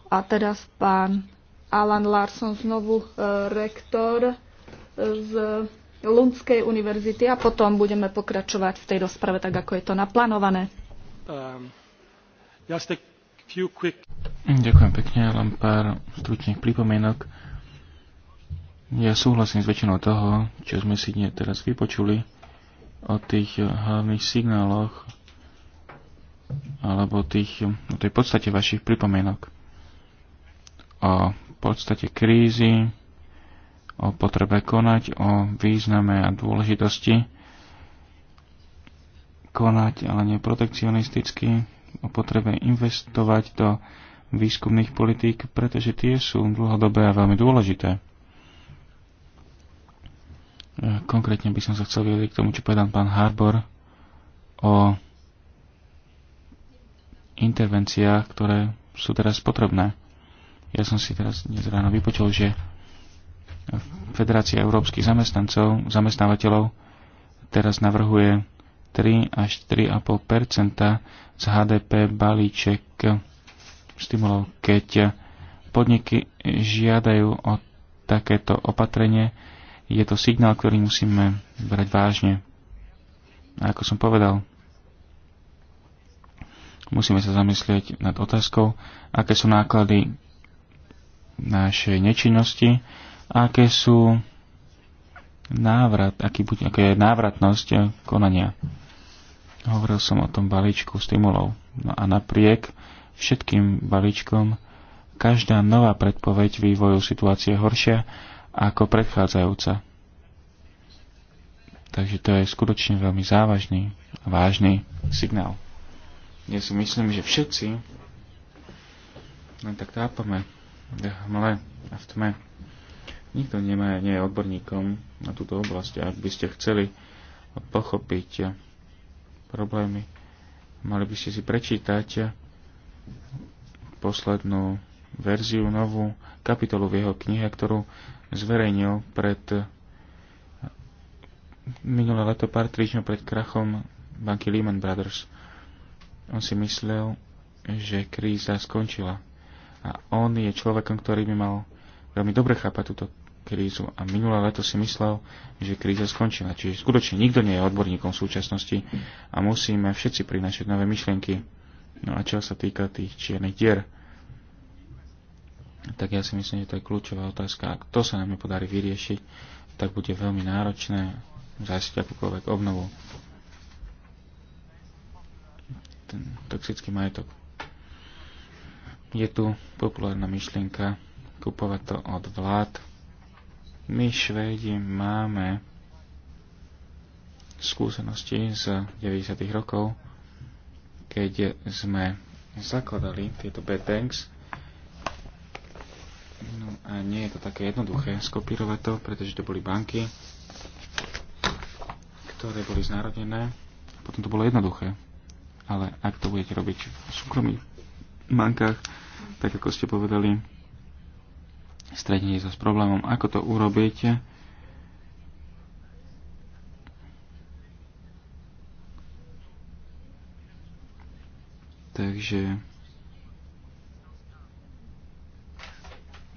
Speaker 1: A teraz pán Alan Larson, znovu e, rektor e, z Lundskej univerzity a potom budeme pokračovať v tej rozprave tak, ako je to naplánované.
Speaker 2: Um, Ďakujem pekne, len pár stručných pripomienok. Ja súhlasím s väčšinou toho, čo sme si dnes teraz vypočuli o tých eh, hlavných signáloch alebo tých, o tej podstate vašich pripomienok. O podstate krízy, o potrebe konať, o význame a dôležitosti konať, ale nie protekcionisticky, o potrebe investovať do výskumných politík, pretože tie sú dlhodobé a veľmi dôležité. Konkrétne by som sa chcel vyjadriť k tomu, čo povedal pán Harbor o intervenciách, ktoré sú teraz potrebné. Ja som si teraz dnes ráno vypočul, že Federácia európskych zamestnancov, zamestnávateľov teraz navrhuje 3 až 3,5 z HDP balíček stimulov, keď podniky žiadajú o takéto opatrenie je to signál, ktorý musíme brať vážne. A ako som povedal, musíme sa zamyslieť nad otázkou, aké sú náklady našej nečinnosti, aké sú návrat, aký buď, aká je návratnosť konania. Hovoril som o tom balíčku stimulov. No a napriek všetkým balíčkom každá nová predpoveď vývoju situácie je horšia ako predchádzajúca. Takže to je skutočne veľmi závažný a vážny signál. Ja si myslím, že všetci len tak tápame v hmle a v tme. Nikto nemá, nie je odborníkom na túto oblasť. Ak by ste chceli pochopiť problémy, mali by ste si prečítať poslednú verziu, novú kapitolu v jeho knihe, ktorú zverejnil pred eh, minulé leto pár týždňov pred krachom banky Lehman Brothers. On si myslel, že kríza skončila. A on je človekom, ktorý by mal veľmi dobre chápať túto krízu. A minulé leto si myslel, že kríza skončila. Čiže skutočne nikto nie je odborníkom v súčasnosti a musíme všetci prinašať nové myšlienky. No a čo sa týka tých čiernych dier, tak ja si myslím, že to je kľúčová otázka. Ak to sa nám nepodarí vyriešiť, tak bude veľmi náročné zajistiť akúkoľvek obnovu. Ten toxický majetok. Je tu populárna myšlienka kupovať to od vlád. My Švédi máme skúsenosti z 90. rokov, keď sme zakladali tieto bad banks, No a nie je to také jednoduché skopírovať to, pretože to boli banky, ktoré boli znárodnené a potom to bolo jednoduché. Ale ak to budete robiť v súkromných bankách, tak ako ste povedali, stretnete sa s problémom, ako to urobíte, Takže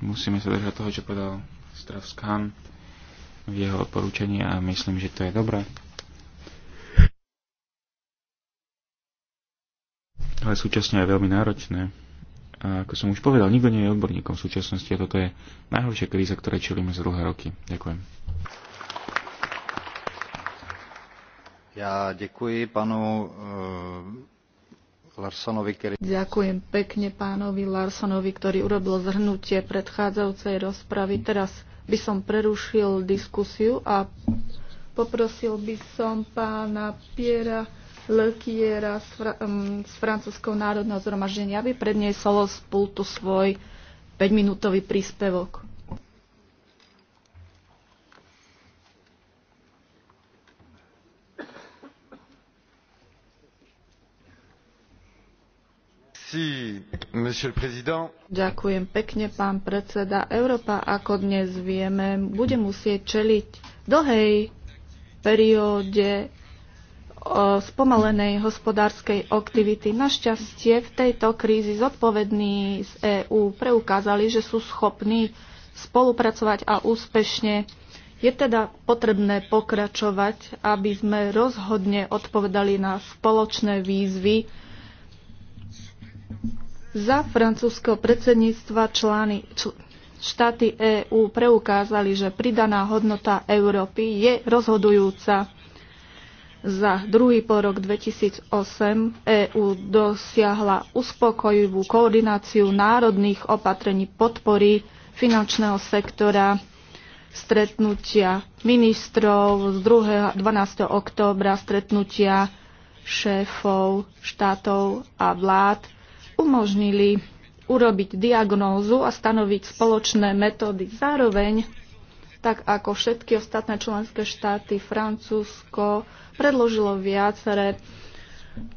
Speaker 2: Musíme sa držať toho, čo povedal Stravskán v jeho odporúčaní a myslím, že to je dobré. Ale súčasne je veľmi náročné. A ako som už povedal, nikto nie je odborníkom v súčasnosti a toto je najhoršia kríza, ktoré čelíme z dlhé roky. Ďakujem.
Speaker 1: Ja ďakujem panu e Larsonovi, ktorý... Ďakujem pekne pánovi Larsonovi, ktorý urobil zhrnutie predchádzajúcej rozpravy. Teraz by som prerušil diskusiu a poprosil by som pána Piera Lekiera z, Fra- z Francúzského národného zhromaždenia, aby predniesol z pultu svoj 5-minútový príspevok. Ďakujem pekne, pán predseda. Európa, ako dnes vieme, bude musieť čeliť dlhej perióde spomalenej hospodárskej aktivity. Našťastie v tejto krízi zodpovední z EÚ preukázali, že sú schopní spolupracovať a úspešne. Je teda potrebné pokračovať, aby sme rozhodne odpovedali na spoločné výzvy, za francúzského predsedníctva člány, čl- štáty EÚ preukázali, že pridaná hodnota Európy je rozhodujúca. Za druhý porok 2008 EÚ dosiahla uspokojivú koordináciu národných opatrení podpory finančného sektora stretnutia ministrov z 2. 12. októbra, stretnutia šéfov štátov a vlád umožnili urobiť diagnózu a stanoviť spoločné metódy. Zároveň, tak ako všetky ostatné členské štáty, Francúzsko predložilo viaceré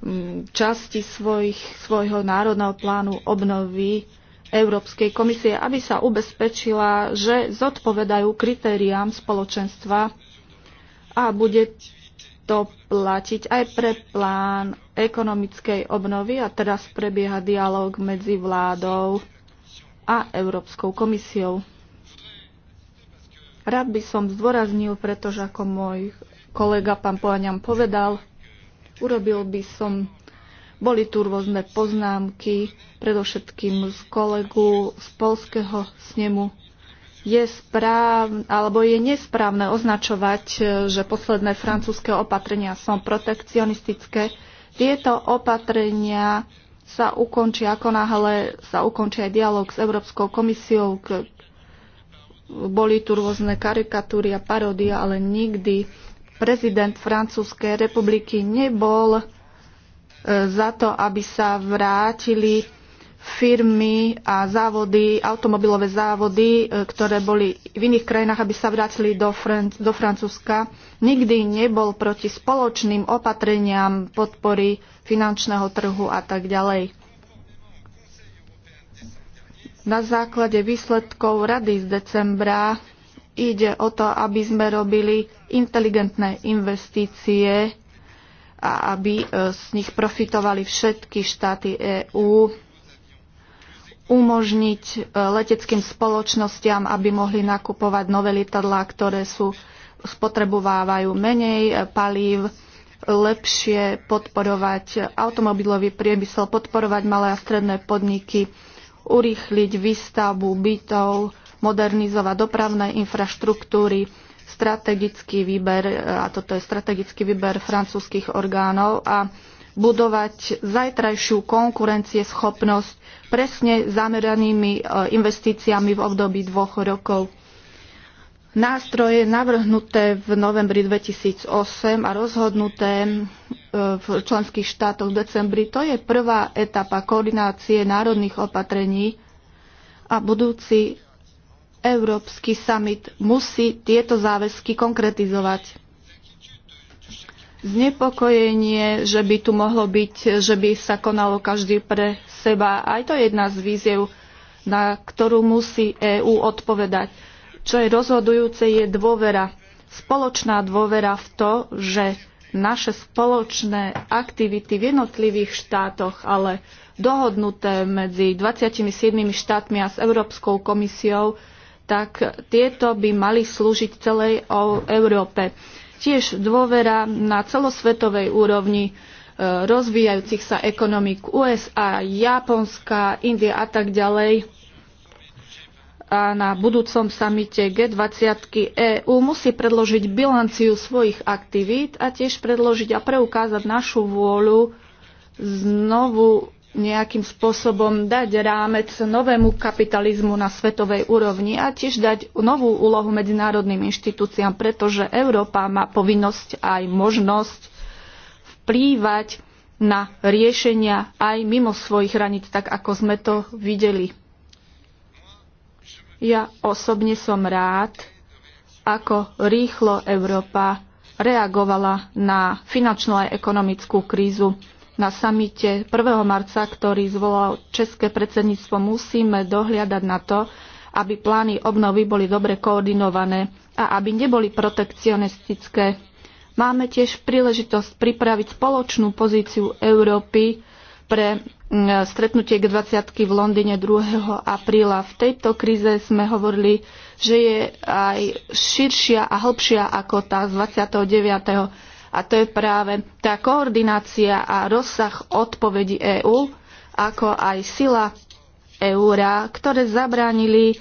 Speaker 1: mm, časti svojich, svojho národného plánu obnovy Európskej komisie, aby sa ubezpečila, že zodpovedajú kritériám spoločenstva a bude to platiť aj pre plán ekonomickej obnovy a teraz prebieha dialog medzi vládou a Európskou komisiou. Rád by som zdôraznil, pretože ako môj kolega pán Poaňam povedal, urobil by som, boli tu rôzne poznámky, predovšetkým z kolegu z Polského snemu je správ, alebo je nesprávne označovať, e, že posledné francúzske opatrenia sú protekcionistické. Tieto opatrenia sa ukončia, ako náhle sa ukončia aj dialog s Európskou komisiou. Boli tu rôzne karikatúry a paródia, ale nikdy prezident Francúzskej republiky nebol e, za to, aby sa vrátili firmy a závody, automobilové závody, e, ktoré boli v iných krajinách, aby sa vrátili do, Fran- do Francúzska. Nikdy nebol proti spoločným opatreniam podpory finančného trhu a tak ďalej. Na základe výsledkov rady z decembra ide o to, aby sme robili inteligentné investície a aby e, z nich profitovali všetky štáty EÚ umožniť e, leteckým spoločnostiam, aby mohli nakupovať nové lietadlá, ktoré sú, spotrebovávajú menej e, palív, lepšie podporovať automobilový priemysel, podporovať malé a stredné podniky, urýchliť výstavbu bytov, modernizovať dopravné infraštruktúry, strategický výber, e, a toto je strategický výber francúzskych orgánov a budovať zajtrajšiu konkurencieschopnosť presne zameranými e, investíciami v období dvoch rokov. Nástroje navrhnuté v novembri 2008 a rozhodnuté e, v členských štátoch v decembri, to je prvá etapa koordinácie národných opatrení a budúci Európsky summit musí tieto záväzky konkretizovať znepokojenie, že by tu mohlo byť, že by sa konalo každý pre seba. Aj to je jedna z víziev, na ktorú musí EÚ odpovedať. Čo je rozhodujúce, je dôvera. Spoločná dôvera v to, že naše spoločné aktivity v jednotlivých štátoch, ale dohodnuté medzi 27 štátmi a s Európskou komisiou, tak tieto by mali slúžiť celej Európe tiež dôvera na celosvetovej úrovni e, rozvíjajúcich sa ekonomík USA, Japonska, Indie a tak ďalej. A na budúcom samite G20 EU musí predložiť bilanciu svojich aktivít a tiež predložiť a preukázať našu vôľu znovu nejakým spôsobom dať rámec novému kapitalizmu na svetovej úrovni a tiež dať novú úlohu medzinárodným inštitúciám, pretože Európa má povinnosť aj možnosť vplývať na riešenia aj mimo svojich hraníc, tak ako sme to videli. Ja osobne som rád, ako rýchlo Európa reagovala na finančnú a ekonomickú krízu na samite 1. marca, ktorý zvolal České predsedníctvo, musíme dohliadať na to, aby plány obnovy boli dobre koordinované a aby neboli protekcionistické. Máme tiež príležitosť pripraviť spoločnú pozíciu Európy pre mm, stretnutie k 20 v Londýne 2. apríla. V tejto kríze sme hovorili, že je aj širšia a hlbšia ako tá z 29 a to je práve tá koordinácia a rozsah odpovedí EÚ, ako aj sila eura, ktoré zabránili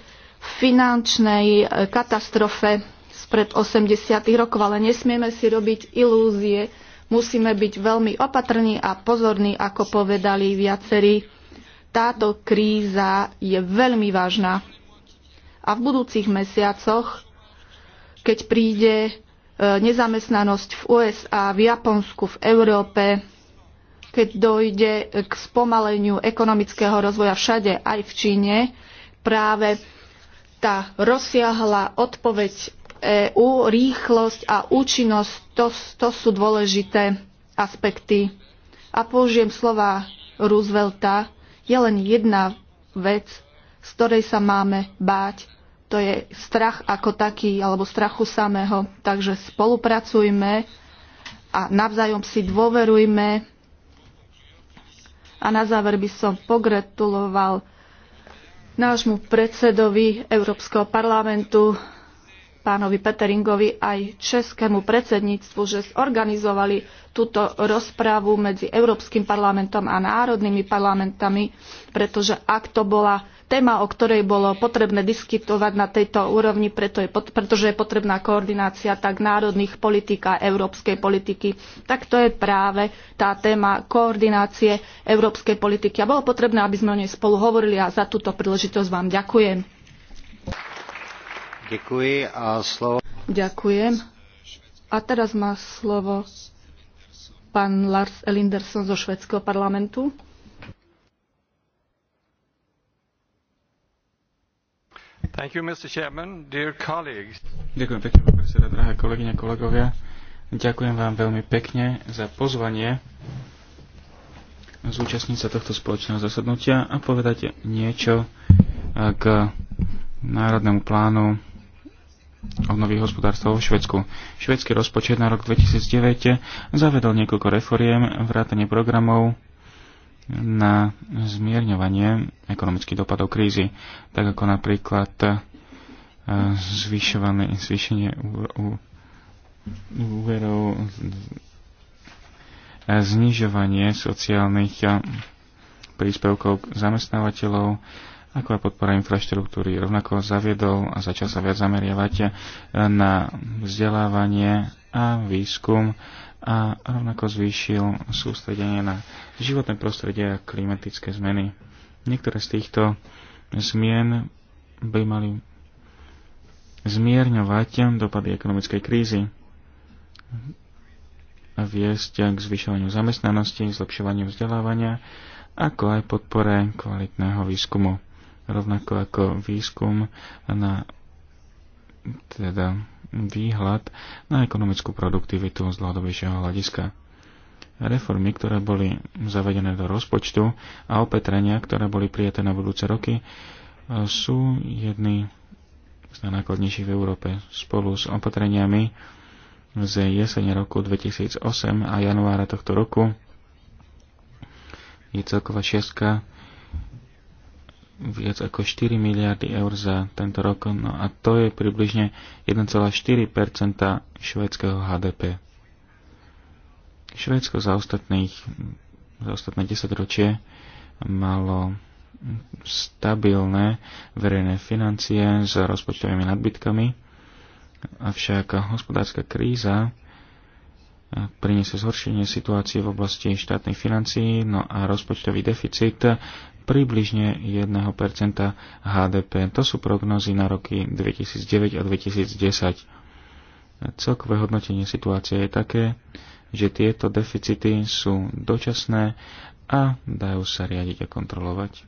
Speaker 1: finančnej e, katastrofe spred 80. rokov, ale nesmieme si robiť ilúzie. Musíme byť veľmi opatrní a pozorní, ako povedali viacerí. Táto kríza je veľmi vážna. A v budúcich mesiacoch, keď príde E, nezamestnanosť v USA, v Japonsku, v Európe, keď dojde k spomaleniu ekonomického rozvoja všade, aj v Číne, práve tá rozsiahla odpoveď EÚ, rýchlosť a účinnosť, to, to sú dôležité aspekty. A použijem slova Roosevelta, je len jedna vec, z ktorej sa máme báť to je strach ako taký, alebo strachu samého. Takže spolupracujme a navzájom si dôverujme. A na záver by som pogratuloval nášmu predsedovi Európskeho parlamentu, pánovi Peteringovi, aj českému predsedníctvu, že zorganizovali túto rozprávu medzi Európskym parlamentom a národnými parlamentami, pretože ak to bola téma, o ktorej bolo potrebné diskutovať na tejto úrovni, preto je, pretože je potrebná koordinácia tak národných politik a európskej politiky. Tak to je práve tá téma koordinácie európskej politiky. A bolo potrebné, aby sme o nej spolu hovorili a za túto príležitosť vám ďakujem.
Speaker 2: Ďakujem a slovo...
Speaker 1: Ďakujem. A teraz má slovo pán Lars Elinderson zo švedského parlamentu. You, Chairman,
Speaker 2: Ďakujem pekne, pán predseda, drahé kolegyne, kolegovia. Ďakujem vám veľmi pekne za pozvanie zúčastniť sa tohto spoločného zasadnutia a povedať niečo k národnému plánu obnovy hospodárstva vo Švedsku. Švedský rozpočet na rok 2009 zavedol niekoľko reforiem, vrátanie programov, na zmierňovanie ekonomických dopadov krízy, tak ako napríklad eh, zvyšované, zvýšenie úverov, znižovanie sociálnych eh, príspevkov zamestnávateľov, ako aj podpora infraštruktúry. Rovnako zaviedol a začal sa viac zameriavať na vzdelávanie a výskum a rovnako zvýšil sústredenie na životné prostredie a klimatické zmeny. Niektoré z týchto zmien by mali zmierňovať dopady ekonomickej krízy, viesť k zvyšovaniu zamestnanosti, zlepšovaniu vzdelávania, ako aj podpore kvalitného výskumu rovnako ako výskum na teda výhľad na ekonomickú produktivitu z dlhodobejšieho hľadiska. Reformy, ktoré boli zavedené do rozpočtu a opetrenia, ktoré boli prijaté na budúce roky, e, sú jedny z najnákladnejších v Európe spolu s opatreniami z jesene roku 2008 a januára tohto roku je celková šestka viac ako 4 miliardy eur za tento rok, no a to je približne 1,4 švédskeho HDP. Švédsko za, ostatných, za ostatné 10 ročie malo stabilné verejné financie s rozpočtovými nadbytkami, avšak hospodárska kríza priniesie zhoršenie situácie v oblasti štátnych financií, no a rozpočtový deficit približne 1% HDP. To sú prognozy na roky 2009 a 2010. Celkové hodnotenie situácie je také, že tieto deficity sú dočasné a dajú sa riadiť a kontrolovať.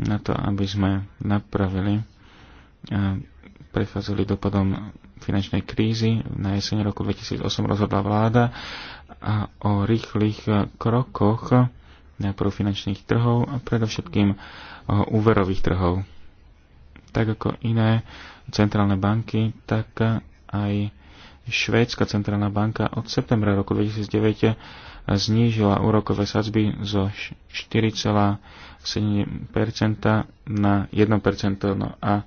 Speaker 2: Na to, aby sme napravili a prechádzali dopadom finančnej krízy, na jeseň roku 2008 rozhodla vláda a o rýchlych krokoch najprv finančných trhov a predovšetkým eh, úverových trhov. Tak ako iné centrálne banky, tak eh, aj Švédska centrálna banka od septembra roku 2009 eh, znížila úrokové sadzby zo 4,7% na 1%. No a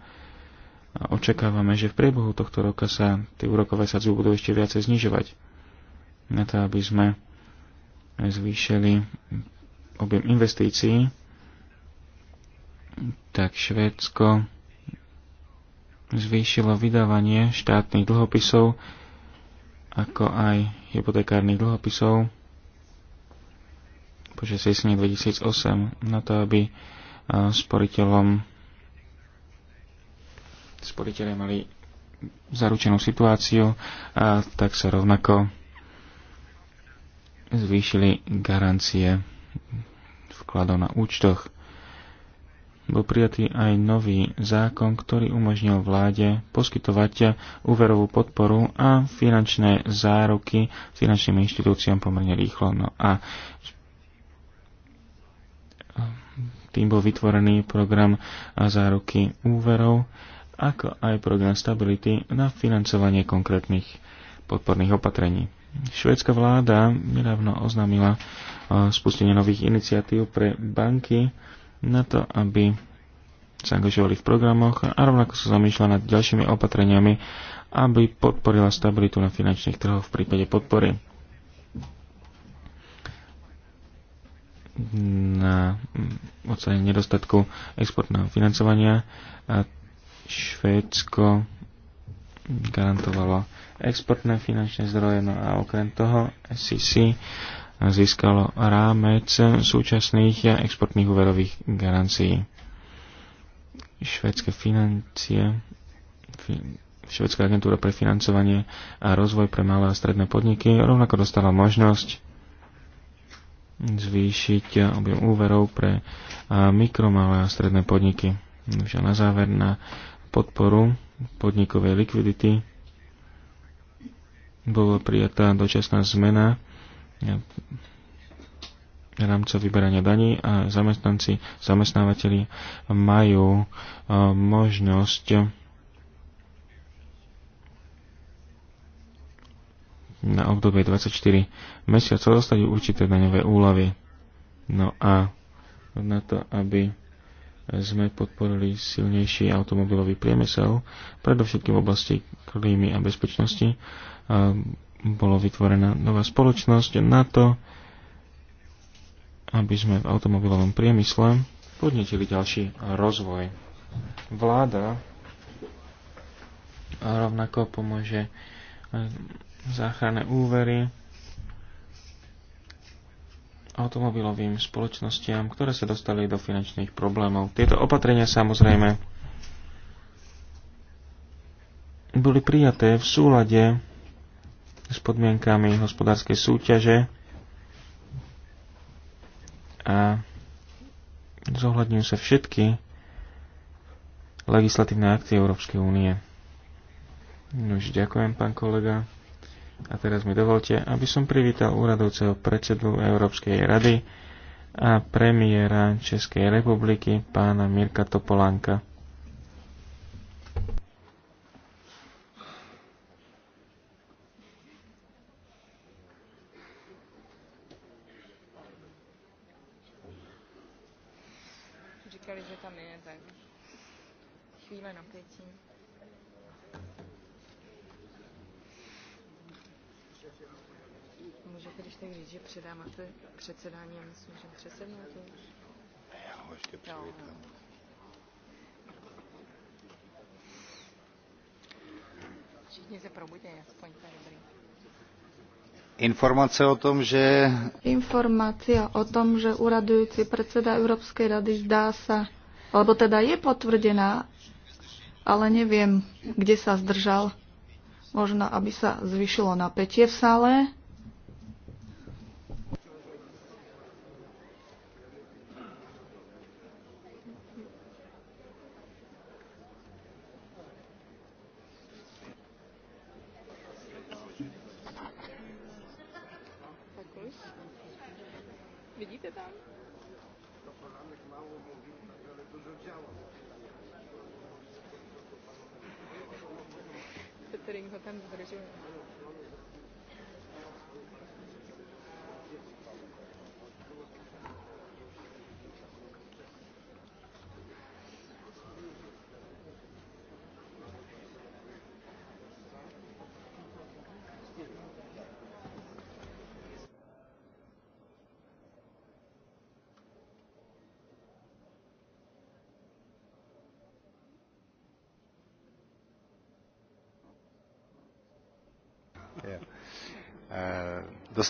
Speaker 2: očakávame, že v priebehu tohto roka sa tie úrokové sadzby budú ešte viacej znižovať. Na to, aby sme zvýšili objem investícií, tak Švédsko zvýšilo vydávanie štátnych dlhopisov, ako aj hypotekárnych dlhopisov počas jesene 2008 na to, aby sporiteľom sporiteľe mali zaručenú situáciu a tak sa rovnako zvýšili garancie vkladov na účtoch. Bol prijatý aj nový zákon, ktorý umožnil vláde poskytovať úverovú podporu a finančné záruky finančným inštitúciám pomerne rýchlo. No a tým bol vytvorený program záruky úverov, ako aj program stability na financovanie konkrétnych podporných opatrení. Švédska vláda nedávno oznámila spustenie nových iniciatív pre banky na to, aby sa angažovali v programoch a rovnako sa zamýšľa nad ďalšími opatreniami, aby podporila stabilitu na finančných trhoch v prípade podpory. na ocenie nedostatku exportného financovania a Švédsko garantovalo exportné finančné zdroje, no a okrem toho SEC získalo rámec súčasných exportných úverových garancií. Švedské financie, Švedská agentúra pre financovanie a rozvoj pre malé a stredné podniky rovnako dostala možnosť zvýšiť objem úverov pre mikro, malé a stredné podniky. Takže na záver na podporu podnikovej likvidity bola prijatá dočasná zmena rámca vyberania daní a zamestnanci, zamestnávateľi majú e, možnosť na obdobie 24 mesiacov dostať určité daňové úlavy. No a na to, aby sme podporili silnejší automobilový priemysel, predovšetkým v oblasti klímy a bezpečnosti, bolo vytvorená nová spoločnosť na to, aby sme v automobilovom priemysle podnetili ďalší rozvoj. Vláda rovnako pomôže e, záchranné úvery automobilovým spoločnostiam, ktoré sa dostali do finančných problémov. Tieto opatrenia samozrejme boli prijaté v súlade s podmienkami hospodárskej súťaže a zohľadňujú sa všetky legislatívne akty Európskej únie. No už ďakujem, pán kolega. A teraz mi dovolte, aby som privítal úradovceho predsedu Európskej rady a premiéra Českej republiky, pána Mirka Topolanka.
Speaker 1: předsedání. myslím, že přesednu to.
Speaker 2: Já ho ještě no.
Speaker 3: přivítám.
Speaker 1: Všichni se probudí, aspoň to je dobrý. Informácia o tom, že... Informácia o tom, že uradujúci predseda Európskej rady zdá sa, alebo teda je potvrdená, ale neviem, kde sa zdržal. Možno, aby sa zvyšilo napätie v sále.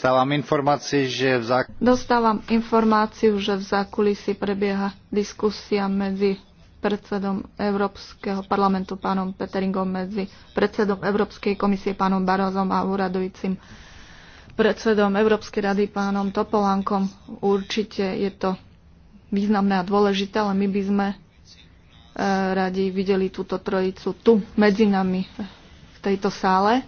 Speaker 1: Dostávam informáciu, že v zák... Dostávam informáciu, že v zákulisí prebieha diskusia medzi predsedom Európskeho parlamentu pánom Peteringom medzi predsedom Európskej komisie pánom Barozom a úradujúcim predsedom Európskej rady pánom Topolánkom. Určite je to významné a dôležité, ale my by sme e, radi videli túto trojicu tu medzi nami v tejto sále.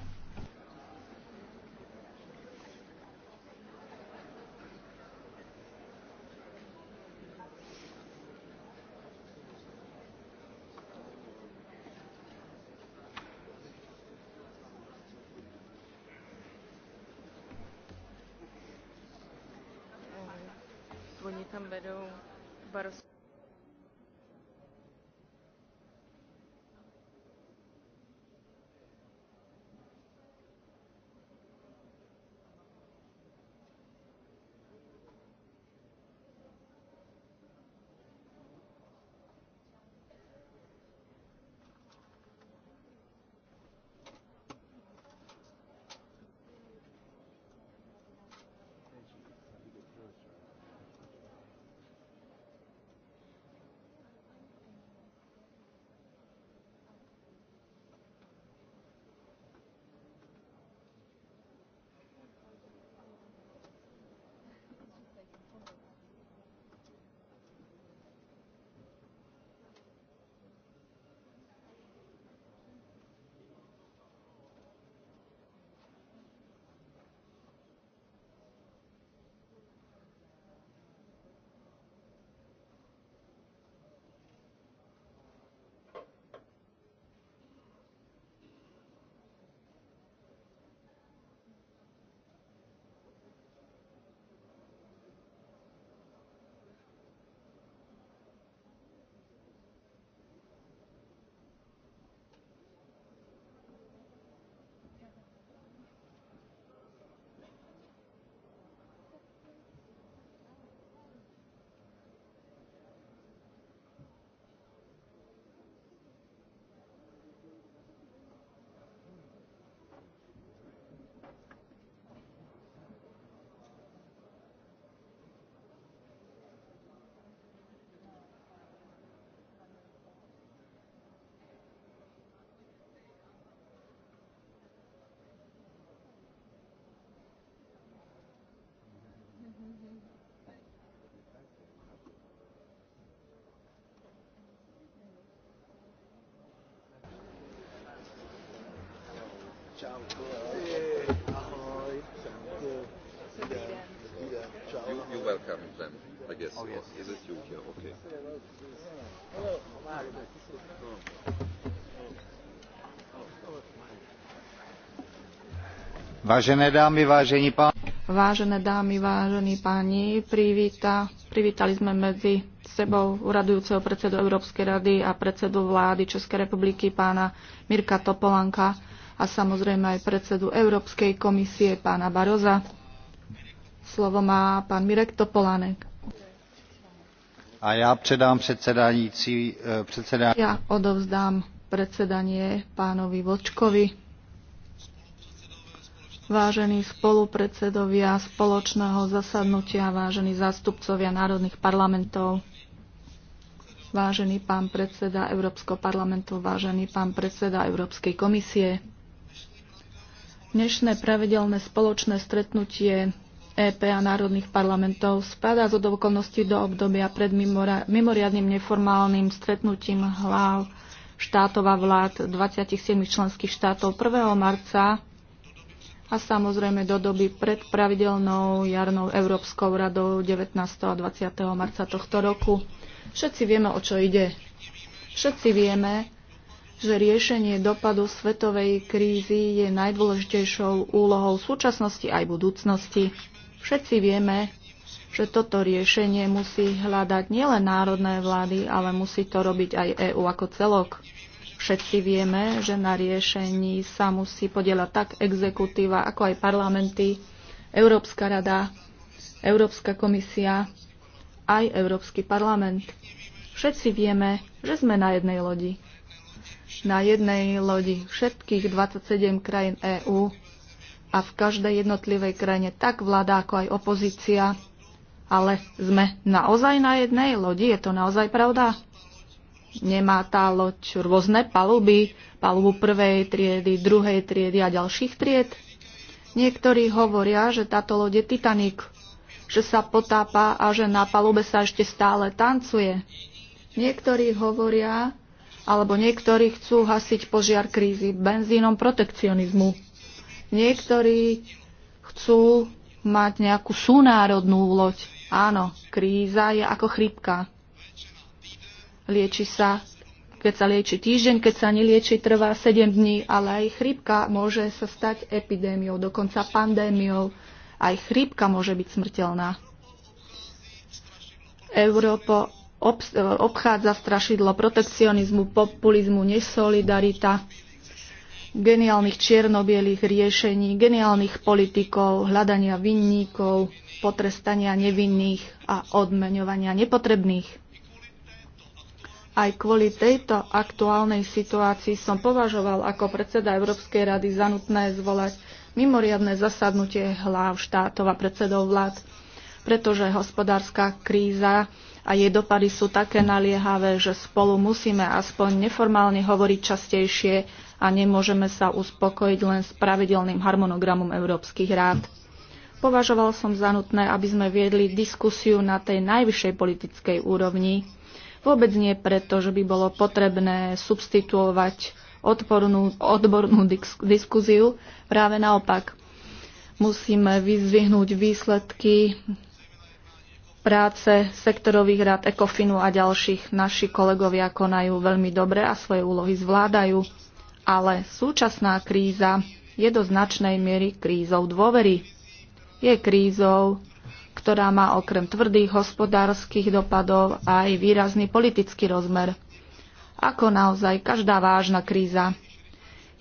Speaker 2: You, you welcome them, I guess. Oh, yes. Is it you here? Okay.
Speaker 1: Vážené dámy, vážení páni. Vážené dámy, vážení páni, privíta, privítali sme medzi sebou uradujúceho predsedu Európskej rady a predsedu vlády Českej republiky pána Mirka Topolanka a samozrejme aj predsedu Európskej komisie pána Baroza. Slovo má pán Mirek Topolánek. A ja predám predsedající... Eh, predsedan... Ja odovzdám predsedanie pánovi Vočkovi. Vážení spolupredsedovia spoločného zasadnutia, vážení zástupcovia národných parlamentov, vážený pán predseda Európskeho parlamentu, vážený pán predseda Európskej komisie, Dnešné pravidelné spoločné stretnutie EP a národných parlamentov spadá zo do okolností do obdobia pred mimoriadnym neformálnym stretnutím hlav štátov a vlád 27 členských štátov 1. marca a samozrejme do doby pred pravidelnou jarnou Európskou radou 19. a 20. marca tohto roku. Všetci vieme, o čo ide. Všetci vieme, že riešenie dopadu svetovej krízy je najdôležitejšou úlohou súčasnosti aj budúcnosti. Všetci vieme, že toto riešenie musí hľadať nielen národné vlády, ale musí to robiť aj EÚ ako celok. Všetci vieme, že na riešení sa musí podielať tak exekutíva, ako aj parlamenty, Európska rada, Európska komisia, aj Európsky parlament. Všetci vieme, že sme na jednej lodi na jednej lodi všetkých 27 krajín EÚ a v každej jednotlivej krajine tak vláda ako aj opozícia. Ale sme naozaj na jednej lodi? Je to naozaj pravda? Nemá tá loď rôzne paluby, palubu prvej triedy, druhej triedy a ďalších tried? Niektorí hovoria, že táto loď je Titanic, že sa potápa a že na palube sa ešte stále tancuje. Niektorí hovoria, alebo niektorí chcú hasiť požiar krízy benzínom protekcionizmu. Niektorí chcú mať nejakú súnárodnú loď. Áno, kríza je ako chrypka. Lieči sa, keď sa lieči týždeň, keď sa nelieči, trvá 7 dní, ale aj chrypka môže sa stať epidémiou, dokonca pandémiou. Aj chrípka môže byť smrteľná. Európo, E, obchádza strašidlo protekcionizmu, populizmu, nesolidarita, geniálnych čiernobielých riešení, geniálnych politikov, hľadania vinníkov, potrestania nevinných a odmeňovania nepotrebných. Aj kvôli tejto aktuálnej situácii som považoval ako predseda Európskej rady za nutné zvolať mimoriadne zasadnutie hlav štátov a predsedov vlád, pretože hospodárska kríza a jej dopady sú také naliehavé, že spolu musíme aspoň neformálne hovoriť častejšie a nemôžeme sa uspokojiť len s pravidelným harmonogramom európskych rád. Považoval som za nutné, aby sme viedli diskusiu na tej najvyššej politickej úrovni. Vôbec nie preto, že by bolo potrebné substituovať odpornú, odbornú diskuziu, práve naopak. Musíme vyzvihnúť výsledky práce sektorových rád ECOFINu a ďalších. Naši kolegovia konajú veľmi dobre a svoje úlohy zvládajú, ale súčasná kríza je do značnej miery krízou dôvery. Je krízou, ktorá má okrem tvrdých hospodárskych dopadov aj výrazný politický rozmer. Ako naozaj každá vážna kríza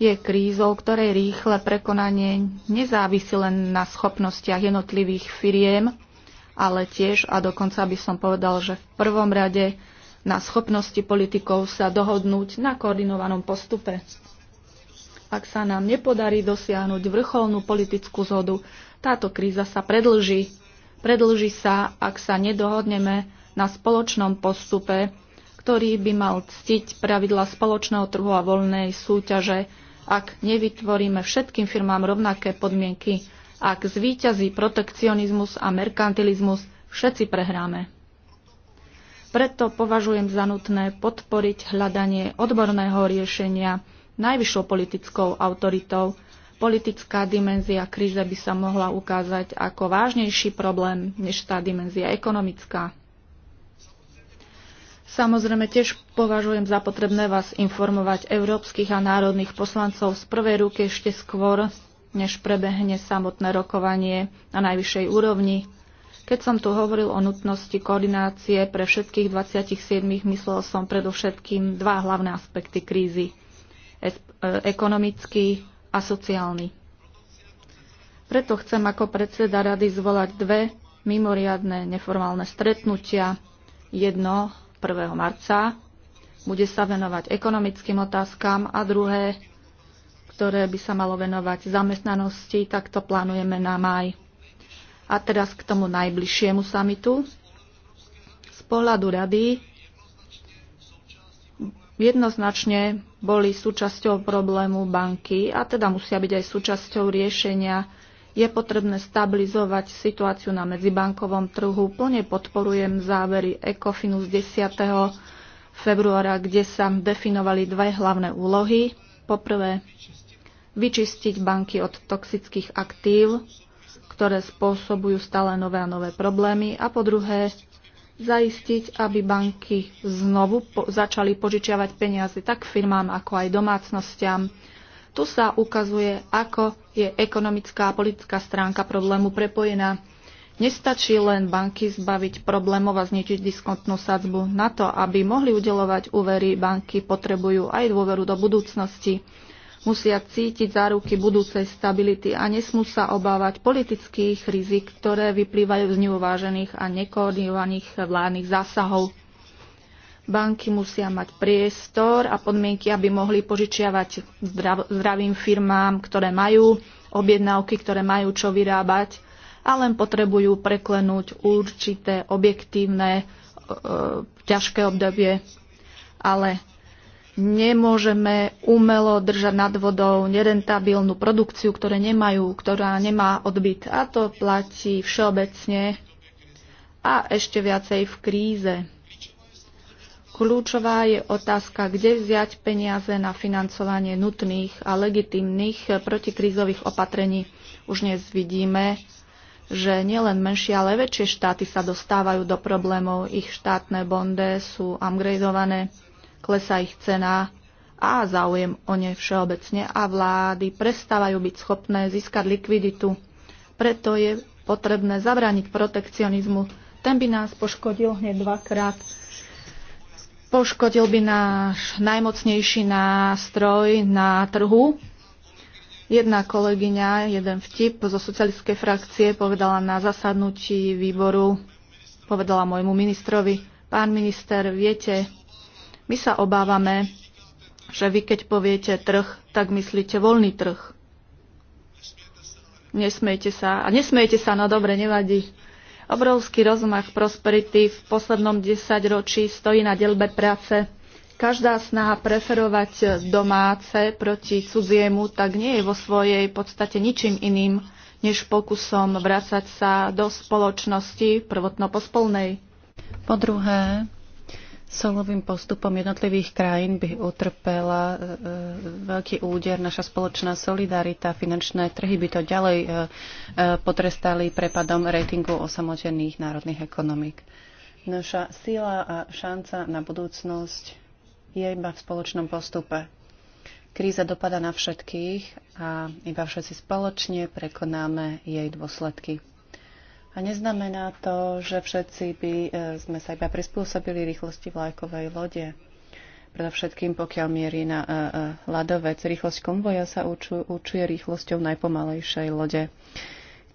Speaker 1: je krízou, ktorej rýchle prekonanie nezávisí len na schopnostiach jednotlivých firiem, ale tiež, a dokonca by som povedal, že v prvom rade na schopnosti politikov sa dohodnúť na koordinovanom postupe. Ak sa nám nepodarí dosiahnuť vrcholnú politickú zhodu, táto kríza sa predlží. Predlží sa, ak sa nedohodneme na spoločnom postupe, ktorý by mal ctiť pravidla spoločného trhu a voľnej súťaže, ak nevytvoríme všetkým firmám rovnaké podmienky ak zvíťazí protekcionizmus a merkantilizmus, všetci prehráme. Preto považujem za nutné podporiť hľadanie odborného riešenia najvyššou politickou autoritou. Politická dimenzia kríze by sa mohla ukázať ako vážnejší problém než tá dimenzia ekonomická. Samozrejme tiež považujem za potrebné vás informovať európskych a národných poslancov z prvej ruky ešte skôr, než prebehne samotné rokovanie na najvyššej úrovni. Keď som tu hovoril o nutnosti koordinácie pre všetkých 27, myslel som predovšetkým dva hlavné aspekty krízy. E, ekonomický a sociálny. Preto chcem ako predseda rady zvolať dve mimoriadne neformálne stretnutia. Jedno 1. marca bude sa venovať ekonomickým otázkam a druhé ktoré by sa malo venovať zamestnanosti, tak to plánujeme na maj. A teraz k tomu najbližšiemu samitu. Z pohľadu rady jednoznačne boli súčasťou problému banky a teda musia byť aj súčasťou riešenia. Je potrebné stabilizovať situáciu na medzibankovom trhu. Plne podporujem závery ECOFINu z 10. februára, kde sa definovali dve hlavné úlohy. Poprvé, vyčistiť banky od toxických aktív, ktoré spôsobujú stále nové a nové problémy a po druhé zaistiť, aby banky znovu po- začali požičiavať peniaze tak firmám, ako aj domácnostiam. Tu sa ukazuje, ako je ekonomická a politická stránka problému prepojená. Nestačí len banky zbaviť problémov a zničiť diskontnú sadzbu. Na to, aby mohli udelovať úvery, banky potrebujú aj dôveru do budúcnosti musia cítiť záruky budúcej stability a nesmú sa obávať politických rizik, ktoré vyplývajú z neuvážených a nekoordinovaných vládnych zásahov. Banky musia mať priestor a podmienky, aby mohli požičiavať zdrav- zdravým firmám, ktoré majú objednávky, ktoré majú čo vyrábať a len potrebujú preklenúť určité objektívne e, e ťažké obdobie. Ale nemôžeme umelo držať nad vodou nerentabilnú produkciu, ktoré nemajú, ktorá nemá odbyt. A to platí všeobecne a ešte viacej v kríze. Kľúčová je otázka, kde vziať peniaze na financovanie nutných a legitimných protikrízových opatrení. Už dnes vidíme, že nielen menšie, ale väčšie štáty sa dostávajú do problémov. Ich štátne bonde sú upgradeované klesá ich cena a záujem o ne všeobecne a vlády prestávajú byť schopné získať likviditu. Preto je potrebné zabrániť protekcionizmu. Ten by nás poškodil hneď dvakrát. Poškodil by náš najmocnejší nástroj na trhu. Jedna kolegyňa, jeden vtip zo socialistickej frakcie povedala na zasadnutí výboru, povedala môjmu ministrovi, pán minister, viete, my sa obávame, že vy keď poviete trh, tak myslíte voľný trh. Nesmejte sa, a nesmejte sa, no dobre, nevadí. Obrovský rozmach prosperity v poslednom desaťročí stojí na delbe práce. Každá snaha preferovať domáce proti cudziemu tak nie je vo svojej podstate ničím iným, než pokusom vrácať sa do spoločnosti prvotnopospolnej.
Speaker 3: Po druhé, solovým postupom jednotlivých krajín by utrpela e, e, veľký úder naša spoločná solidarita, finančné trhy by to ďalej e, e, potrestali prepadom ratingu osamotených národných ekonomík. Naša sila a šanca na budúcnosť je iba v spoločnom postupe. Kríza dopada na všetkých a iba všetci spoločne prekonáme jej dôsledky. A neznamená to, že všetci by e, sme sa iba prispôsobili rýchlosti vlajkovej lode. Predovšetkým, pokiaľ mierí na uh, uh, ľadovec, rýchlosť konvoja sa určuje rýchlosťou najpomalejšej lode.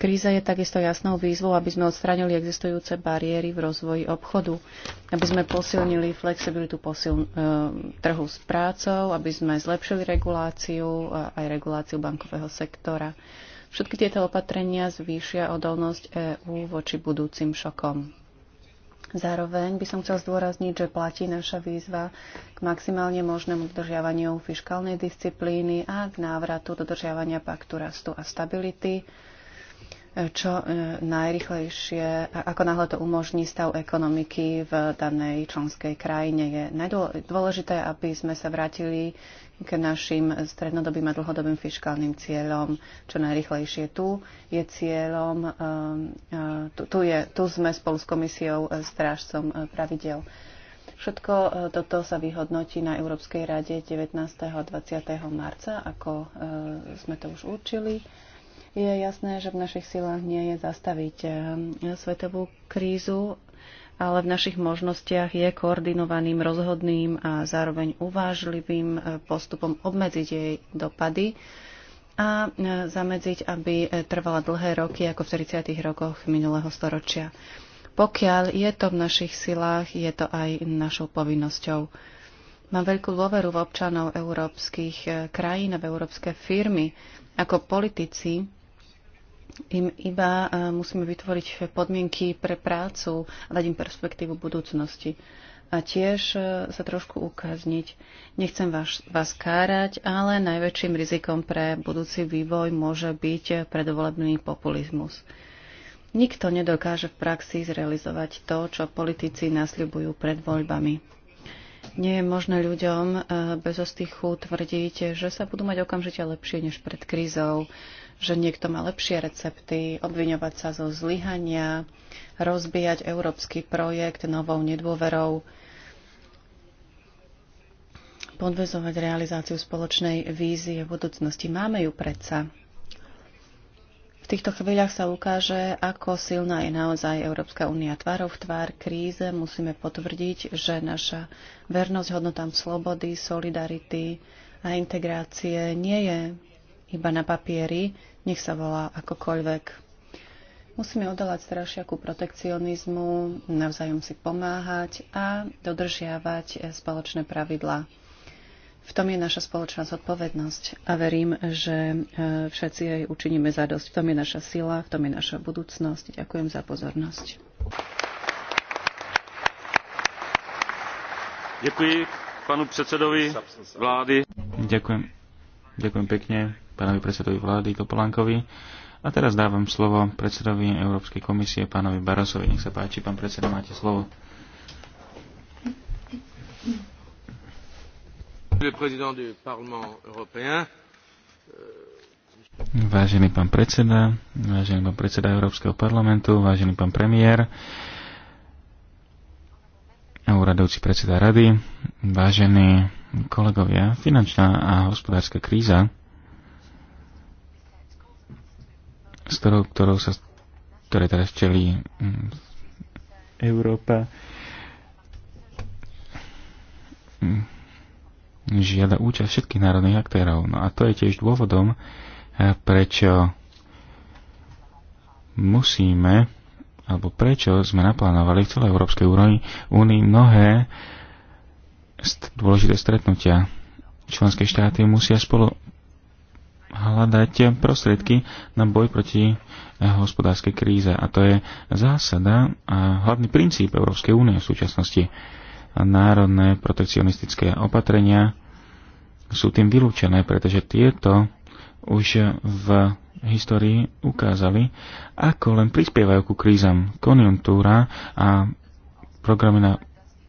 Speaker 3: Kríza je takisto jasnou výzvou, aby sme odstránili existujúce bariéry v rozvoji obchodu, aby sme posilnili flexibilitu posil, e, trhu s prácou, aby sme zlepšili reguláciu, aj reguláciu bankového sektora. Všetky tieto opatrenia zvýšia odolnosť EÚ voči budúcim šokom. Zároveň by som chcel zdôrazniť, že platí naša výzva k maximálne možnému dodržiavaniu fiskálnej disciplíny a k návratu dodržiavania paktu rastu a stability, čo e, najrychlejšie, ako náhle to umožní stav ekonomiky v danej členskej krajine. Je dôležité, aby sme sa vrátili k našim strednodobým a dlhodobým fiskálnym cieľom čo najrychlejšie. Tu je cieľom, um, uh, tu, je, tu sme spolu s komisiou uh, strážcom uh, pravidel. Všetko toto sa vyhodnotí na Európskej rade 19. a 20. marca, ako sme to už určili. Je jasné, že v našich silách nie je zastaviť um, svetovú krízu, ale v našich možnostiach je koordinovaným, rozhodným a zároveň uvážlivým e, postupom obmedziť jej dopady a e, zamedziť, aby e, trvala dlhé roky, ako v 30. rokoch minulého storočia. Pokiaľ je to v našich silách, je to aj našou povinnosťou. Mám veľkú dôveru v občanov európskych krajín a v európske firmy. Ako politici im iba e, musíme vytvoriť podmienky pre prácu a dať im perspektívu budúcnosti. A tiež e, sa trošku ukázniť. Nechcem vás, vás kárať, ale najväčším rizikom pre budúci vývoj môže byť predvolebný populizmus. Nikto nedokáže v praxi zrealizovať to, čo politici nasľubujú pred voľbami. Nie je možné ľuďom e, bez ostichu tvrdiť, že sa budú mať okamžite lepšie než pred krízou, že niekto má lepšie recepty, obviňovať sa zo zlyhania, rozbíjať európsky projekt novou nedôverou, podvezovať realizáciu spoločnej vízie v budúcnosti. Máme ju predsa. V týchto chvíľach sa ukáže, ako silná je naozaj Európska únia. Tvárov v tvár kríze musíme potvrdiť, že naša vernosť hodnotám slobody, solidarity a integrácie nie je iba na papieri, nech sa volá akokoľvek. Musíme odolať strašiaku protekcionizmu, navzájom si pomáhať a dodržiavať eh, spoločné pravidlá. V tom je naša spoločná zodpovednosť a verím, že eh, všetci jej učiníme zadosť. V tom je naša sila, v tom je naša budúcnosť. Ďakujem
Speaker 2: za pozornosť. Ďakujem panu predsedovi vlády. Ďakujem. Ďakujem pekne pánovi predsedovi vlády Topolánkovi. A teraz dávam slovo predsedovi Európskej komisie, pánovi Barosovi. Nech sa páči, pán predseda, máte slovo. Vážený pán predseda, vážený pán predseda Európskeho parlamentu, vážený pán premiér, úradovci predseda rady, vážení kolegovia, finančná a hospodárska kríza s ktorou, ktorou sa, ktoré teraz čelí mm, Európa, mm, žiada účasť všetkých národných aktérov. No a to je tiež dôvodom, eh, prečo musíme, alebo prečo sme naplánovali v celej Európskej únii mnohé dôležité stretnutia. Členské štáty musia spolu hľadať prostriedky na boj proti eh, hospodárskej kríze. A to je zásada a hlavný princíp Európskej únie v súčasnosti. Národné protekcionistické opatrenia sú tým vylúčené, pretože tieto už v histórii ukázali, ako len prispievajú ku krízam. Konjunktúra a programy na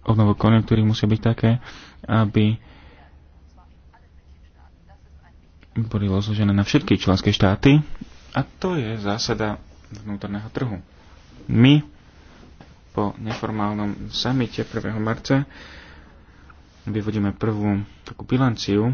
Speaker 2: obnovu konjunktúry musia byť také, aby boli rozložené na všetky členské štáty a to je zásada vnútorného trhu. My po neformálnom samite 1. marca vyvodíme prvú takú bilanciu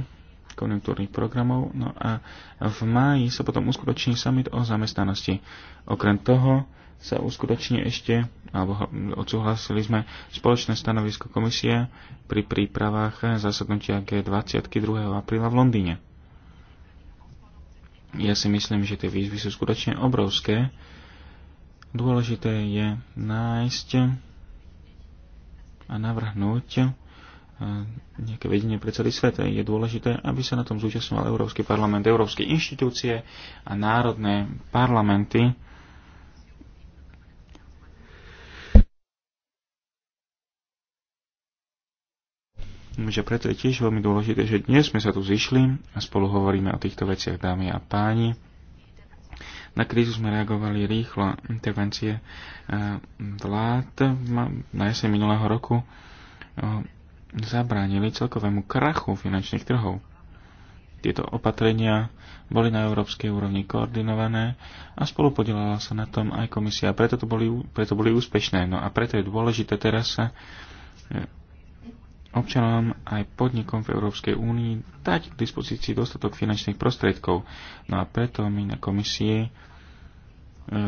Speaker 2: konjunktúrnych programov no a v máji sa potom uskutoční summit o zamestnanosti. Okrem toho sa uskutoční ešte, alebo odsúhlasili sme spoločné stanovisko komisie pri prípravách zasadnutia G20 2. apríla v Londýne. Ja si myslím, že tie výzvy sú skutočne obrovské. Dôležité je nájsť a navrhnúť eh, nejaké vedenie pre celý svet. Je dôležité, aby sa na tom zúčastňoval Európsky parlament, európske inštitúcie a národné parlamenty že preto je tiež veľmi dôležité, že dnes sme sa tu zišli a spolu hovoríme o týchto veciach, dámy a páni. Na krízu sme reagovali rýchlo. Intervencie e, vlád na jeseň minulého roku e, zabránili celkovému krachu finančných trhov. Tieto opatrenia boli na európskej úrovni koordinované a spolupodielala sa na tom aj komisia. Preto, to boli, preto boli úspešné. No a preto je dôležité teraz sa e, občanom aj podnikom v Európskej únii dať k dispozícii dostatok finančných prostriedkov. No a preto my na komisii e,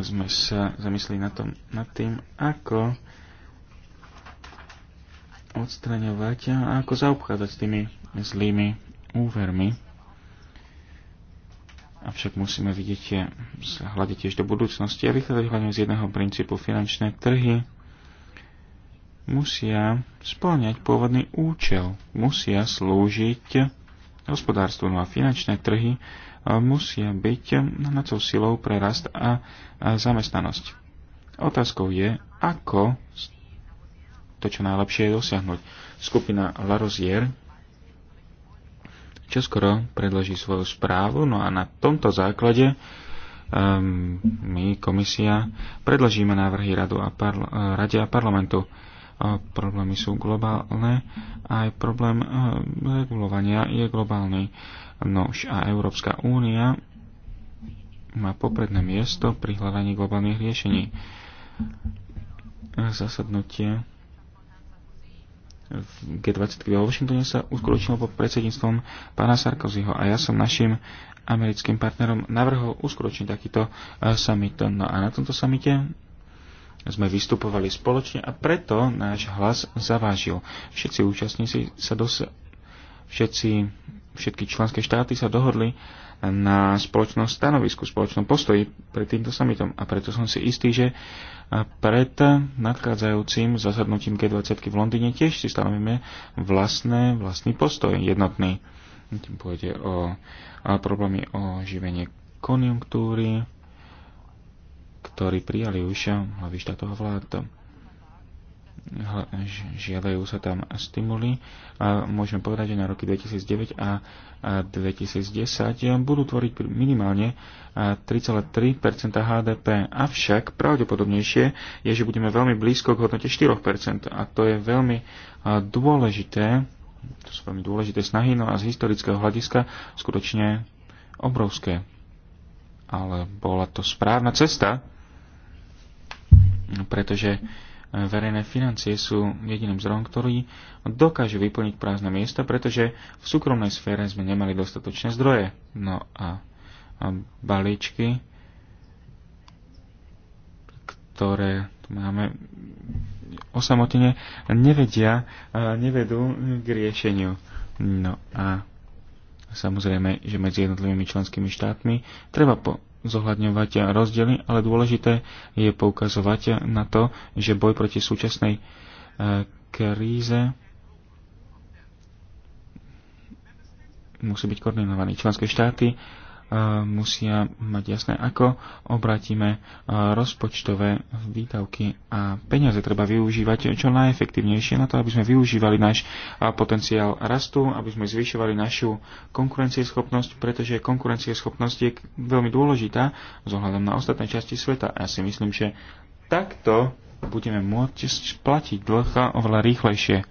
Speaker 2: sme sa zamysleli na tom, nad tým, ako odstraňovať a ako zaobchádzať s tými zlými úvermi. Avšak musíme vidieť, sa e, hľadiť tiež do budúcnosti a vychádzať hlavne z jedného princípu finančné trhy musia splňať pôvodný účel, musia slúžiť hospodárstvu no a finančné trhy e, musia byť hnacou silou pre rast a zamestnanosť. Otázkou je, ako to čo najlepšie je dosiahnuť. Skupina La Rozier čoskoro predloží svoju správu, no a na tomto základe um, my, komisia, predložíme návrhy radu a parla- e, Rade a parlamentu problémy sú globálne a aj problém eh, regulovania je globálny. Nož a Európska únia má popredné miesto pri hľadaní globálnych riešení. Zasadnutie G20 vo Washingtone sa uskutočnilo pod predsedníctvom pána Sarkozyho a ja som našim americkým partnerom navrhol uskutočniť takýto eh, summit. No a na tomto samite sme vystupovali spoločne a preto náš hlas zavážil. Všetci účastníci sa dos- všetci, všetky členské štáty sa dohodli na spoločnom stanovisku, spoločnom postoji pred týmto samitom. A preto som si istý, že pred nadchádzajúcim zasadnutím G20 v Londýne tiež si stanovíme vlastné, vlastný postoj jednotný. Tým pôjde o problémy o živenie konjunktúry, ktorý prijali už hlavy štátov a vlád. Žiadajú sa tam stimuly a môžeme povedať, že na roky 2009 a 2010 budú tvoriť minimálne 3,3 HDP. Avšak pravdepodobnejšie je, že budeme veľmi blízko k hodnote 4 a to je veľmi dôležité, to sú veľmi dôležité snahy, no a z historického hľadiska skutočne obrovské. Ale bola to správna cesta, pretože e, verejné financie sú jediným zdrojom, ktorý dokáže vyplniť prázdne miesta, pretože v súkromnej sfére sme nemali dostatočné zdroje. No a, a balíčky, ktoré tu máme osamotne nevedia, e, nevedú k riešeniu. No a samozrejme, že medzi jednotlivými členskými štátmi treba po, zohľadňovať rozdiely, ale dôležité je poukazovať na to, že boj proti súčasnej e, kríze musí byť koordinovaný. Členské štáty musia mať jasné, ako obratíme rozpočtové výdavky a peniaze treba využívať čo najefektívnejšie na to, aby sme využívali náš potenciál rastu, aby sme zvyšovali našu konkurencieschopnosť, pretože konkurencieschopnosť je veľmi dôležitá z ohľadom na ostatné časti sveta. Ja si myslím, že takto budeme môcť splatiť dlh oveľa rýchlejšie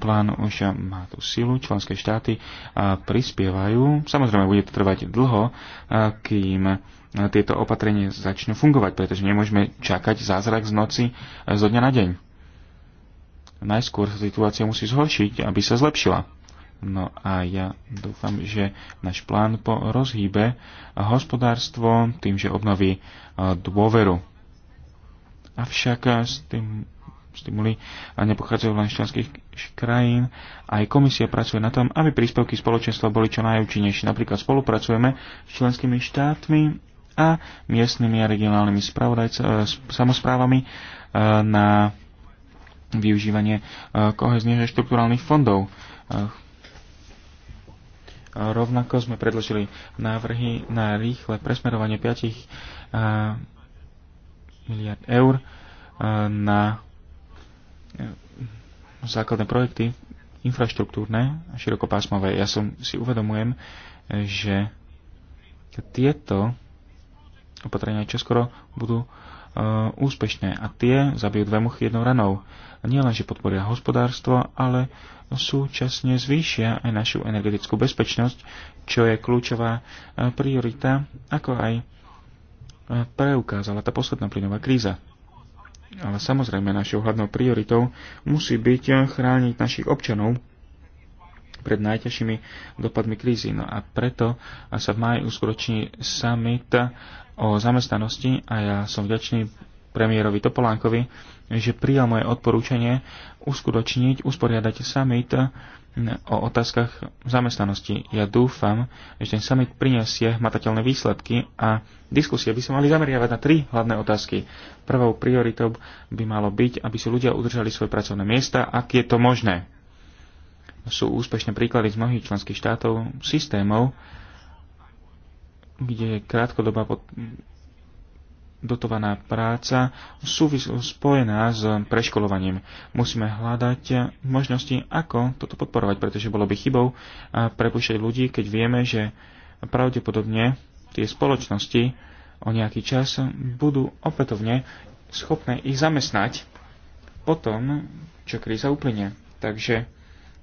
Speaker 2: plán už má tú silu, členské štáty prispievajú. Samozrejme, bude to trvať dlho, kým tieto opatrenie začnú fungovať, pretože nemôžeme čakať zázrak z noci zo dňa na deň. Najskôr sa situácia musí zhoršiť, aby sa zlepšila. No a ja dúfam, že náš plán po rozhýbe hospodárstvo tým, že obnoví dôveru. Avšak s tým stimuli nepochádzajú len z členských krajín. Aj komisia pracuje na tom, aby príspevky spoločenstva boli čo najúčinnejšie. Napríklad spolupracujeme s členskými štátmi a miestnymi a regionálnymi e, samozprávami e, na využívanie e, kohezných a štruktúrálnych fondov. Rovnako sme predložili návrhy na rýchle presmerovanie 5 miliard eur na základné projekty infraštruktúrne a širokopásmové. Ja som si uvedomujem, že tieto opatrenia čoskoro budú uh, úspešné a tie zabijú dve muchy jednou ranou. nie len, že podporia hospodárstvo, ale súčasne zvýšia aj našu energetickú bezpečnosť, čo je kľúčová uh, priorita, ako aj e, preukázala tá posledná plynová kríza. Ale samozrejme našou hlavnou prioritou musí byť chrániť našich občanov pred najťažšími dopadmi krízy. No a preto sa v maji uskutoční summit o zamestnanosti a ja som vďačný premiérovi Topolánkovi, že prijal moje odporúčanie uskutočniť, usporiadať summit o otázkach zamestnanosti. Ja dúfam, že ten summit priniesie matateľné výsledky a diskusie by sa mali zameriavať na tri hlavné otázky. Prvou prioritou by malo byť, aby si ľudia udržali svoje pracovné miesta, ak je to možné. Sú úspešné príklady z mnohých členských štátov, systémov, kde je krátkodobá pod, dotovaná práca súvis- spojená s preškolovaním. Musíme hľadať možnosti, ako toto podporovať, pretože bolo by chybou prepušťať ľudí, keď vieme, že pravdepodobne tie spoločnosti o nejaký čas budú opätovne schopné ich zamestnať po tom, čo kríza uplynie. Takže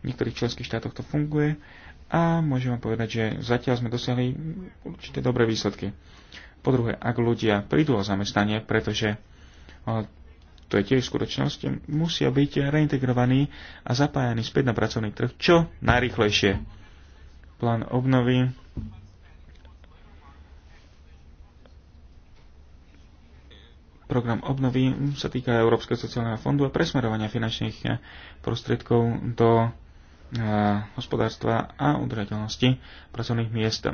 Speaker 2: v niektorých členských štátoch to funguje a môžem vám povedať, že zatiaľ sme dosiahli určité dobré výsledky. Po druhé, ak ľudia prídu o zamestnanie, pretože to je tiež skutočnosť, musia byť reintegrovaní a zapájani späť na pracovný trh čo najrychlejšie. Plán obnovy program obnovy sa týka Európskeho sociálneho fondu a presmerovania finančných eh, prostriedkov do eh, hospodárstva a udržateľnosti pracovných miest.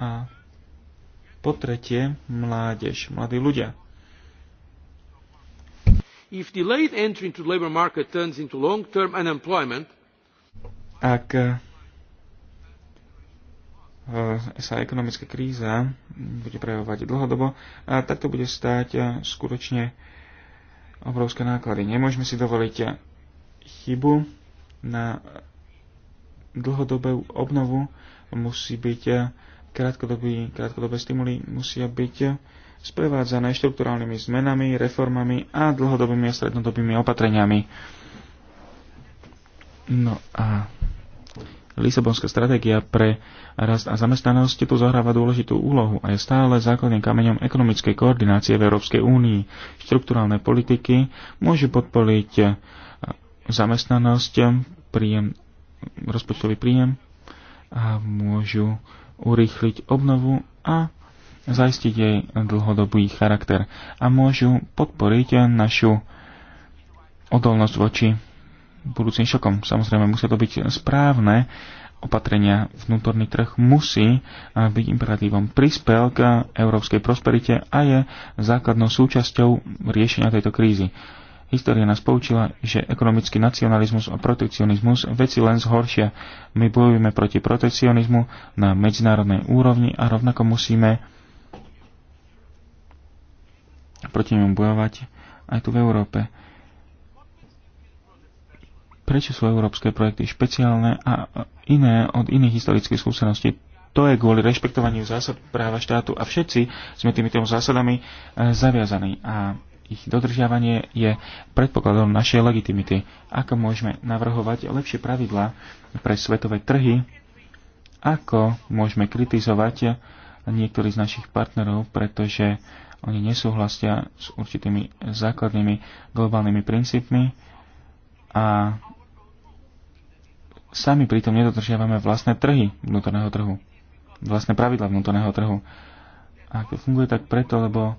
Speaker 2: A po tretie, mládež, mladí ľudia.
Speaker 1: If delayed entry into labor market turns into long-term unemployment,
Speaker 2: ak eh, sa ekonomická kríza bude prejavovať dlhodobo, a eh, tak to bude stáť eh, skutočne obrovské náklady. Nemôžeme si dovoliť chybu na dlhodobú obnovu musí byť krátkodobé, krátkodobé stimuly musia byť sprevádzané štruktúrálnymi zmenami, reformami a dlhodobými a strednodobými opatreniami. No a Lisabonská stratégia pre rast a zamestnanosť tu zohráva dôležitú úlohu a je stále základným kameňom ekonomickej koordinácie v Európskej únii. Štruktúrálne politiky môžu podporiť zamestnanosť, príjem, rozpočtový príjem a môžu urýchliť obnovu a zaistiť jej dlhodobý charakter a môžu podporiť našu odolnosť voči budúcim šokom. Samozrejme, musia to byť správne opatrenia. Vnútorný trh musí byť imperatívom prispel k európskej prosperite a je základnou súčasťou riešenia tejto krízy. História nás poučila, že ekonomický nacionalizmus a protekcionizmus veci len zhoršia. My bojujeme proti protekcionizmu na medzinárodnej úrovni a rovnako musíme proti nemu bojovať aj tu v Európe. Prečo sú európske projekty špeciálne a iné od iných historických skúseností? To je kvôli rešpektovaniu zásad práva štátu a všetci sme týmito zásadami eh, zaviazaní. A ich dodržiavanie je predpokladom našej legitimity. Ako môžeme navrhovať lepšie pravidlá pre svetové trhy? Ako môžeme kritizovať niektorých z našich partnerov, pretože oni nesúhlasia s určitými základnými globálnymi princípmi a sami pritom nedodržiavame vlastné trhy vnútorného trhu, vlastné pravidla vnútorného trhu. A to funguje tak preto, lebo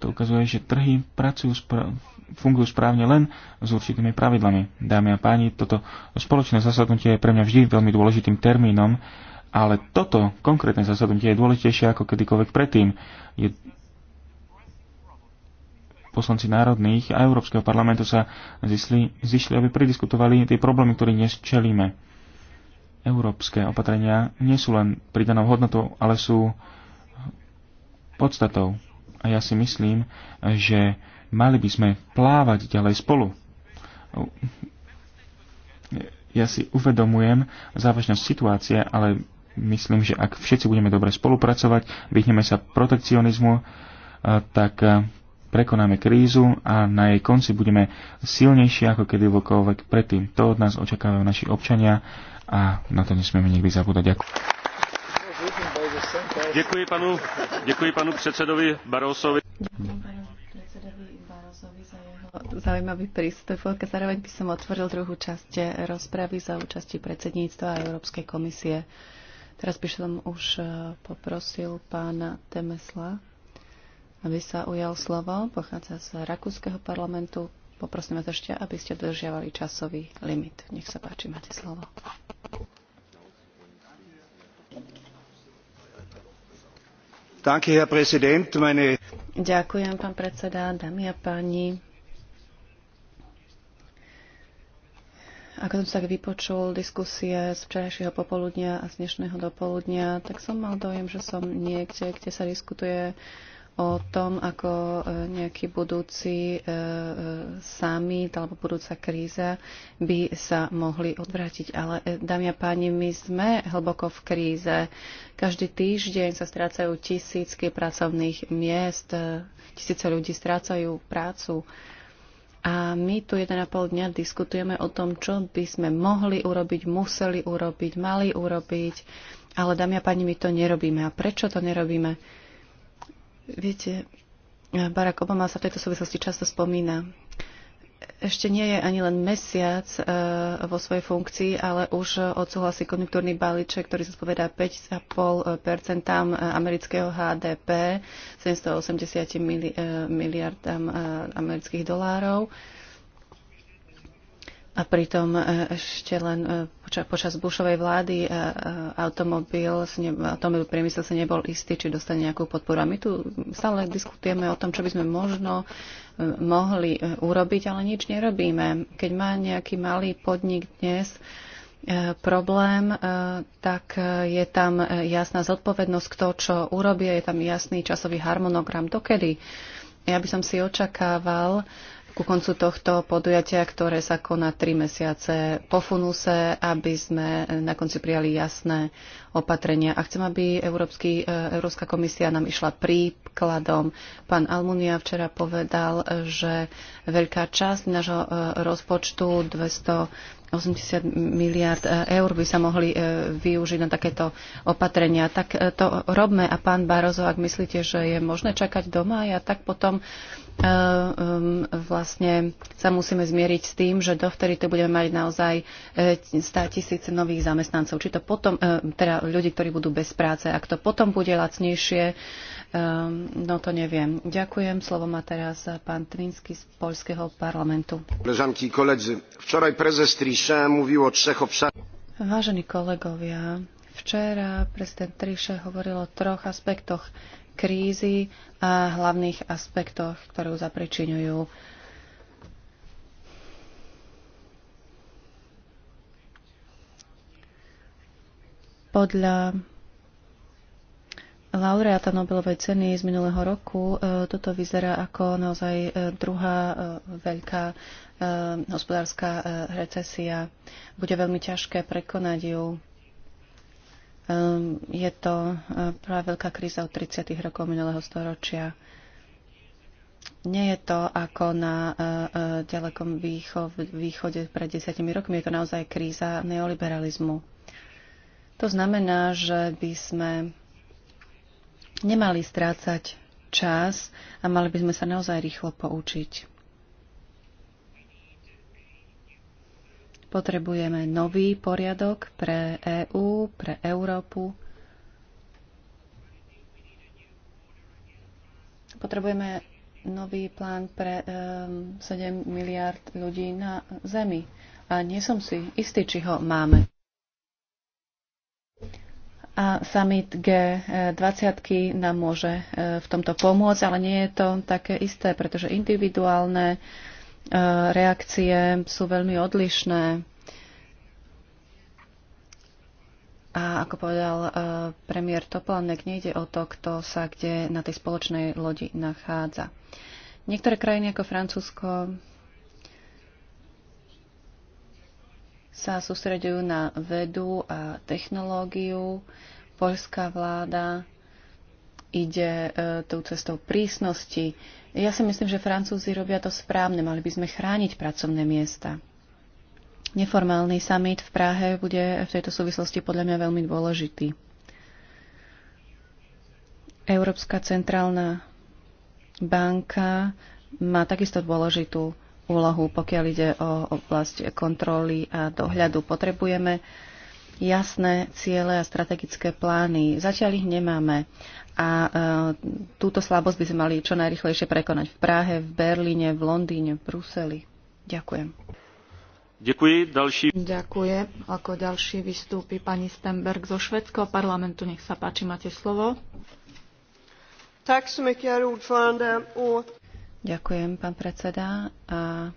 Speaker 2: to ukazuje, že trhy pracujú spra- fungujú správne len s určitými pravidlami. Dámy a páni, toto spoločné zasadnutie je pre mňa vždy veľmi dôležitým termínom, ale toto konkrétne zasadnutie je dôležitejšie ako kedykoľvek predtým. Je poslanci národných a Európskeho parlamentu sa zišli, zišli aby pridiskutovali tie problémy, ktoré dnes čelíme. Európske opatrenia nie sú len pridanou hodnotou, ale sú podstatou a ja si myslím, že mali by sme plávať ďalej spolu. Ja si uvedomujem závažnosť situácie, ale myslím, že ak všetci budeme dobre spolupracovať, vyhneme sa protekcionizmu, eh, tak eh, prekonáme krízu a na jej konci budeme silnejší ako kedykoľvek predtým. To od nás očakávajú naši občania a na to nesmieme nikdy zabúdať. Ďakujem. Děkuji panu, děkuji panu předsedovi Barrosovi.
Speaker 3: Zaujímavý prístup. Zároveň by som otvoril druhú časť rozpravy za účasti predsedníctva a Európskej komisie. Teraz by som už e, poprosil pána Temesla, aby sa ujal slovo. Pochádza z Rakúskeho parlamentu. Poprosím vás ešte, aby ste dodržiavali časový limit. Nech sa páči, máte slovo. Ďakujem, pán predseda, dámy a páni. Ako som sa tak vypočul diskusie z včerajšieho popoludnia a z dnešného dopoludnia, tak som mal dojem, že som niekde, kde sa diskutuje o o tom, ako e, nejaký budúci e, e, summit alebo budúca kríza by sa mohli odvrátiť. Ale, dámy a páni, my sme hlboko v kríze. Každý týždeň sa strácajú tisícky pracovných miest, tisíce ľudí strácajú prácu. A my tu 1,5 dňa diskutujeme o tom, čo by sme mohli urobiť, museli urobiť, mali urobiť. Ale, dámy a páni, my to nerobíme. A prečo to nerobíme? Viete, Barack Obama sa v tejto súvislosti často spomína. Ešte nie je ani len mesiac e, vo svojej funkcii, ale už odsúhlasí konjunktúrny balíček, ktorý zodpovedá 5,5 e, amerického HDP, 780 e, miliardám amerických dolárov. A pritom e, ešte len e, počas Bushovej vlády e, automobil, automobil priemysel sa nebol istý, či dostane nejakú podporu. A my tu stále diskutujeme o tom, čo by sme možno mohli urobiť, ale nič nerobíme. Keď má nejaký malý podnik dnes problém, tak je tam jasná zodpovednosť, kto čo urobie, je tam jasný časový harmonogram, dokedy. Ja by som si očakával, ku koncu tohto podujatia, ktoré sa koná tri mesiace po funuse, aby sme na konci prijali jasné opatrenia. A chcem, aby Európsky, e, Európska komisia nám išla príkladom. Pán Almunia včera povedal, že veľká časť nášho e, rozpočtu 200 80 miliard e, eur by sa mohli e, využiť na takéto opatrenia. Tak e, to robme a pán Barozo, ak myslíte, že je možné čakať do mája, tak potom vlastne sa musíme zmieriť s tým, že dovtedy to budeme mať naozaj 100 tisíce nových zamestnancov. Či to potom, teda ľudí, ktorí budú bez práce, ak to potom bude lacnejšie, Ehm, no to neviem. Ďakujem. Slovo má teraz pán Trinsky z Polského parlamentu. Koleżanki i koledzy,
Speaker 1: wczoraj prezes Trichet mówił o trzech obszarach.
Speaker 3: Vážení kolegovia, včera prezident Trichet hovoril o troch aspektoch krízy a hlavných aspektoch, ktorú zapričinujú podľa laureáta Nobelovej ceny z minulého roku. E, toto vyzerá ako naozaj e, druhá e, veľká hospodárska recesia. Bude veľmi ťažké prekonať ju. Ehm, je to práve veľká kríza od 30. rokov minulého storočia. Nie je to ako na ďalekom východe pred desiatimi rokmi. Je to naozaj kríza neoliberalizmu. To znamená, že by sme nemali strácať čas a mali by sme sa naozaj rýchlo poučiť. Potrebujeme nový poriadok pre EÚ, pre Európu. Potrebujeme nový plán pre um, ehm, 7 miliard ľudí na Zemi. A nie som si istý, či ho máme. A summit G20 nám môže e, v tomto pomôcť, ale nie je to také isté, pretože individuálne e, reakcie sú veľmi odlišné. A ako povedal e, premiér Toplanek, nejde o to, kto sa kde na tej spoločnej lodi nachádza. Niektoré krajiny ako Francúzsko sa sústreďujú na vedu a technológiu. Poľská vláda ide e, tou cestou prísnosti. Ja si myslím, že Francúzi robia to správne. Mali by sme chrániť pracovné miesta. Neformálny summit v Prahe bude v tejto súvislosti podľa mňa veľmi dôležitý. Európska centrálna banka má takisto dôležitú úlohu, pokiaľ ide o oblasť kontroly a dohľadu. Potrebujeme jasné ciele a strategické plány. Zatiaľ ich nemáme a e, túto slabosť by sme mali čo najrychlejšie prekonať v Prahe, v Berlíne, v Londýne, v Bruseli. Ďakujem.
Speaker 2: Ďakujem. Ďalší.
Speaker 1: Ďakujem. Ako ďalší vystúpi pani Stenberg zo švedského parlamentu. Nech sa páči, máte slovo. Tak så ordförande. Och
Speaker 3: Ďakujem, pán predseda, a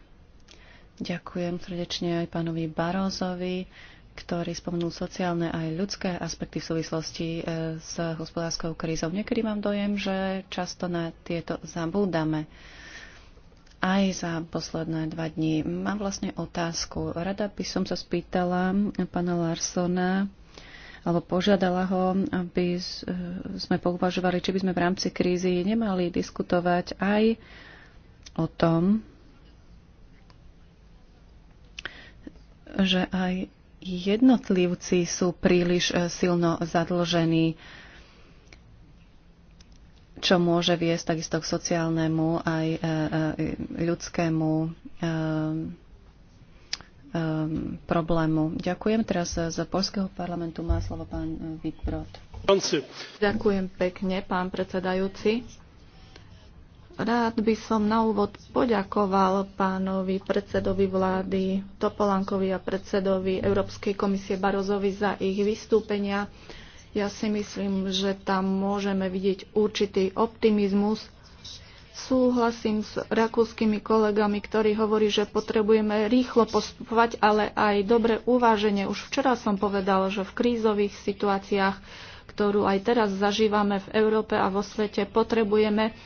Speaker 3: ďakujem srdečne aj pánovi Barózovi, ktorý spomenul sociálne aj ľudské aspekty v súvislosti e, s hospodárskou krízou. Niekedy mám dojem, že často na tieto zabúdame. Aj za posledné dva dní mám vlastne otázku. Rada by som sa spýtala pána Larsona, alebo požiadala ho, aby e, sme pouvažovali, či by sme v rámci krízy nemali diskutovať aj o tom, že aj jednotlivci sú príliš e, silno zadlžení, čo môže viesť takisto k sociálnemu aj e, e, ľudskému problému. Ďakujem. Teraz z Polského parlamentu má slovo pán Vitbrod.
Speaker 1: Ďakujem pekne, pán predsedajúci Rád by som na úvod poďakoval pánovi predsedovi vlády Topolankovi a predsedovi Európskej komisie Barozovi za ich vystúpenia. Ja si myslím, že tam môžeme vidieť určitý optimizmus. Súhlasím s rakúskymi kolegami, ktorí hovorí, že potrebujeme rýchlo postupovať, ale aj dobre uváženie. Už včera som povedal, že v krízových situáciách, ktorú aj teraz zažívame v Európe a vo svete, potrebujeme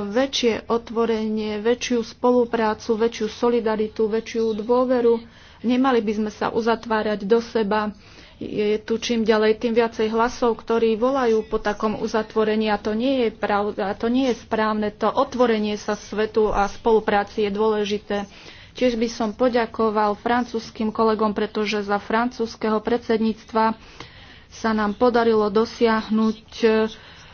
Speaker 1: väčšie otvorenie, väčšiu spoluprácu, väčšiu solidaritu, väčšiu dôveru. Nemali by sme sa uzatvárať do seba. Je tu čím ďalej tým viacej hlasov, ktorí volajú po takom uzatvorení a to nie je, pravda, to nie je správne. To otvorenie sa svetu a spolupráci je dôležité. Tiež by som poďakoval francúzským kolegom, pretože za francúzského predsedníctva sa nám podarilo dosiahnuť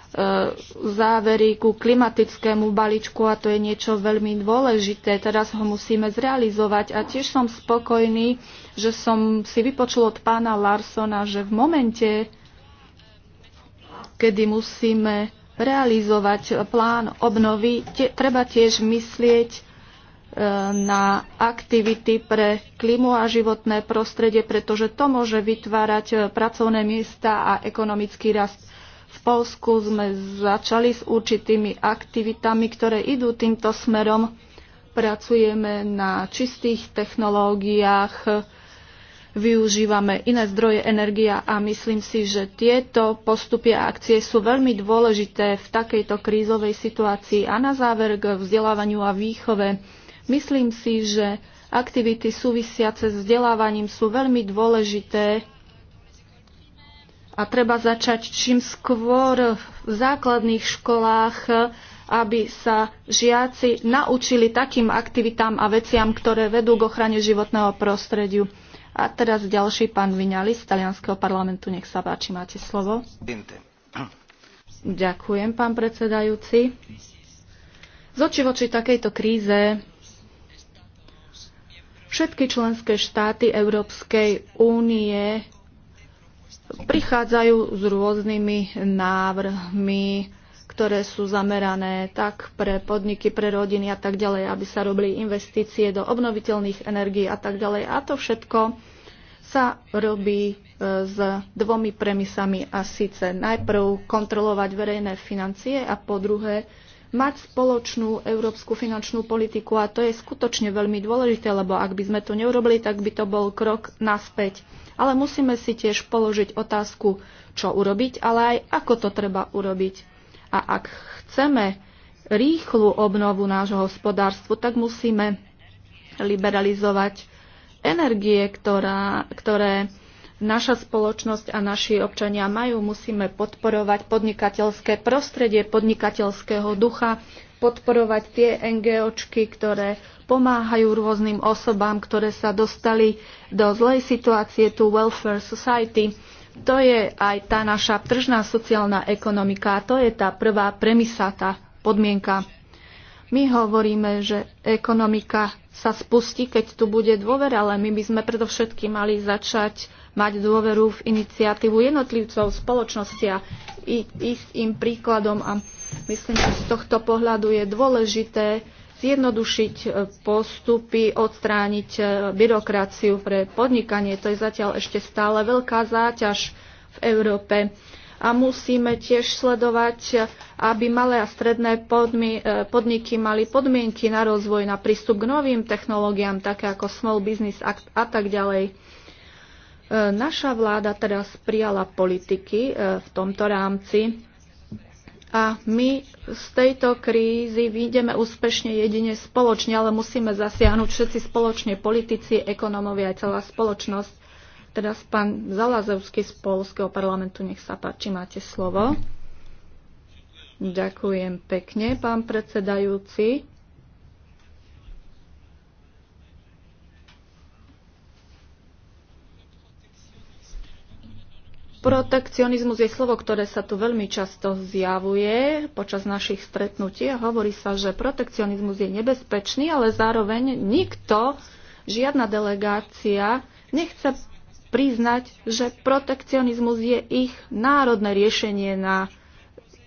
Speaker 1: E, závery ku klimatickému balíčku a to je niečo veľmi dôležité. Teraz ho musíme zrealizovať a tiež som spokojný, že som si vypočul od pána Larsona, že v momente, kedy musíme realizovať plán obnovy, te, treba tiež myslieť e, na aktivity pre klimu a životné prostredie, pretože to môže vytvárať pracovné miesta a ekonomický rast. Polsku sme začali s určitými aktivitami, ktoré idú týmto smerom. Pracujeme na čistých technológiách, využívame iné zdroje energia a myslím si, že tieto postupy a akcie sú veľmi dôležité v takejto krízovej situácii. A na záver k vzdelávaniu a výchove. Myslím si, že aktivity súvisiace s vzdelávaním sú veľmi dôležité a treba začať čím skôr v základných školách, aby sa žiaci naučili takým aktivitám a veciam, ktoré vedú k ochrane životného prostrediu. A teraz ďalší pán Viňali z Talianského parlamentu. Nech sa páči, máte slovo. Ďakujem, pán predsedajúci. Z oči voči takejto kríze všetky členské štáty Európskej únie prichádzajú s rôznymi návrhmi, ktoré sú zamerané tak pre podniky, pre rodiny a tak ďalej, aby sa robili investície do obnoviteľných energií a tak ďalej. A to všetko sa robí e, s dvomi premisami a síce najprv kontrolovať verejné financie a po druhé mať spoločnú európsku finančnú politiku a to je skutočne veľmi dôležité, lebo ak by sme to neurobili, tak by to bol krok naspäť ale musíme si tiež položiť otázku, čo urobiť, ale aj ako to treba urobiť. A ak chceme rýchlu obnovu nášho hospodárstvu, tak musíme liberalizovať energie, ktorá, ktoré naša spoločnosť a naši občania majú. Musíme podporovať podnikateľské prostredie, podnikateľského ducha, podporovať tie NGOčky, ktoré pomáhajú rôznym osobám, ktoré sa dostali do zlej situácie, tu welfare society. To je aj tá naša tržná sociálna ekonomika, to je tá prvá premisa, tá podmienka. My hovoríme, že ekonomika sa spustí, keď tu bude dôvera, ale my by sme predovšetky mali začať mať dôveru v iniciatívu jednotlivcov, spoločnosti a ísť im príkladom. A myslím, že z tohto pohľadu je dôležité zjednodušiť e, postupy, odstrániť e, byrokraciu pre podnikanie. To je zatiaľ ešte stále veľká záťaž v Európe. A musíme tiež sledovať, e, aby malé a stredné podniky mali podmienky na rozvoj, na prístup k novým technológiám, také ako Small Business Act a tak ďalej. Naša vláda teraz prijala politiky v tomto rámci a my z tejto krízy výjdeme úspešne jedine spoločne, ale musíme zasiahnuť všetci spoločne, politici, ekonomovia aj celá spoločnosť. Teraz pán Zalazevský z Polského parlamentu, nech sa páči, máte slovo. Ďakujem pekne, pán predsedajúci. Protekcionizmus je slovo, ktoré sa tu veľmi často zjavuje počas našich stretnutí a hovorí sa, že protekcionizmus je nebezpečný, ale zároveň nikto, žiadna delegácia nechce priznať, že protekcionizmus je ich národné riešenie na,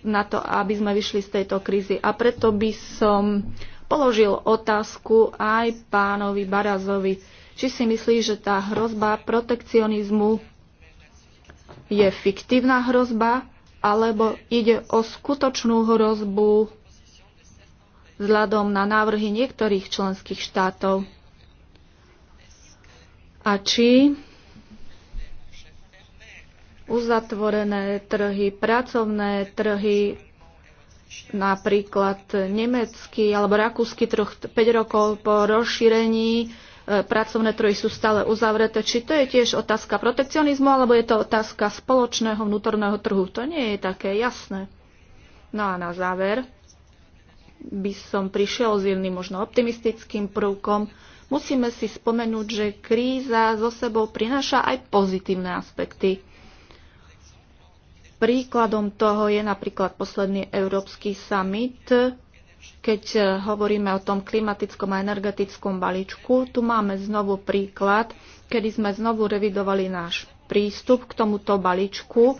Speaker 1: na to, aby sme vyšli z tejto krízy. A preto by som položil otázku aj pánovi Barazovi, či si myslí, že tá hrozba protekcionizmu je fiktívna hrozba, alebo ide o skutočnú hrozbu vzhľadom na návrhy niektorých členských štátov. A či uzatvorené trhy, pracovné trhy, napríklad nemecký alebo rakúsky trh 5 rokov po rozšírení pracovné trhy sú stále uzavreté. Či to je tiež otázka protekcionizmu, alebo je to otázka spoločného vnútorného trhu? To nie je také jasné. No a na záver by som prišiel s jedným možno optimistickým prvkom. Musíme si spomenúť, že kríza so sebou prináša aj pozitívne aspekty. Príkladom toho je napríklad posledný Európsky summit, keď e, hovoríme o tom klimatickom a energetickom balíčku, tu máme znovu príklad, kedy sme znovu revidovali náš prístup k tomuto balíčku.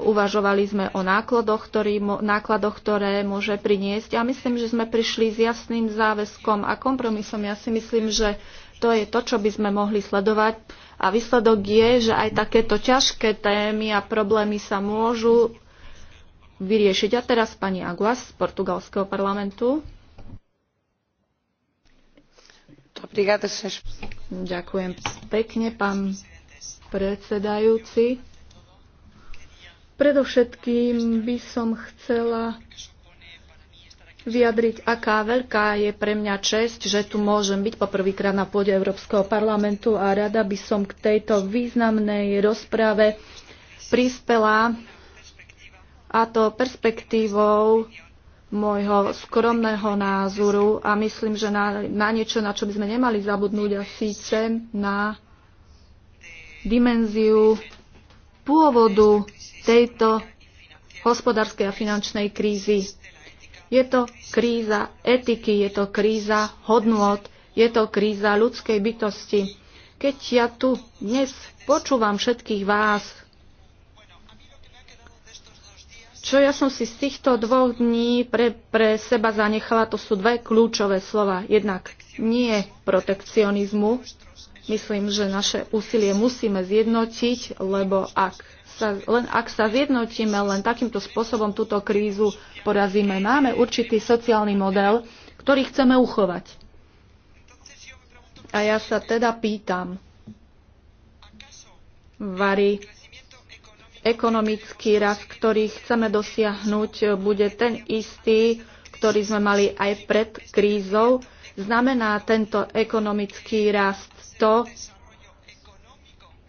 Speaker 1: Uvažovali sme o nákladoch, ktorý, nákladoch, ktoré môže priniesť a myslím, že sme prišli s jasným záväzkom a kompromisom. Ja si myslím, že to je to, čo by sme mohli sledovať a výsledok je, že aj takéto ťažké témy a problémy sa môžu vyriešiť. A teraz pani Aguas z portugalského parlamentu. Ďakujem pekne, pán predsedajúci. Predovšetkým by som chcela vyjadriť, aká veľká je pre mňa česť, že tu môžem byť poprvýkrát na pôde Európskeho parlamentu a rada by som k tejto významnej rozprave prispela a to perspektívou môjho skromného názoru a myslím, že na, na niečo, na čo by sme nemali zabudnúť a síce na dimenziu pôvodu tejto hospodárskej a finančnej krízy. Je to kríza etiky, je to kríza hodnôt, je to kríza ľudskej bytosti. Keď ja tu dnes počúvam všetkých vás, čo ja som si z týchto dvoch dní pre, pre seba zanechala, to sú dve kľúčové slova. Jednak nie protekcionizmu. Myslím, že naše úsilie musíme zjednotiť, lebo ak sa, len ak sa zjednotíme, len takýmto spôsobom túto krízu porazíme. Máme určitý sociálny model, ktorý chceme uchovať. A ja sa teda pýtam, Vary, ekonomický rast, ktorý chceme dosiahnuť, e, bude ten istý, ktorý sme mali aj pred krízou. Znamená tento ekonomický rast to,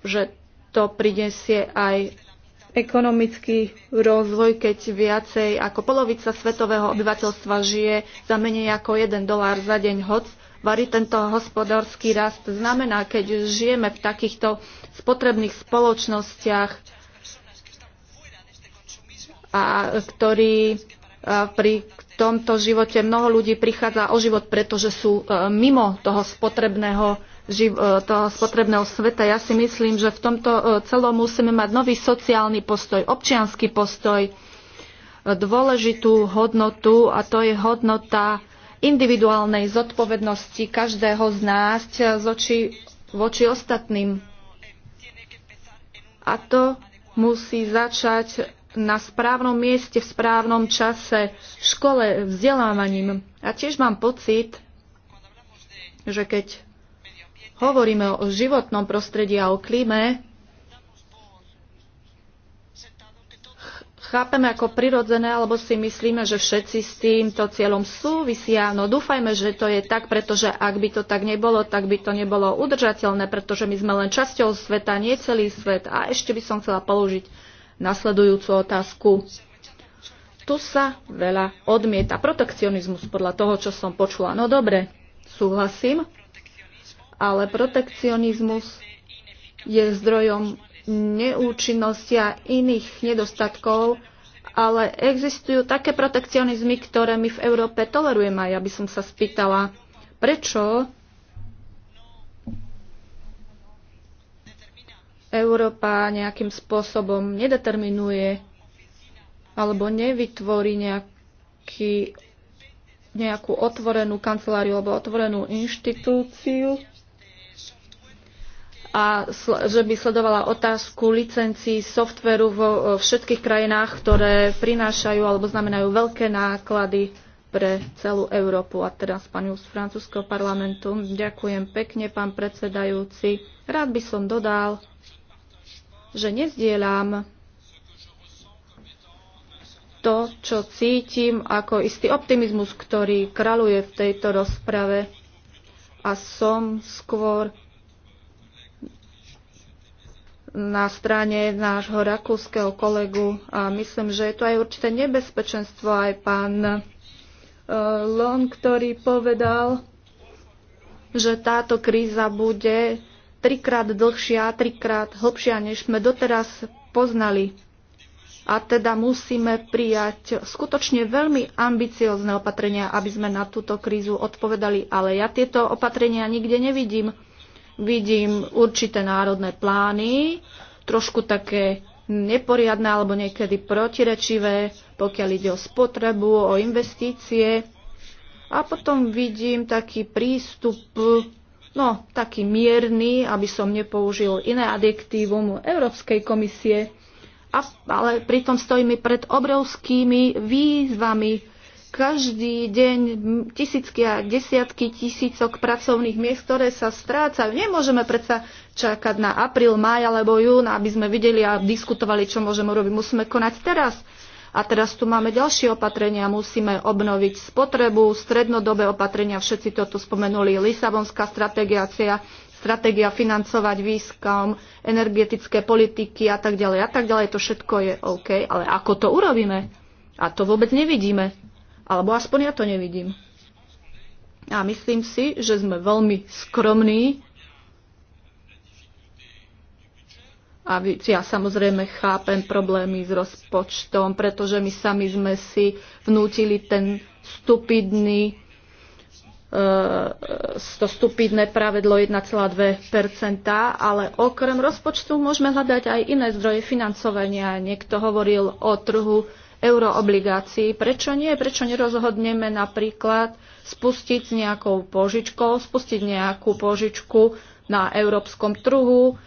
Speaker 1: že to prinesie aj ekonomický rozvoj, keď viacej ako polovica svetového obyvateľstva žije za menej ako 1 dolár za deň hoc. Varí tento hospodársky rast znamená, keď žijeme v takýchto spotrebných spoločnostiach, a ktorý e, pri tomto živote mnoho ľudí prichádza o život, pretože sú e, mimo toho spotrebného, e, toho spotrebného sveta. Ja si myslím, že v tomto celom musíme mať nový sociálny postoj, občianský postoj, dôležitú hodnotu a to je hodnota individuálnej zodpovednosti každého z nás zoči, voči ostatným. A to musí začať na správnom mieste, v správnom čase, v škole, vzdelávaním. A tiež mám pocit, že keď hovoríme o životnom prostredí a o klíme, chápeme ako prirodzené, alebo si myslíme, že všetci s týmto cieľom súvisia. No dúfajme, že to je tak, pretože ak by to tak nebolo, tak by to nebolo udržateľné, pretože my sme len časťou sveta, nie celý svet. A ešte by som chcela položiť nasledujúcu otázku. Tu sa veľa odmieta protekcionizmus podľa toho, čo som počula. No dobre, súhlasím, ale protekcionizmus je zdrojom neúčinnosti a iných nedostatkov, ale existujú také protekcionizmy, ktoré my v Európe tolerujeme. A ja by som sa spýtala, prečo Európa nejakým spôsobom nedeterminuje alebo nevytvorí nejaký, nejakú otvorenú kanceláriu alebo otvorenú inštitúciu a že by sledovala otázku licencií softveru vo všetkých krajinách, ktoré prinášajú alebo znamenajú veľké náklady pre celú Európu. A teraz pani z francúzského parlamentu. Ďakujem pekne, pán predsedajúci. Rád by som dodal, že nezdielam to, čo cítim ako istý optimizmus, ktorý kraluje v tejto rozprave a som skôr na strane nášho rakúskeho kolegu a myslím, že je to aj určité nebezpečenstvo. Aj pán e, Lon, ktorý povedal, že táto kríza bude trikrát dlhšia, trikrát hlbšia, než sme doteraz poznali. A teda musíme prijať skutočne veľmi ambiciozne opatrenia, aby sme na túto krízu odpovedali. Ale ja tieto opatrenia nikde nevidím. Vidím určité národné plány, trošku také neporiadne alebo niekedy protirečivé, pokiaľ ide o spotrebu, o investície. A potom vidím taký prístup no, taký mierny, aby som nepoužil iné adjektívum Európskej komisie, a, ale pritom stojíme pred obrovskými výzvami. Každý deň tisícky a desiatky tisícok pracovných miest, ktoré sa strácajú. Nemôžeme predsa čakať na apríl, maj alebo jún, aby sme videli a diskutovali, čo môžeme robiť. Musíme konať teraz. A teraz tu máme ďalšie opatrenia. Musíme obnoviť spotrebu, strednodobé opatrenia, všetci to tu spomenuli, Lisabonská stratégia, stratégia financovať výskum, energetické politiky a tak ďalej a tak ďalej. To všetko je OK, ale ako to urobíme? A to vôbec nevidíme. Alebo aspoň ja to nevidím. A myslím si, že sme veľmi skromní A ja samozrejme chápem problémy s rozpočtom, pretože my sami sme si vnútili ten stupidný eh, to stupidné pravidlo 1,2 ale okrem rozpočtu môžeme hľadať aj iné zdroje financovania. Niekto hovoril o trhu euroobligácií. Prečo nie? Prečo nerozhodneme napríklad spustiť nejakou požičkou, spustiť nejakú požičku na európskom trhu,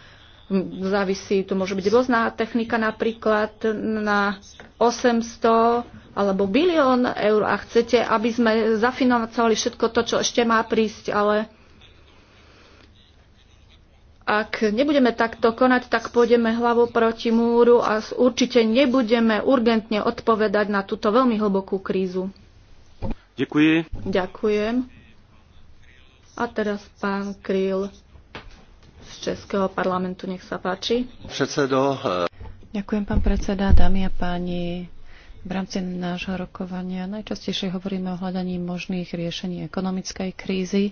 Speaker 1: závisí, to môže byť rôzna technika, napríklad na 800 alebo bilión eur a chcete, aby sme zafinancovali všetko to, čo ešte má prísť, ale ak nebudeme takto konať, tak pôjdeme hlavu proti múru a určite nebudeme urgentne odpovedať na túto veľmi hlbokú krízu. Ďakujem. Ďakujem. A teraz pán Kryl z Českého parlamentu. Nech sa páči. Predsedo. E-
Speaker 3: Ďakujem, pán predseda, dámy a páni. V rámci nášho rokovania najčastejšie hovoríme o hľadaní možných riešení ekonomickej krízy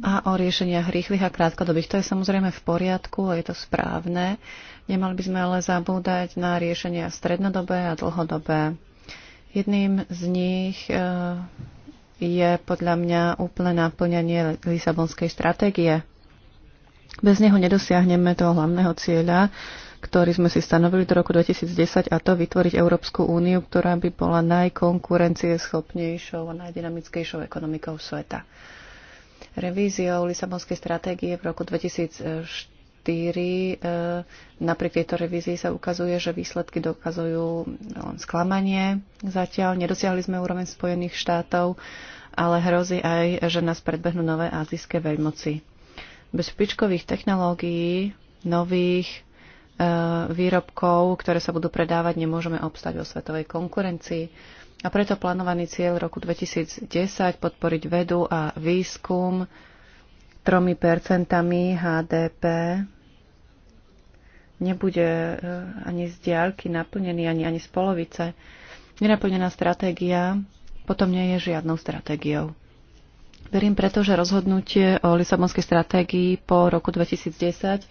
Speaker 3: a o riešeniach rýchlych a krátkodobých. To je samozrejme v poriadku a je to správne. Nemali by sme ale zabúdať na riešenia strednodobé a dlhodobé. Jedným z nich e, je podľa mňa úplné naplňanie Lisabonskej stratégie. Bez neho nedosiahneme toho hlavného cieľa, ktorý sme si stanovili do roku 2010 a to vytvoriť Európsku úniu, ktorá by bola najkonkurencieschopnejšou a najdynamickejšou ekonomikou sveta. Revíziou Lisabonskej stratégie v roku 2004 eh, napriek tejto revízii sa ukazuje, že výsledky dokazujú len sklamanie. Zatiaľ nedosiahli sme úroveň Spojených štátov, ale hrozí aj, že nás predbehnú nové azijské veľmoci. Bez špičkových technológií, nových e, výrobkov, ktoré sa budú predávať, nemôžeme obstať vo svetovej konkurencii. A preto plánovaný cieľ roku 2010 podporiť vedu a výskum 3% HDP nebude e, ani z diálky naplnený, ani, ani z polovice. Nenaplnená stratégia potom nie je žiadnou stratégiou. Verím preto, že rozhodnutie o Lisabonskej stratégii po roku 2010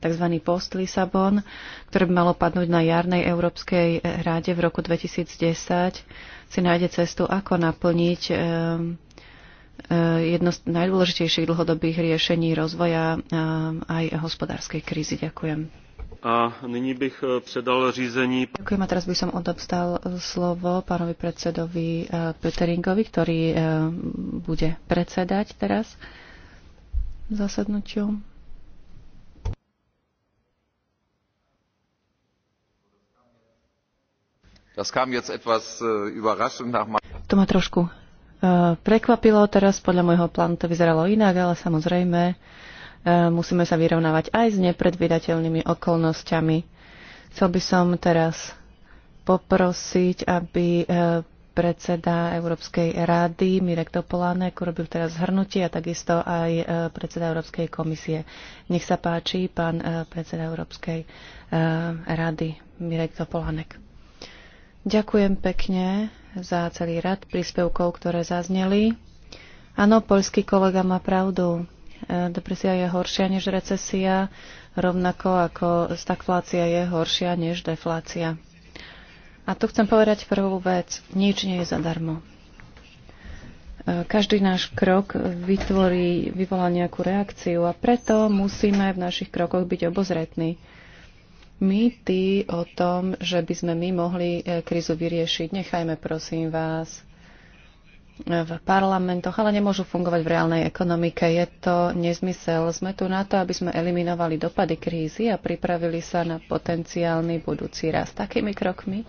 Speaker 3: tzv. post-Lisabon, ktoré by malo padnúť na jarnej Európskej rade v roku 2010, si nájde cestu, ako naplniť eh, eh, jedno z najdôležitejších dlhodobých riešení rozvoja eh, aj hospodárskej krízy. Ďakujem.
Speaker 2: A nyní bych eh, předal řízení...
Speaker 3: Ďakujem a teraz by som odobstal eh, slovo pánovi predsedovi eh, Peteringovi, ktorý bude predsedať teraz zasadnutiu.
Speaker 1: Das kam jetzt etwas überraschend nach To ma
Speaker 3: trošku prekvapilo teraz, podľa môjho plánu to vyzeralo inak, ale samozrejme E, musíme sa vyrovnávať aj s nepredvydateľnými okolnosťami. Chcel by som teraz poprosiť, aby e, predseda Európskej rady Mirek Topolánek urobil teraz zhrnutie a takisto aj e, predseda Európskej komisie. Nech sa páči, pán predseda Európskej rady Mirek Topolánek. Ďakujem pekne za celý rad príspevkov, ktoré zazneli. Áno, polský kolega má pravdu Eh, depresia je horšia než recesia, rovnako ako stagflácia je horšia než deflácia. A tu chcem povedať prvú vec. Nič nie je zadarmo. Eh, každý náš krok vytvorí, vyvolá nejakú reakciu a preto musíme v našich krokoch byť obozretní. tí o tom, že by sme my mohli eh, krízu vyriešiť, nechajme prosím vás v parlamentoch, ale nemôžu fungovať v reálnej ekonomike. Je to nezmysel. Sme tu na to, aby sme eliminovali dopady krízy a pripravili sa na potenciálny budúci rast takými krokmi,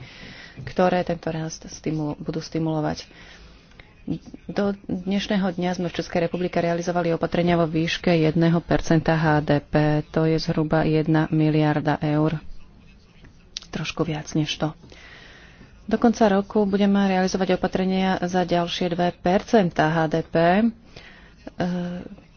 Speaker 3: ktoré tento rast stimulo- budú stimulovať. Do dnešného dňa sme v Českej republike realizovali opatrenia vo výške 1 HDP. To je zhruba 1 miliarda eur. Trošku viac než to. Do konca roku budeme realizovať opatrenia za ďalšie 2 HDP, eh,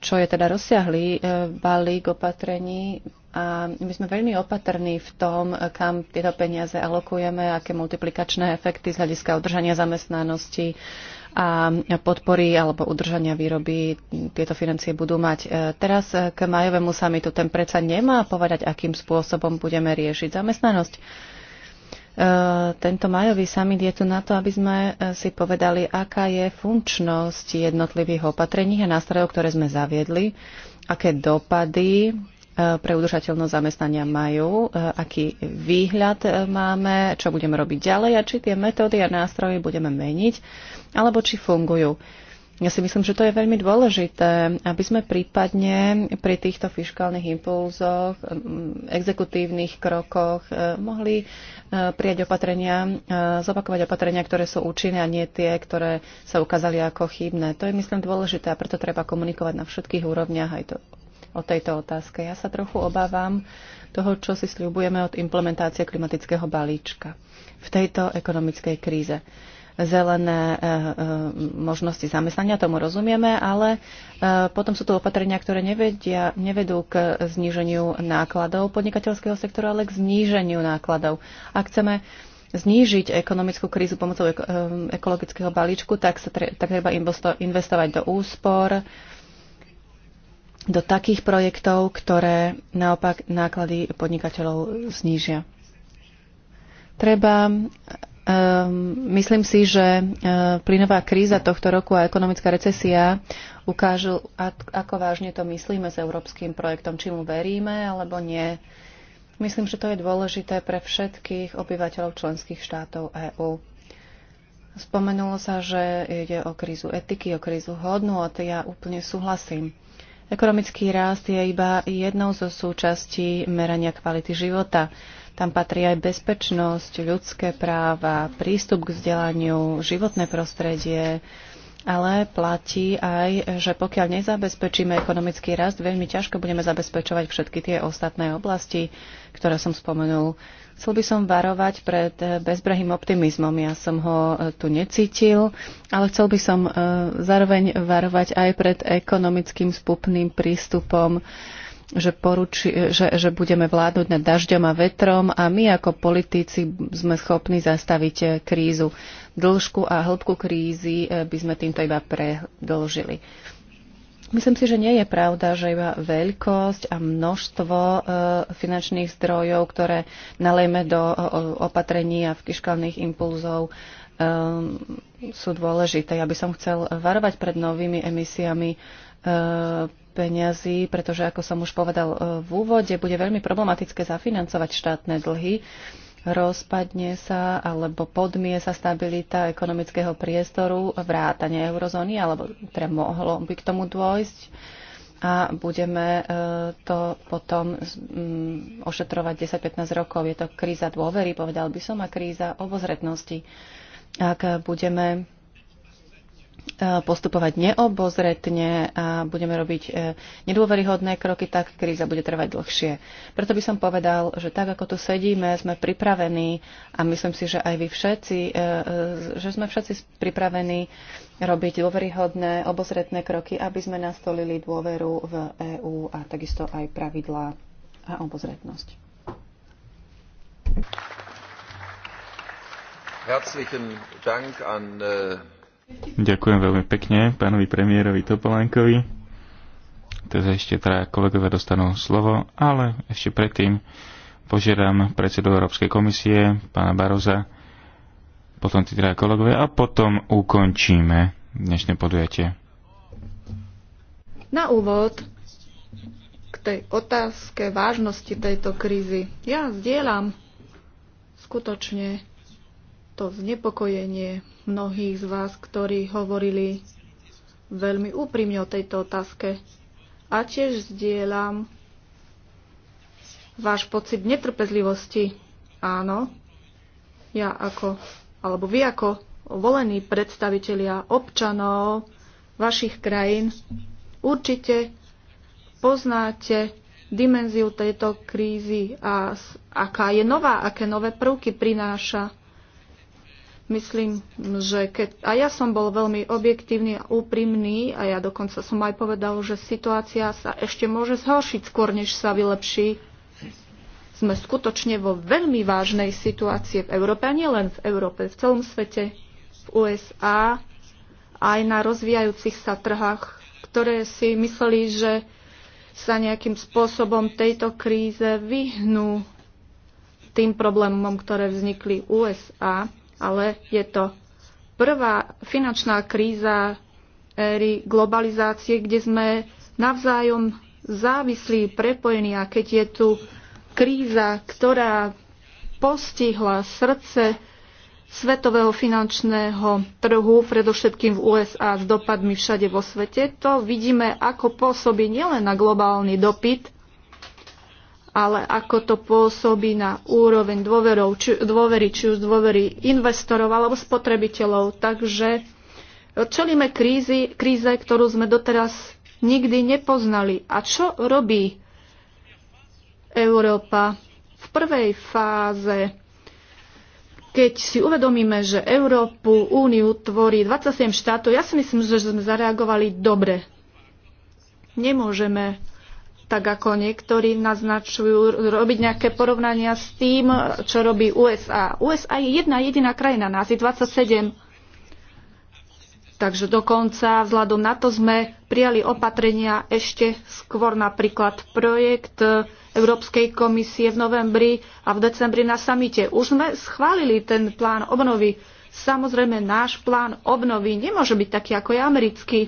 Speaker 3: čo je teda rozsiahlý eh, balík opatrení. A my sme veľmi opatrní v tom, kam tieto peniaze alokujeme, aké multiplikačné efekty z hľadiska udržania zamestnanosti a podpory alebo udržania výroby tieto financie budú mať. Eh, teraz k majovému samitu ten predsa nemá povedať, akým spôsobom budeme riešiť zamestnanosť E, tento majový summit je tu na to, aby sme e, si povedali, aká je funkčnosť jednotlivých opatrení a nástrojov, ktoré sme zaviedli, aké dopady e, pre udržateľnosť zamestnania majú, aký výhľad máme, čo budeme robiť ďalej a či tie metódy a nástroje budeme meniť, alebo či fungujú. Ja si myslím, že to je veľmi dôležité, aby sme prípadne pri týchto fiskálnych impulzoch, exekutívnych krokoch e, mohli e, prijať opatrenia, e, zopakovať opatrenia, ktoré sú účinné a nie tie, ktoré sa ukázali ako chybné. To je, myslím, dôležité a preto treba komunikovať na všetkých úrovniach aj to, o tejto otázke. Ja sa trochu obávam toho, čo si sľubujeme od implementácie klimatického balíčka v tejto ekonomickej kríze zelené eh, eh, možnosti zamestnania, tomu rozumieme, ale eh, potom sú tu opatrenia, ktoré nevedia, nevedú k zníženiu nákladov podnikateľského sektora, ale k zníženiu nákladov. Ak chceme znížiť ekonomickú krízu pomocou ekologického balíčku, tak, sa tre, tak treba investovať do úspor, do takých projektov, ktoré naopak náklady podnikateľov znížia. Treba Ehm, myslím si, že eh, plynová kríza tohto roku a ekonomická recesia ukážu, ako vážne to myslíme s európskym projektom, či mu veríme alebo nie. Myslím, že to je dôležité pre všetkých obyvateľov členských štátov EÚ. Spomenulo sa, že ide o krízu etiky, o krízu hodnot. Ja úplne súhlasím. Ekonomický rast je iba jednou zo súčastí merania kvality života. Tam patrí aj bezpečnosť, ľudské práva, prístup k vzdelaniu, životné prostredie, ale platí aj, že pokiaľ nezabezpečíme ekonomický rast, veľmi ťažko budeme zabezpečovať všetky tie ostatné oblasti, ktoré som spomenul. Chcel by som varovať pred bezbrehým optimizmom. Ja som ho e, tu necítil, ale chcel by som e, zároveň varovať aj pred ekonomickým spupným prístupom, že, poruči, že, že budeme vládnuť nad dažďom a vetrom a my ako politici sme schopní zastaviť eh, krízu. Dĺžku a hĺbku krízy eh, by sme týmto iba predlžili. Myslím si, že nie je pravda, že iba veľkosť a množstvo eh, finančných zdrojov, ktoré nalejme do opatrení a fiskálnych impulzov, sú dôležité. Ja by som chcel varovať pred novými emisiami peňazí, pretože, ako som už povedal e, v úvode, bude veľmi problematické zafinancovať štátne dlhy. Rozpadne sa alebo podmie sa stabilita ekonomického priestoru, vrátanie eurozóny, alebo teda mohlo by k tomu dôjsť a budeme e, to potom mm, ošetrovať 10-15 rokov. Je to kríza dôvery, povedal by som, a kríza obozretnosti. Ak budeme E, postupovať neobozretne a budeme robiť e, nedôveryhodné kroky, tak kríza bude trvať dlhšie. Preto by som povedal, že tak ako tu sedíme, sme pripravení a myslím si, že aj vy všetci, e, že sme všetci pripravení robiť dôveryhodné, obozretné kroky, aby sme nastolili dôveru v EÚ a takisto aj pravidlá a obozretnosť.
Speaker 1: Herzlichen Dank an äh,
Speaker 2: Ďakujem veľmi pekne pánovi premiérovi Topolánkovi. Teda ešte traja kolegovia dostanú slovo, ale ešte predtým požiadam predsedu Európskej komisie, pána Baroza, potom tí traja kolegovia a potom ukončíme dnešné podujatie.
Speaker 1: Na úvod k tej otázke vážnosti tejto krízy. Ja zdieľam skutočne to znepokojenie mnohých z vás, ktorí hovorili veľmi úprimne o tejto otázke. A tiež zdieľam váš pocit netrpezlivosti. Áno, ja ako, alebo vy ako volení predstavitelia občanov vašich krajín určite poznáte dimenziu tejto krízy a aká je nová, aké nové prvky prináša Myslím, že keď, a ja som bol veľmi objektívny a úprimný a ja dokonca som aj povedal, že situácia sa ešte môže zhoršiť skôr, než sa vylepší. Sme skutočne vo veľmi vážnej situácii v Európe, a nie len v Európe, v celom svete, v USA, aj na rozvíjajúcich sa trhách, ktoré si mysleli, že sa nejakým spôsobom tejto kríze vyhnú tým problémom, ktoré vznikli USA ale je to prvá finančná kríza éry globalizácie, kde sme navzájom závislí, prepojení a keď je tu kríza, ktorá postihla srdce svetového finančného trhu, predovšetkým v USA s dopadmi všade vo svete, to vidíme, ako pôsobí nielen na globálny dopyt, ale ako to pôsobí na úroveň dôverov, či, dôvery, či už dôvery investorov alebo spotrebiteľov. Takže čelíme krízy, kríze, ktorú sme doteraz nikdy nepoznali. A čo robí Európa v prvej fáze? Keď si uvedomíme, že Európu, Úniu tvorí 27 štátov, ja si myslím, že sme zareagovali dobre. Nemôžeme tak ako niektorí naznačujú, robiť nejaké porovnania s tým, čo robí USA. USA je jedna jediná krajina, nás je 27. Takže dokonca vzhľadom na to sme prijali opatrenia ešte skôr napríklad projekt Európskej komisie v novembri a v decembri na samite. Už sme schválili ten plán obnovy. Samozrejme, náš plán obnovy nemôže byť taký ako je americký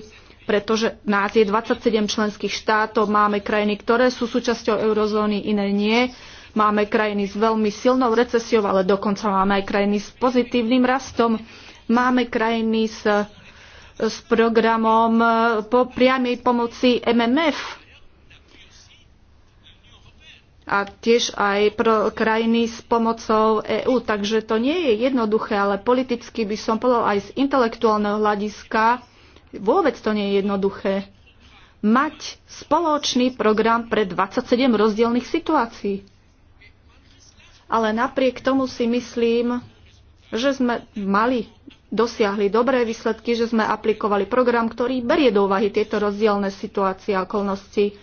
Speaker 1: pretože nás je 27 členských štátov, máme krajiny, ktoré sú súčasťou eurozóny, iné nie. Máme krajiny s veľmi silnou recesiou, ale dokonca máme aj krajiny s pozitívnym rastom. Máme krajiny s, s programom e, po priamej pomoci MMF a tiež aj pro krajiny s pomocou EÚ. Takže to nie je jednoduché, ale politicky by som povedal aj z intelektuálneho hľadiska, Vôbec to nie je jednoduché. Mať spoločný program pre 27 rozdielnych situácií. Ale napriek tomu si myslím, že sme mali, dosiahli dobré výsledky, že sme aplikovali program, ktorý berie do úvahy tieto rozdielne situácie a okolnosti.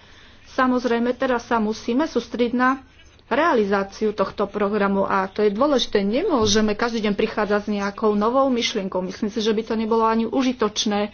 Speaker 1: Samozrejme, teraz sa musíme sústriť na realizáciu tohto programu a to je dôležité. Nemôžeme každý deň prichádzať s nejakou novou myšlienkou. Myslím si, že by to nebolo ani užitočné.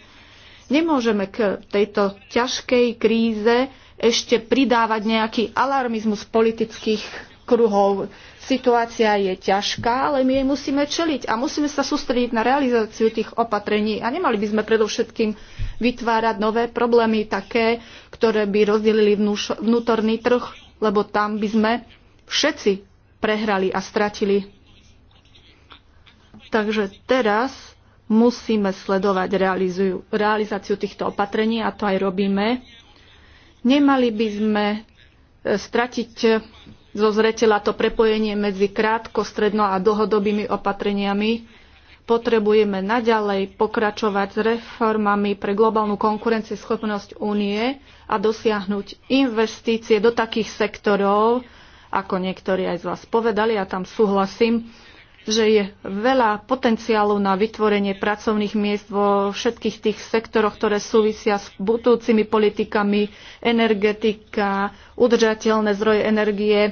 Speaker 1: Nemôžeme k tejto ťažkej kríze ešte pridávať nejaký alarmizmus politických kruhov. Situácia je ťažká, ale my jej musíme čeliť a musíme sa sústrediť na realizáciu tých opatrení a nemali by sme predovšetkým vytvárať nové problémy také, ktoré by rozdelili vnútorný trh, lebo tam by sme všetci prehrali a stratili. Takže teraz musíme sledovať realizáciu týchto opatrení a to aj robíme. Nemali by sme e, stratiť e, zo zretela to prepojenie medzi krátko, stredno a dlhodobými opatreniami. Potrebujeme naďalej pokračovať s reformami pre globálnu konkurencieschopnosť únie a dosiahnuť investície do takých sektorov, ako niektorí aj z vás povedali, ja tam súhlasím, že je veľa potenciálu na vytvorenie pracovných miest vo všetkých tých sektoroch, ktoré súvisia s budúcimi politikami, energetika, udržateľné zdroje energie, e,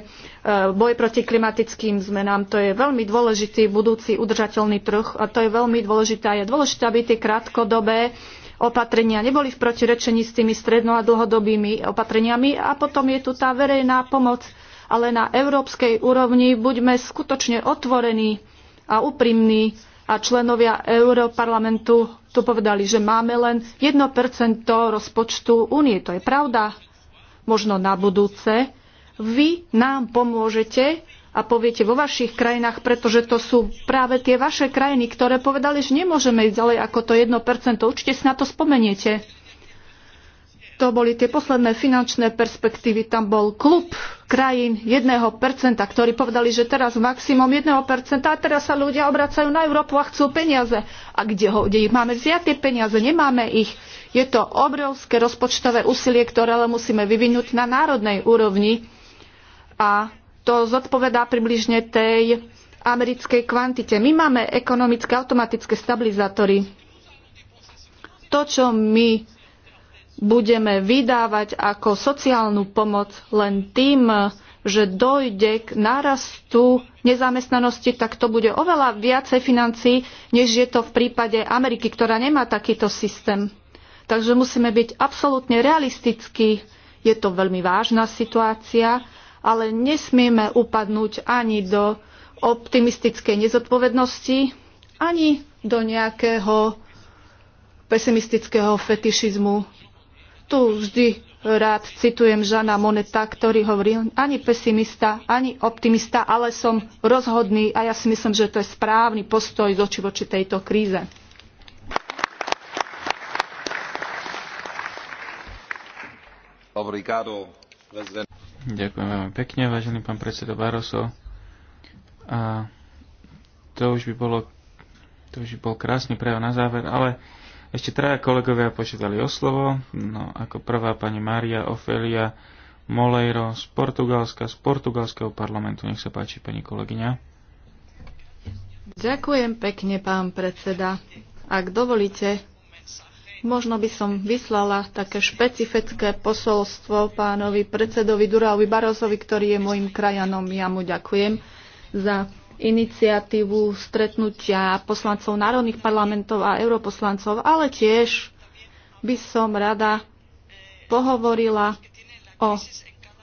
Speaker 1: boj proti klimatickým zmenám. To je veľmi dôležitý budúci udržateľný trh a to je veľmi dôležité. A je dôležité, aby tie krátkodobé opatrenia neboli v protirečení s tými stredno- a dlhodobými opatreniami. A potom je tu tá verejná pomoc ale na európskej úrovni buďme skutočne otvorení a úprimní a členovia Európarlamentu tu povedali, že máme len 1% rozpočtu únie. To je pravda. Možno na budúce vy nám pomôžete a poviete vo vašich krajinách, pretože to sú práve tie vaše krajiny, ktoré povedali, že nemôžeme ísť ďalej ako to 1%. Určite si na to spomeniete to boli tie posledné finančné perspektívy. Tam bol klub krajín 1%, ktorí povedali, že teraz maximum 1% a teraz sa ľudia obracajú na Európu a chcú peniaze. A kde, ho, kde ich máme vziať tie peniaze? Nemáme ich. Je to obrovské rozpočtové úsilie, ktoré ale musíme vyvinúť na národnej úrovni. A to zodpovedá približne tej americkej kvantite. My máme ekonomické automatické stabilizátory. To, čo my budeme vydávať ako sociálnu pomoc len tým, že dojde k nárastu nezamestnanosti, tak to bude oveľa viacej financí, než je to v prípade Ameriky, ktorá nemá takýto systém. Takže musíme byť absolútne realistickí. Je to veľmi vážna situácia, ale nesmieme upadnúť ani do optimistickej nezodpovednosti, ani do nejakého pesimistického fetišizmu tu vždy rád citujem Žana Moneta, ktorý hovorí, ani pesimista, ani optimista, ale som rozhodný a ja si myslím, že to je správny postoj zoči voči tejto kríze.
Speaker 2: Ďakujem veľmi pekne, vážený pán predseda Baroso. A to už by bolo, to už by bol krásny prejav na záver, ale ešte traja kolegovia požiadali o slovo. No, ako prvá pani Mária Ofelia Moleiro z Portugalska, z portugalského parlamentu. Nech sa páči, pani kolegyňa.
Speaker 1: Ďakujem pekne, pán predseda. Ak dovolíte, možno by som vyslala také špecifické posolstvo pánovi predsedovi Duraovi Barozovi, ktorý je môjim krajanom. Ja mu ďakujem za iniciatívu stretnutia poslancov národných parlamentov a europoslancov, ale tiež by som rada pohovorila o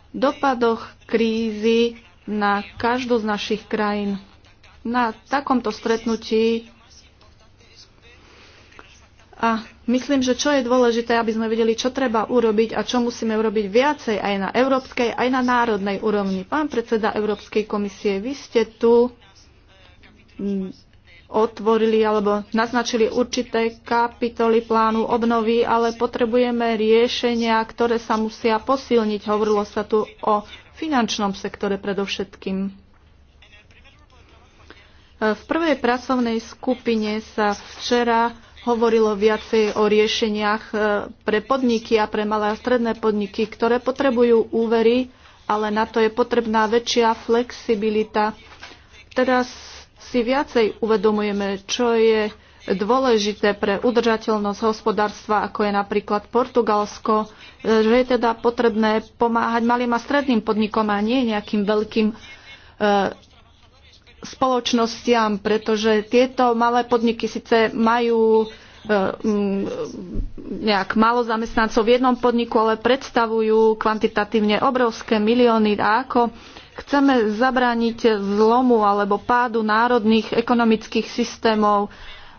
Speaker 1: dopadoch krízy na každú z našich krajín. Na takomto stretnutí a myslím, že čo je dôležité, aby sme vedeli, čo treba urobiť a čo musíme urobiť viacej aj na európskej, aj na národnej úrovni. Pán predseda Európskej komisie, vy ste tu otvorili alebo naznačili určité kapitoly plánu obnovy, ale potrebujeme riešenia, ktoré sa musia posilniť. Hovorilo sa tu o finančnom sektore predovšetkým. V prvej pracovnej skupine sa včera hovorilo viacej o riešeniach e, pre podniky a pre malé a stredné podniky, ktoré potrebujú úvery, ale na to je potrebná väčšia flexibilita. Teraz si viacej uvedomujeme, čo je dôležité pre udržateľnosť hospodárstva, ako je napríklad Portugalsko, že je teda potrebné pomáhať malým a stredným podnikom a nie nejakým veľkým eh, spoločnostiam, pretože tieto malé podniky síce majú eh, mm, nejak málo zamestnancov v jednom podniku, ale predstavujú kvantitatívne obrovské milióny a ako Chceme zabrániť zlomu alebo pádu národných ekonomických systémov,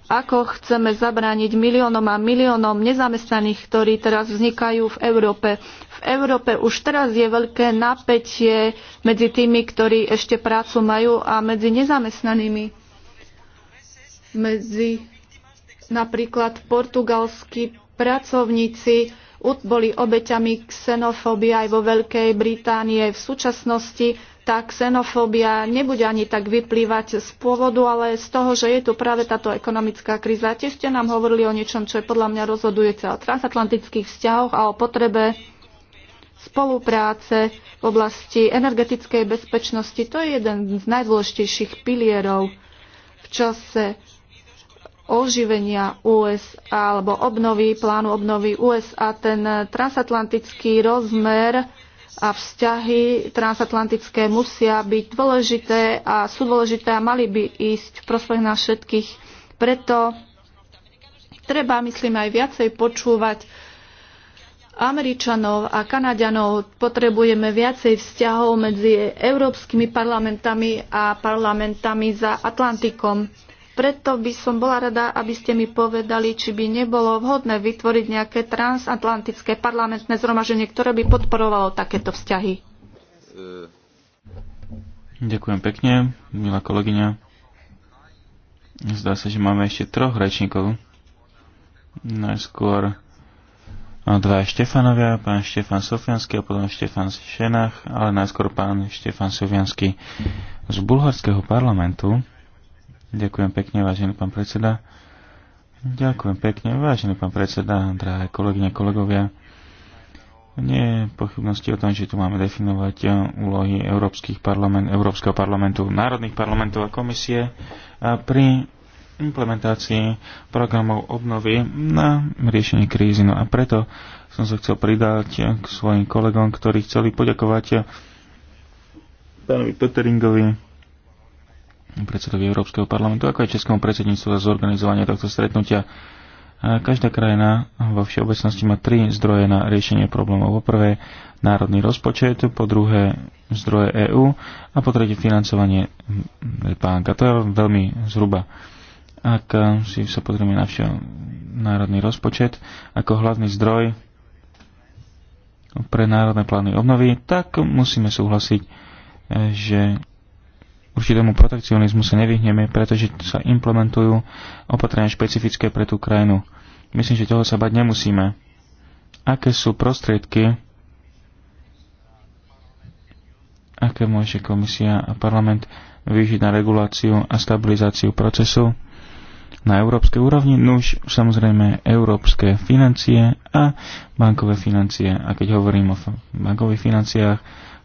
Speaker 1: ako chceme zabrániť miliónom a miliónom nezamestnaných, ktorí teraz vznikajú v Európe. V Európe už teraz je veľké napätie medzi tými, ktorí ešte prácu majú a medzi nezamestnanými. Medzi napríklad portugalskí pracovníci, boli obeťami xenofóbie aj vo Veľkej Británie. V súčasnosti tá xenofóbia nebude ani tak vyplývať z pôvodu, ale z toho, že je tu práve táto ekonomická kríza. Tiež ste nám hovorili o niečom, čo je podľa mňa rozhodujúce o transatlantických vzťahoch a o potrebe spolupráce v oblasti energetickej bezpečnosti. To je jeden z najdôležitejších pilierov v čase oživenia USA alebo obnovy, plánu obnovy USA, ten transatlantický rozmer a vzťahy transatlantické musia byť dôležité a sú dôležité a mali by ísť v prospech nás všetkých. Preto treba, myslím, aj viacej počúvať Američanov a Kanadianov. potrebujeme viacej vzťahov medzi európskymi parlamentami a parlamentami za Atlantikom. Preto by som bola rada, aby ste mi povedali, či by nebolo vhodné vytvoriť nejaké transatlantické parlamentné zhromaženie, ktoré by podporovalo takéto vzťahy.
Speaker 2: Ďakujem pekne, milá kolegyňa. Zdá sa, že máme ešte troch rečníkov. Najskôr no, dva Štefanovia, pán Štefan Sofiansky a potom Štefan Šenach, ale najskôr pán Štefan Sofiansky z bulharského parlamentu. Ďakujem pekne, vážený pán predseda. Ďakujem pekne, vážený pán predseda, drahé kolegyne, kolegovia. Nie je pochybnosti o tom, že tu máme definovať úlohy Európskych parlament, Európskeho parlamentu, národných parlamentov a komisie a pri implementácii programov obnovy na riešenie krízy. No a preto som sa chcel pridať k svojim kolegom, ktorí chceli poďakovať pánovi Peteringovi, predsedovi Európskeho parlamentu, ako aj Českému predsedníctvu za zorganizovanie tohto stretnutia. Každá krajina vo všeobecnosti má tri zdroje na riešenie problémov. Po prvé, národný rozpočet, po druhé, zdroje EÚ a po tretie, financovanie banka. To je veľmi zhruba. Ak si sa pozrieme na všeo, národný rozpočet ako hlavný zdroj pre národné plány obnovy, tak musíme súhlasiť, že určitému protekcionizmu sa nevyhneme, pretože sa implementujú opatrenia špecifické pre tú krajinu. Myslím, že toho sa bať nemusíme. Aké sú prostriedky, aké môže komisia a parlament využiť na reguláciu a stabilizáciu procesu na európskej úrovni, nuž no samozrejme európske financie a bankové financie. A keď hovorím o bankových financiách,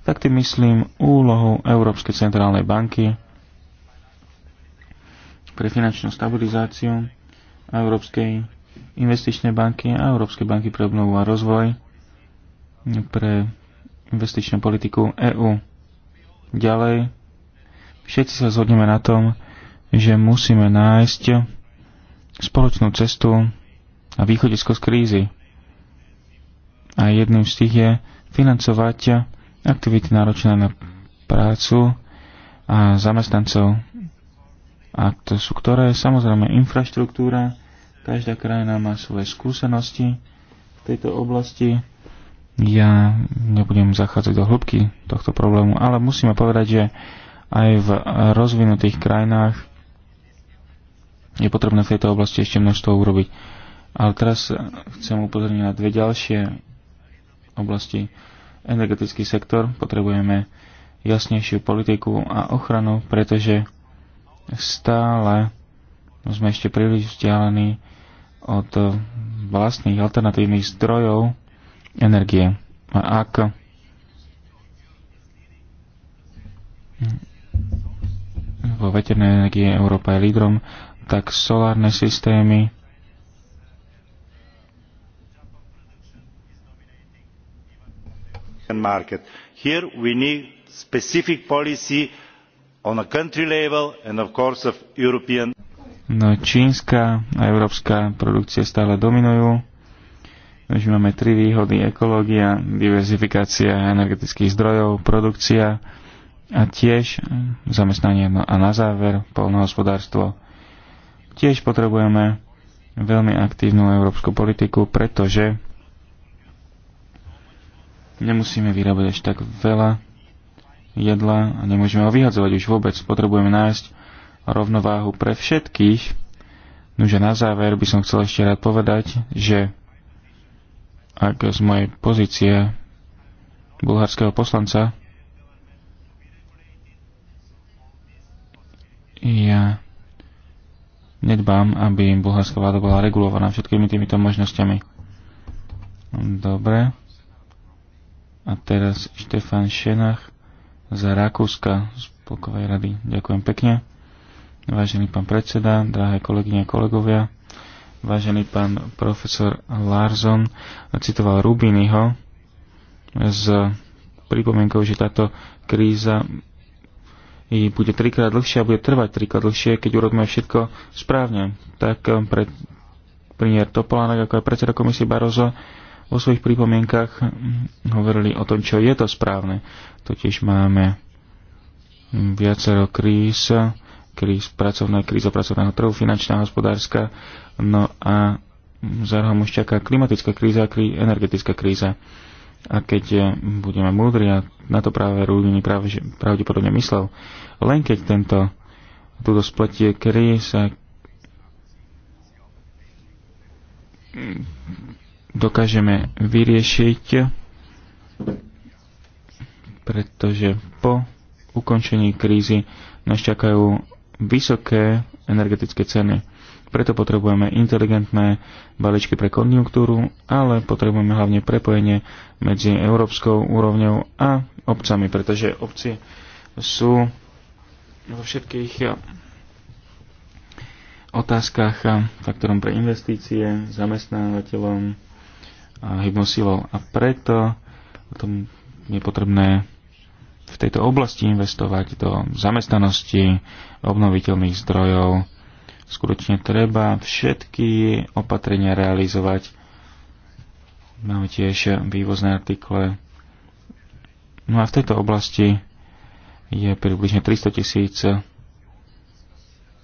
Speaker 2: tak tým myslím úlohu Európskej centrálnej banky pre finančnú stabilizáciu Európskej investičnej banky a Európskej banky pre obnovu a rozvoj pre investičnú politiku EÚ. Ďalej, všetci sa zhodneme na tom, že musíme nájsť spoločnú cestu a východisko z krízy. A jedným z tých je financovať aktivity náročné na prácu a zamestnancov. A to sú ktoré? Samozrejme infraštruktúra. Každá krajina má svoje skúsenosti v tejto oblasti. Ja nebudem zachádzať do hĺbky tohto problému, ale musíme povedať, že aj v rozvinutých krajinách je potrebné v tejto oblasti ešte množstvo urobiť. Ale teraz chcem upozorniť na dve ďalšie oblasti energetický sektor, potrebujeme jasnejšiu politiku a ochranu, pretože stále sme ešte príliš vzdialení od vlastných alternatívnych zdrojov energie. A ak vo veternej energie Európa je lídrom, tak solárne systémy second market. here we need specific policy on a country level and of course of european No, čínska a európska produkcie stále dominujú. Takže máme tri výhody. Ekológia, diverzifikácia energetických zdrojov, produkcia a tiež zamestnanie. No a na záver polnohospodárstvo. Tiež potrebujeme veľmi aktívnu európsku politiku, pretože Nemusíme vyrábať až tak veľa jedla a nemôžeme ho vyhadzovať už vôbec. Potrebujeme nájsť rovnováhu pre všetkých. Nože na záver by som chcel ešte rád povedať, že ak z mojej pozície bulharského poslanca ja nedbám, aby bulharská vláda bola regulovaná všetkými týmito možnosťami. Dobre. A teraz Štefan Šenach za Rakúska Polkovej rady. Ďakujem pekne. Vážený pán predseda, drahé kolegyne a kolegovia, vážený pán profesor Larson citoval Rubiniho s pripomienkou, že táto kríza bude trikrát dlhšia a bude trvať trikrát dlhšie, keď urobíme všetko správne. Tak um, pre premiér Topolánek, ako aj predseda komisie Barozo, vo svojich pripomienkach hm, hovorili o tom, čo je to správne. Totiž máme viacero kríz, kríz pracovná, kríza pracovného trhu, finančná, hospodárska, no a zároveň už čaká klimatická kríza a krí, energetická kríza. A keď budeme múdri, a na to práve Rúdini pravdepodobne myslel, len keď tento, túto spletie kríz a dokážeme vyriešiť, pretože po ukončení krízy nás čakajú vysoké energetické ceny. Preto potrebujeme inteligentné balíčky pre konjunktúru, ale potrebujeme hlavne prepojenie medzi európskou úrovňou a obcami, pretože obci sú vo všetkých otázkach faktorom pre investície, zamestnávateľom, hybnou silou. A preto tom je potrebné v tejto oblasti investovať do zamestnanosti, obnoviteľných zdrojov. Skutočne treba všetky opatrenia realizovať. Máme tiež vývozné artikle. No a v tejto oblasti je približne 300 tisíc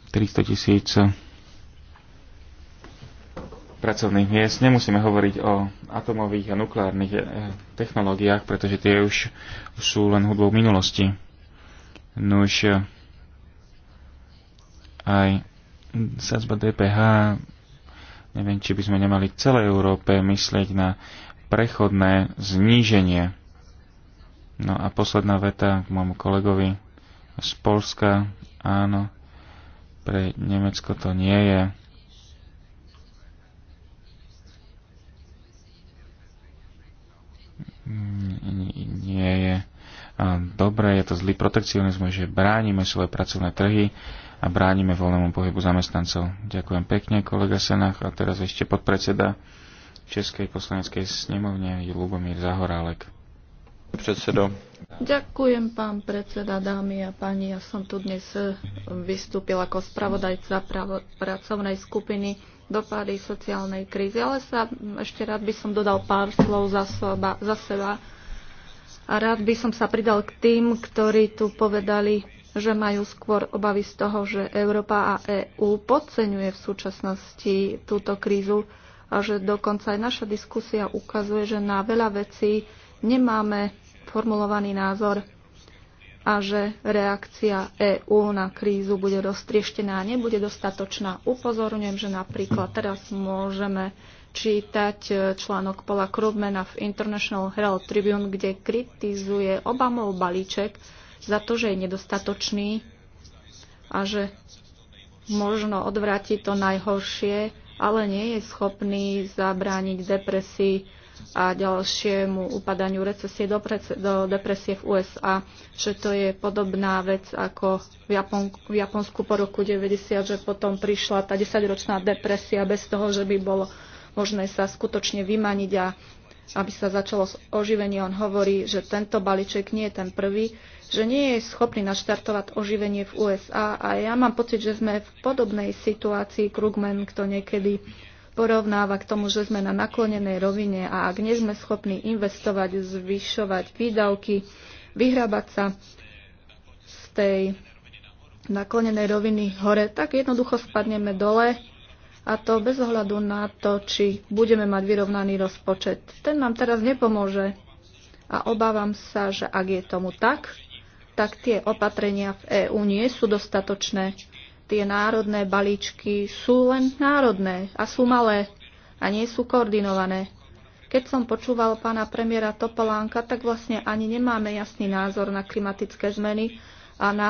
Speaker 2: 300 tisíc pracovných miest. Nemusíme hovoriť o atomových a nukleárnych eh, technológiách, pretože tie už, sú len hudbou minulosti. No už eh, aj sadzba DPH, neviem, či by sme nemali v celej Európe myslieť na prechodné zníženie. No a posledná veta k môjmu kolegovi z Polska. Áno, pre Nemecko to nie je nie je dobré, je to zlý protekcionizmus, že bránime svoje pracovné trhy a bránime voľnému pohybu zamestnancov. Ďakujem pekne, kolega Senach, a teraz ešte podpredseda Českej poslaneckej snemovne Lubomír Zahorálek. Predsedo.
Speaker 1: Ďakujem, pán predseda, dámy a páni. Ja som tu dnes e, vystúpil ako spravodajca pracovnej skupiny dopady sociálnej krízy. Ale sa ešte rád by som dodal pár slov za seba. Za seba. A rád by som sa pridal k tým, ktorí tu povedali, že majú skôr obavy z toho, že Európa a EÚ podceňuje v súčasnosti túto krízu a že dokonca aj naša diskusia ukazuje, že na veľa vecí nemáme formulovaný názor a že reakcia EÚ na krízu bude roztrieštená a nebude dostatočná. Upozorňujem, že napríklad teraz môžeme čítať e, článok Paula Krugmana v International Herald Tribune, kde kritizuje Obamov balíček za to, že je nedostatočný a že možno odvráti to najhoršie, ale nie je schopný zabrániť depresii a ďalšiemu upadaniu recesie do, do depresie v USA, že to je podobná vec ako v, Japon- v Japonsku po roku 90, že potom prišla tá desaťročná depresia bez toho, že by bolo možné sa skutočne vymaniť a aby sa začalo oživenie. On hovorí, že tento balíček nie je ten prvý, že nie je schopný naštartovať oživenie v USA a ja mám pocit, že sme v podobnej situácii. Krugman kto niekedy porovnáva k tomu, že sme na naklonenej rovine a ak nie sme schopní investovať, zvyšovať výdavky, vyhrábať sa z tej naklonenej roviny hore, tak jednoducho spadneme dole a to bez ohľadu na to, či budeme mať vyrovnaný rozpočet. Ten nám teraz nepomôže a obávam sa, že ak je tomu tak, tak tie opatrenia v EÚ nie sú dostatočné tie národné balíčky sú len národné a sú malé a nie sú koordinované. Keď som počúval pána premiéra Topolánka, tak vlastne ani nemáme jasný názor na klimatické zmeny a na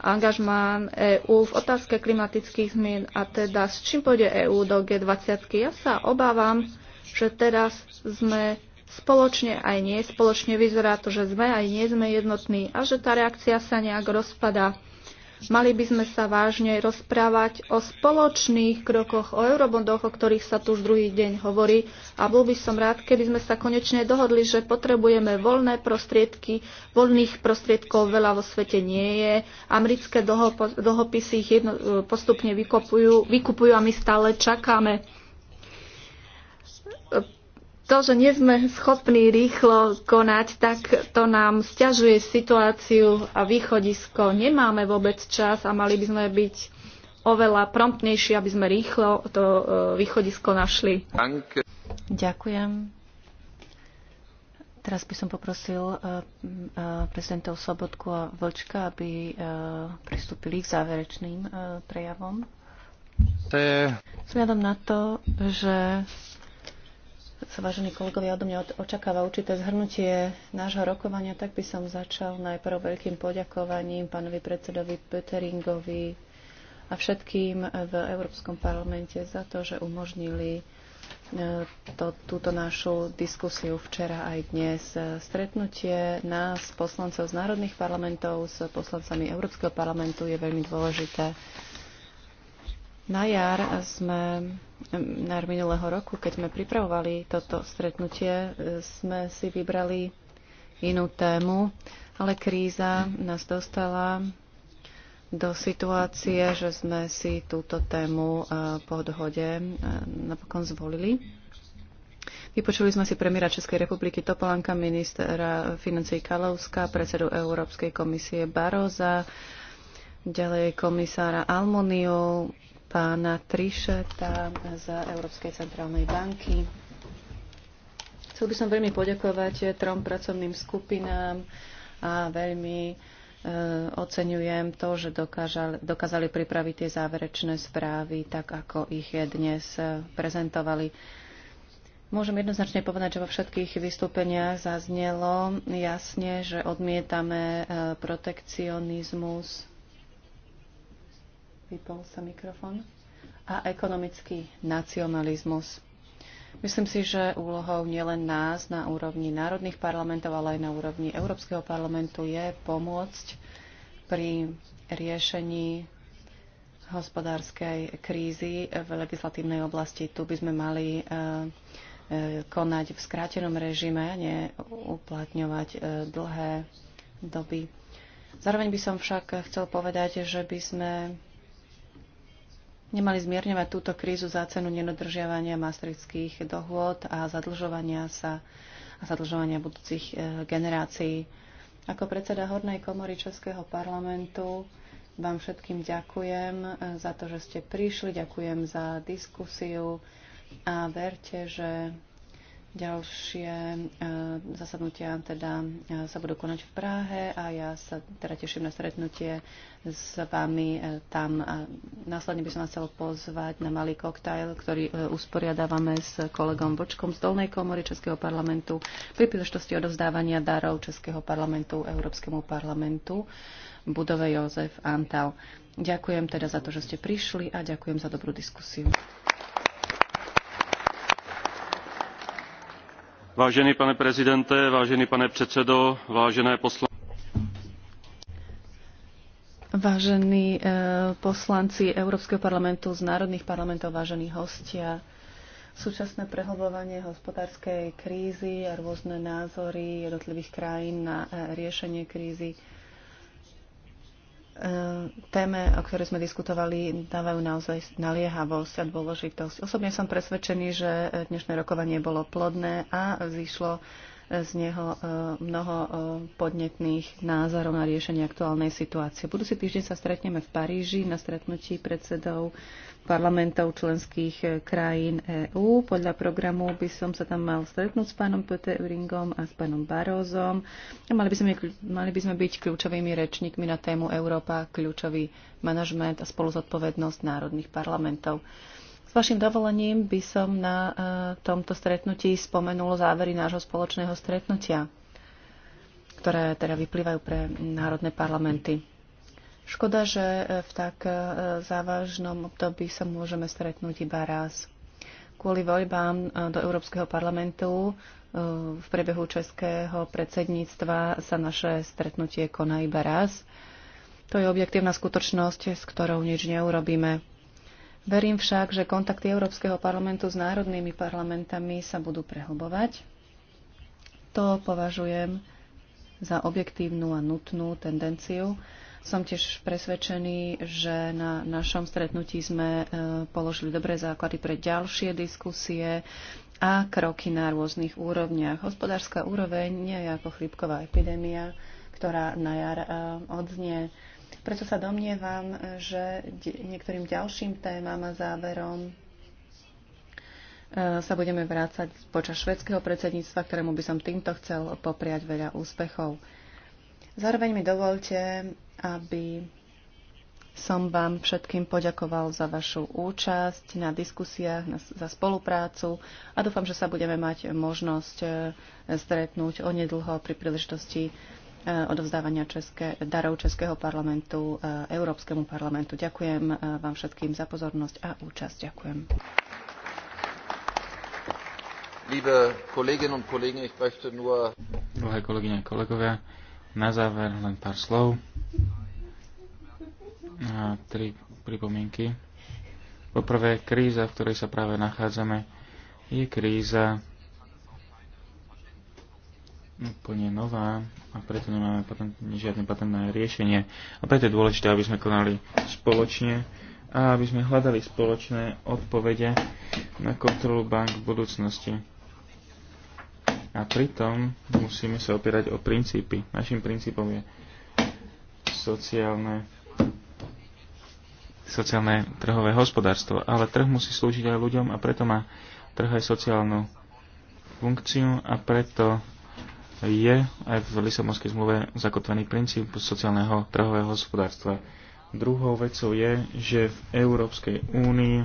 Speaker 1: angažmán EÚ v otázke klimatických zmien a teda s čím pôjde EÚ do G20. Ja sa obávam, že teraz sme spoločne aj nie, spoločne vyzerá to, že sme aj nie sme jednotní a že tá reakcia sa nejak rozpada. Mali by sme sa vážne rozprávať o spoločných krokoch, o eurobondoch, o ktorých sa tu už druhý deň hovorí. A bol by som rád, keby sme sa konečne dohodli, že potrebujeme voľné prostriedky, voľných prostriedkov veľa vo svete nie je. Americké dlhopisy ich jedno, postupne vykupujú, vykupujú a my stále čakáme to, že nie sme schopní rýchlo konať, tak to nám stiažuje situáciu a východisko. Nemáme vôbec čas a mali by sme byť oveľa promptnejší, aby sme rýchlo to e, východisko našli. Ďakujem. Teraz by
Speaker 3: som poprosil e, e, prezidentov Sobotku a Vlčka, aby pristúpili k záverečným prejavom. Vzhľadom na to, že sa, vážení kolegovia, odo mňa očakáva určité zhrnutie nášho rokovania, tak by som začal najprv veľkým poďakovaním pánovi predsedovi Peteringovi a všetkým v Európskom parlamente za to, že umožnili e, to, túto našu diskusiu včera aj dnes. Stretnutie nás, poslancov z národných parlamentov, s poslancami Európskeho parlamentu je veľmi dôležité. Na jar sme, na jar minulého roku, keď sme pripravovali toto stretnutie, sme si vybrali inú tému, ale kríza nás dostala do situácie, že sme si túto tému eh, po dohode eh, napokon zvolili. Vypočuli sme si premiéra Českej republiky Topolanka, ministra financí Kalovska, predsedu Európskej komisie Baroza, ďalej komisára Almoniu, pána Trišeta z Európskej centrálnej banky. Chcel by som veľmi poďakovať trom pracovným skupinám a veľmi e, oceňujem to, že dokážal, dokázali pripraviť tie záverečné správy tak, ako ich je dnes prezentovali. Môžem jednoznačne povedať, že vo všetkých vystúpeniach zaznelo jasne, že odmietame e, protekcionizmus vypol sa mikrofón, a ekonomický nacionalizmus. Myslím si, že úlohou nielen nás na úrovni národných parlamentov, ale aj na úrovni Európskeho parlamentu je pomôcť pri riešení hospodárskej krízy v legislatívnej oblasti. Tu by sme mali e, e, konať v skrátenom režime, neuplatňovať e, dlhé doby. Zároveň by som však chcel povedať, že by sme nemali zmierňovať túto krízu za cenu nedodržiavania maastrichtských dohôd a zadlžovania sa a zadlžovania budúcich e, generácií. Ako predseda Hornej komory Českého parlamentu vám všetkým ďakujem e, za to, že ste prišli, ďakujem za diskusiu a verte, že Ďalšie e, zasadnutia teda e, sa budú konať v Prahe a ja sa teda teším na stretnutie s vami e, tam. A následne by som vás chcel pozvať na malý koktajl, ktorý usporiadávame s kolegom Bočkom z Dolnej komory Českého parlamentu pri príležitosti odovzdávania darov Českého parlamentu Európskemu parlamentu budove Jozef Antal. Ďakujem teda za to, že ste prišli a ďakujem za dobrú diskusiu.
Speaker 2: vážený pane prezidente vážený pane předsedo vážené poslankyne
Speaker 3: Vážení e, poslanci Európskeho parlamentu z národných parlamentov, vážení hostia, súčasné prehlbovanie hospodárskej krízy a rôzne názory jednotlivých krajín na e, riešenie krízy téme, o ktorej sme diskutovali, dávajú naozaj naliehavosť a dôležitosť. Osobne som presvedčený, že dnešné rokovanie bolo plodné a zišlo z neho e, mnoho e, podnetných názorov na riešenie aktuálnej situácie. Budúci týždeň sa stretneme v Paríži na stretnutí predsedov parlamentov členských eh, krajín EÚ. Podľa programu by som sa tam mal stretnúť s pánom Pöteringom a s pánom Barózom. Mali mali by sme byť kľúčovými rečníkmi na tému Európa, kľúčový manažment a spoluzodpovednosť národných parlamentov. S vašim dovolením by som na eh, tomto stretnutí spomenul závery nášho spoločného stretnutia, ktoré teda vyplývajú pre národné parlamenty. Škoda, že e, v tak e, závažnom období sa môžeme stretnúť iba raz. Kvôli voľbám e, do Európskeho parlamentu v priebehu českého predsedníctva sa naše stretnutie koná iba raz. To je objektívna skutočnosť, s ktorou nič neurobíme. Verím však, že kontakty Európskeho parlamentu s národnými parlamentami sa budú prehlbovať. To považujem za objektívnu a nutnú tendenciu, som tiež presvedčený, že na našom stretnutí sme e, položili dobré základy pre ďalšie diskusie a kroky na rôznych úrovniach. Hospodárska úroveň nie je ako chrípková epidémia, ktorá na jar e, odznie. Preto sa domnievam, že niektorým ďalším témam a záverom e, sa budeme vrácať počas švedského predsedníctva, ktorému by som týmto chcel popriať veľa úspechov. Zároveň mi dovolte aby som vám všetkým poďakoval za vašu účasť na diskusiách, na, za spoluprácu a dúfam, že sa budeme mať možnosť e, stretnúť onedlho pri príležitosti e, odovzdávania České, darov Českého parlamentu e, Európskemu parlamentu. Ďakujem vám všetkým za pozornosť a účasť. Ďakujem.
Speaker 1: Liebe Kolleginnen und Kollegen, ich möchte nur...
Speaker 2: Drahé kolegyne a kolegovia, na záver len pár slov. A tri pripomienky. Poprvé, kríza, v ktorej sa práve nachádzame, je kríza úplne nová a preto nemáme patent, žiadne patentné riešenie. A preto je dôležité, aby sme konali spoločne a aby sme hľadali spoločné odpovede na kontrolu bank v budúcnosti. A pritom musíme sa opierať o princípy. Našim princípom je sociálne, sociálne trhové hospodárstvo. Ale trh musí slúžiť aj ľuďom a preto má trh aj sociálnu funkciu a preto je aj v Lisabonskej zmluve zakotvený princíp sociálneho trhového hospodárstva. Druhou vecou je, že v Európskej únii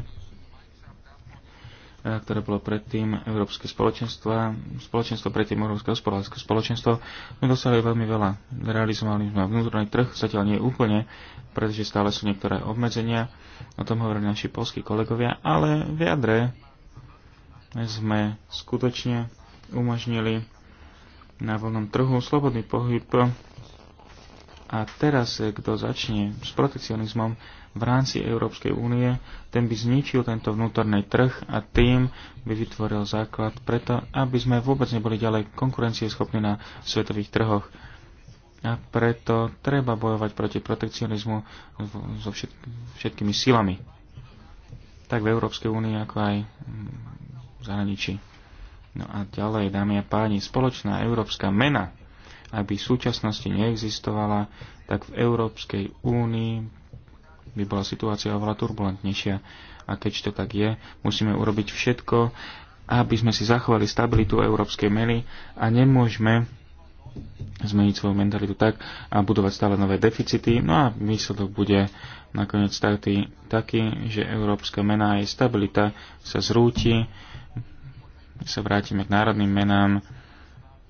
Speaker 2: ktoré bolo predtým Európske spoločenstva, spoločenstvo predtým Európske hospodárske spoločenstvo, sme dosahli veľmi veľa. Realizovali sme vnútorný trh, zatiaľ nie úplne, pretože stále sú niektoré obmedzenia, o tom hovorili naši polskí kolegovia, ale v jadre sme skutočne umožnili na voľnom trhu slobodný pohyb a teraz, kto začne s protekcionizmom, v rámci Európskej únie, ten by zničil tento vnútorný trh a tým by vytvoril základ preto, aby sme vôbec neboli ďalej konkurencieschopní na svetových trhoch. A preto treba bojovať proti protekcionizmu so všetkými silami. Tak v Európskej únii, ako aj v zahraničí. No a ďalej, dámy a páni, spoločná európska mena, aby v súčasnosti neexistovala, tak v Európskej únii by bola situácia oveľa turbulentnejšia. A keď to tak je, musíme urobiť všetko, aby sme si zachovali stabilitu európskej meny a nemôžeme zmeniť svoju mentalitu tak a budovať stále nové deficity. No a výsledok bude nakoniec taký, taký že európska mena aj stabilita sa zrúti, sa vrátime k národným menám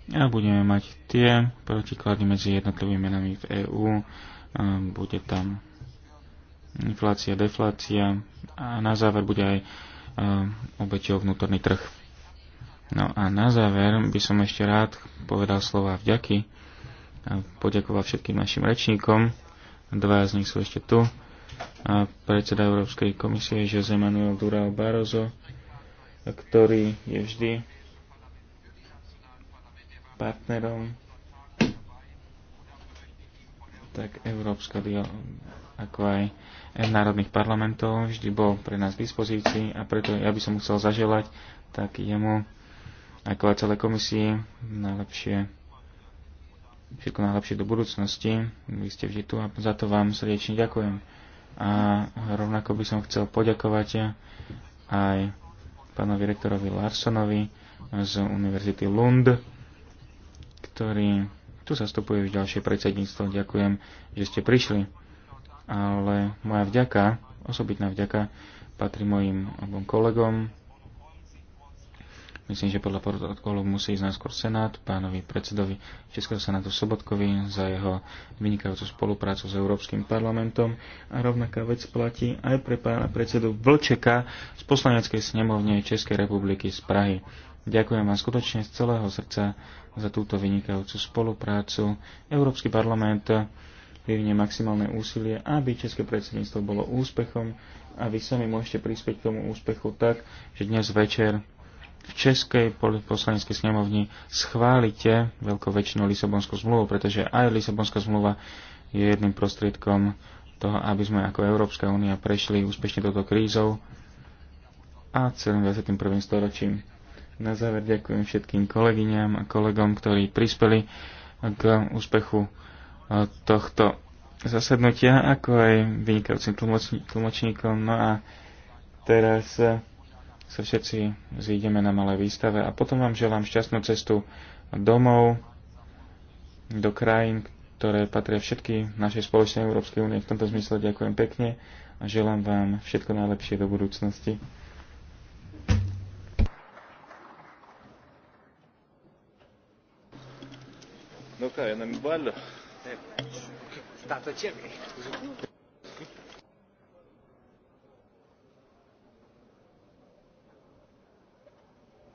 Speaker 2: a budeme mať tie protiklady medzi jednotlivými menami v EÚ. Ehm, bude tam inflácia, deflácia a na záver bude aj eh, obeťou vnútorný trh. No a na záver by som ešte rád povedal slova vďaky a poďakoval všetkým našim rečníkom. Dva z nich sú ešte tu. A predseda Európskej komisie Jose Manuel Durao Barroso, ktorý je vždy partnerom tak Európska ako aj národných parlamentov, vždy bol pre nás k dispozícii a preto ja by som chcel zaželať tak jemu, ako aj celé komisii, najlepšie, všetko najlepšie do budúcnosti. Vy ste vždy tu a za to vám srdečne ďakujem. A rovnako by som chcel poďakovať aj pánovi rektorovi Larsonovi z Univerzity Lund, ktorý tu zastupuje už ďalšie predsedníctvo. Ďakujem, že ste prišli ale moja vďaka, osobitná vďaka, patrí mojim obom kolegom. Myslím, že podľa protokolu musí ísť najskôr Senát, pánovi predsedovi Českého senátu Sobotkovi za jeho vynikajúcu spoluprácu s Európskym parlamentom. A rovnaká vec platí aj pre pána predsedu Vlčeka z poslaneckej snemovne Českej republiky z Prahy. Ďakujem vám skutočne z celého srdca za túto vynikajúcu spoluprácu. Európsky parlament vyvinie maximálne úsilie, aby České predsedníctvo bolo úspechom a vy sami môžete prispieť k tomu úspechu tak, že dnes večer v Českej poslaneckej snemovni schválite veľkou väčšinou Lisabonskú zmluvu, pretože aj Lisabonská zmluva je jedným prostriedkom toho, aby sme ako Európska únia prešli úspešne touto krízou a celým 21. storočím. Na záver ďakujem všetkým kolegyňam a kolegom, ktorí prispeli k úspechu tohto zasadnutia, ako aj vynikajúcim tlmočníkom. No a teraz eh, sa všetci zídeme na malé výstave a potom vám želám šťastnú cestu domov do krajín, ktoré patria všetky našej spoločnej Európskej únie. V tomto zmysle ďakujem pekne a želám vám všetko najlepšie do budúcnosti. Okay, and then Tanto cerchi.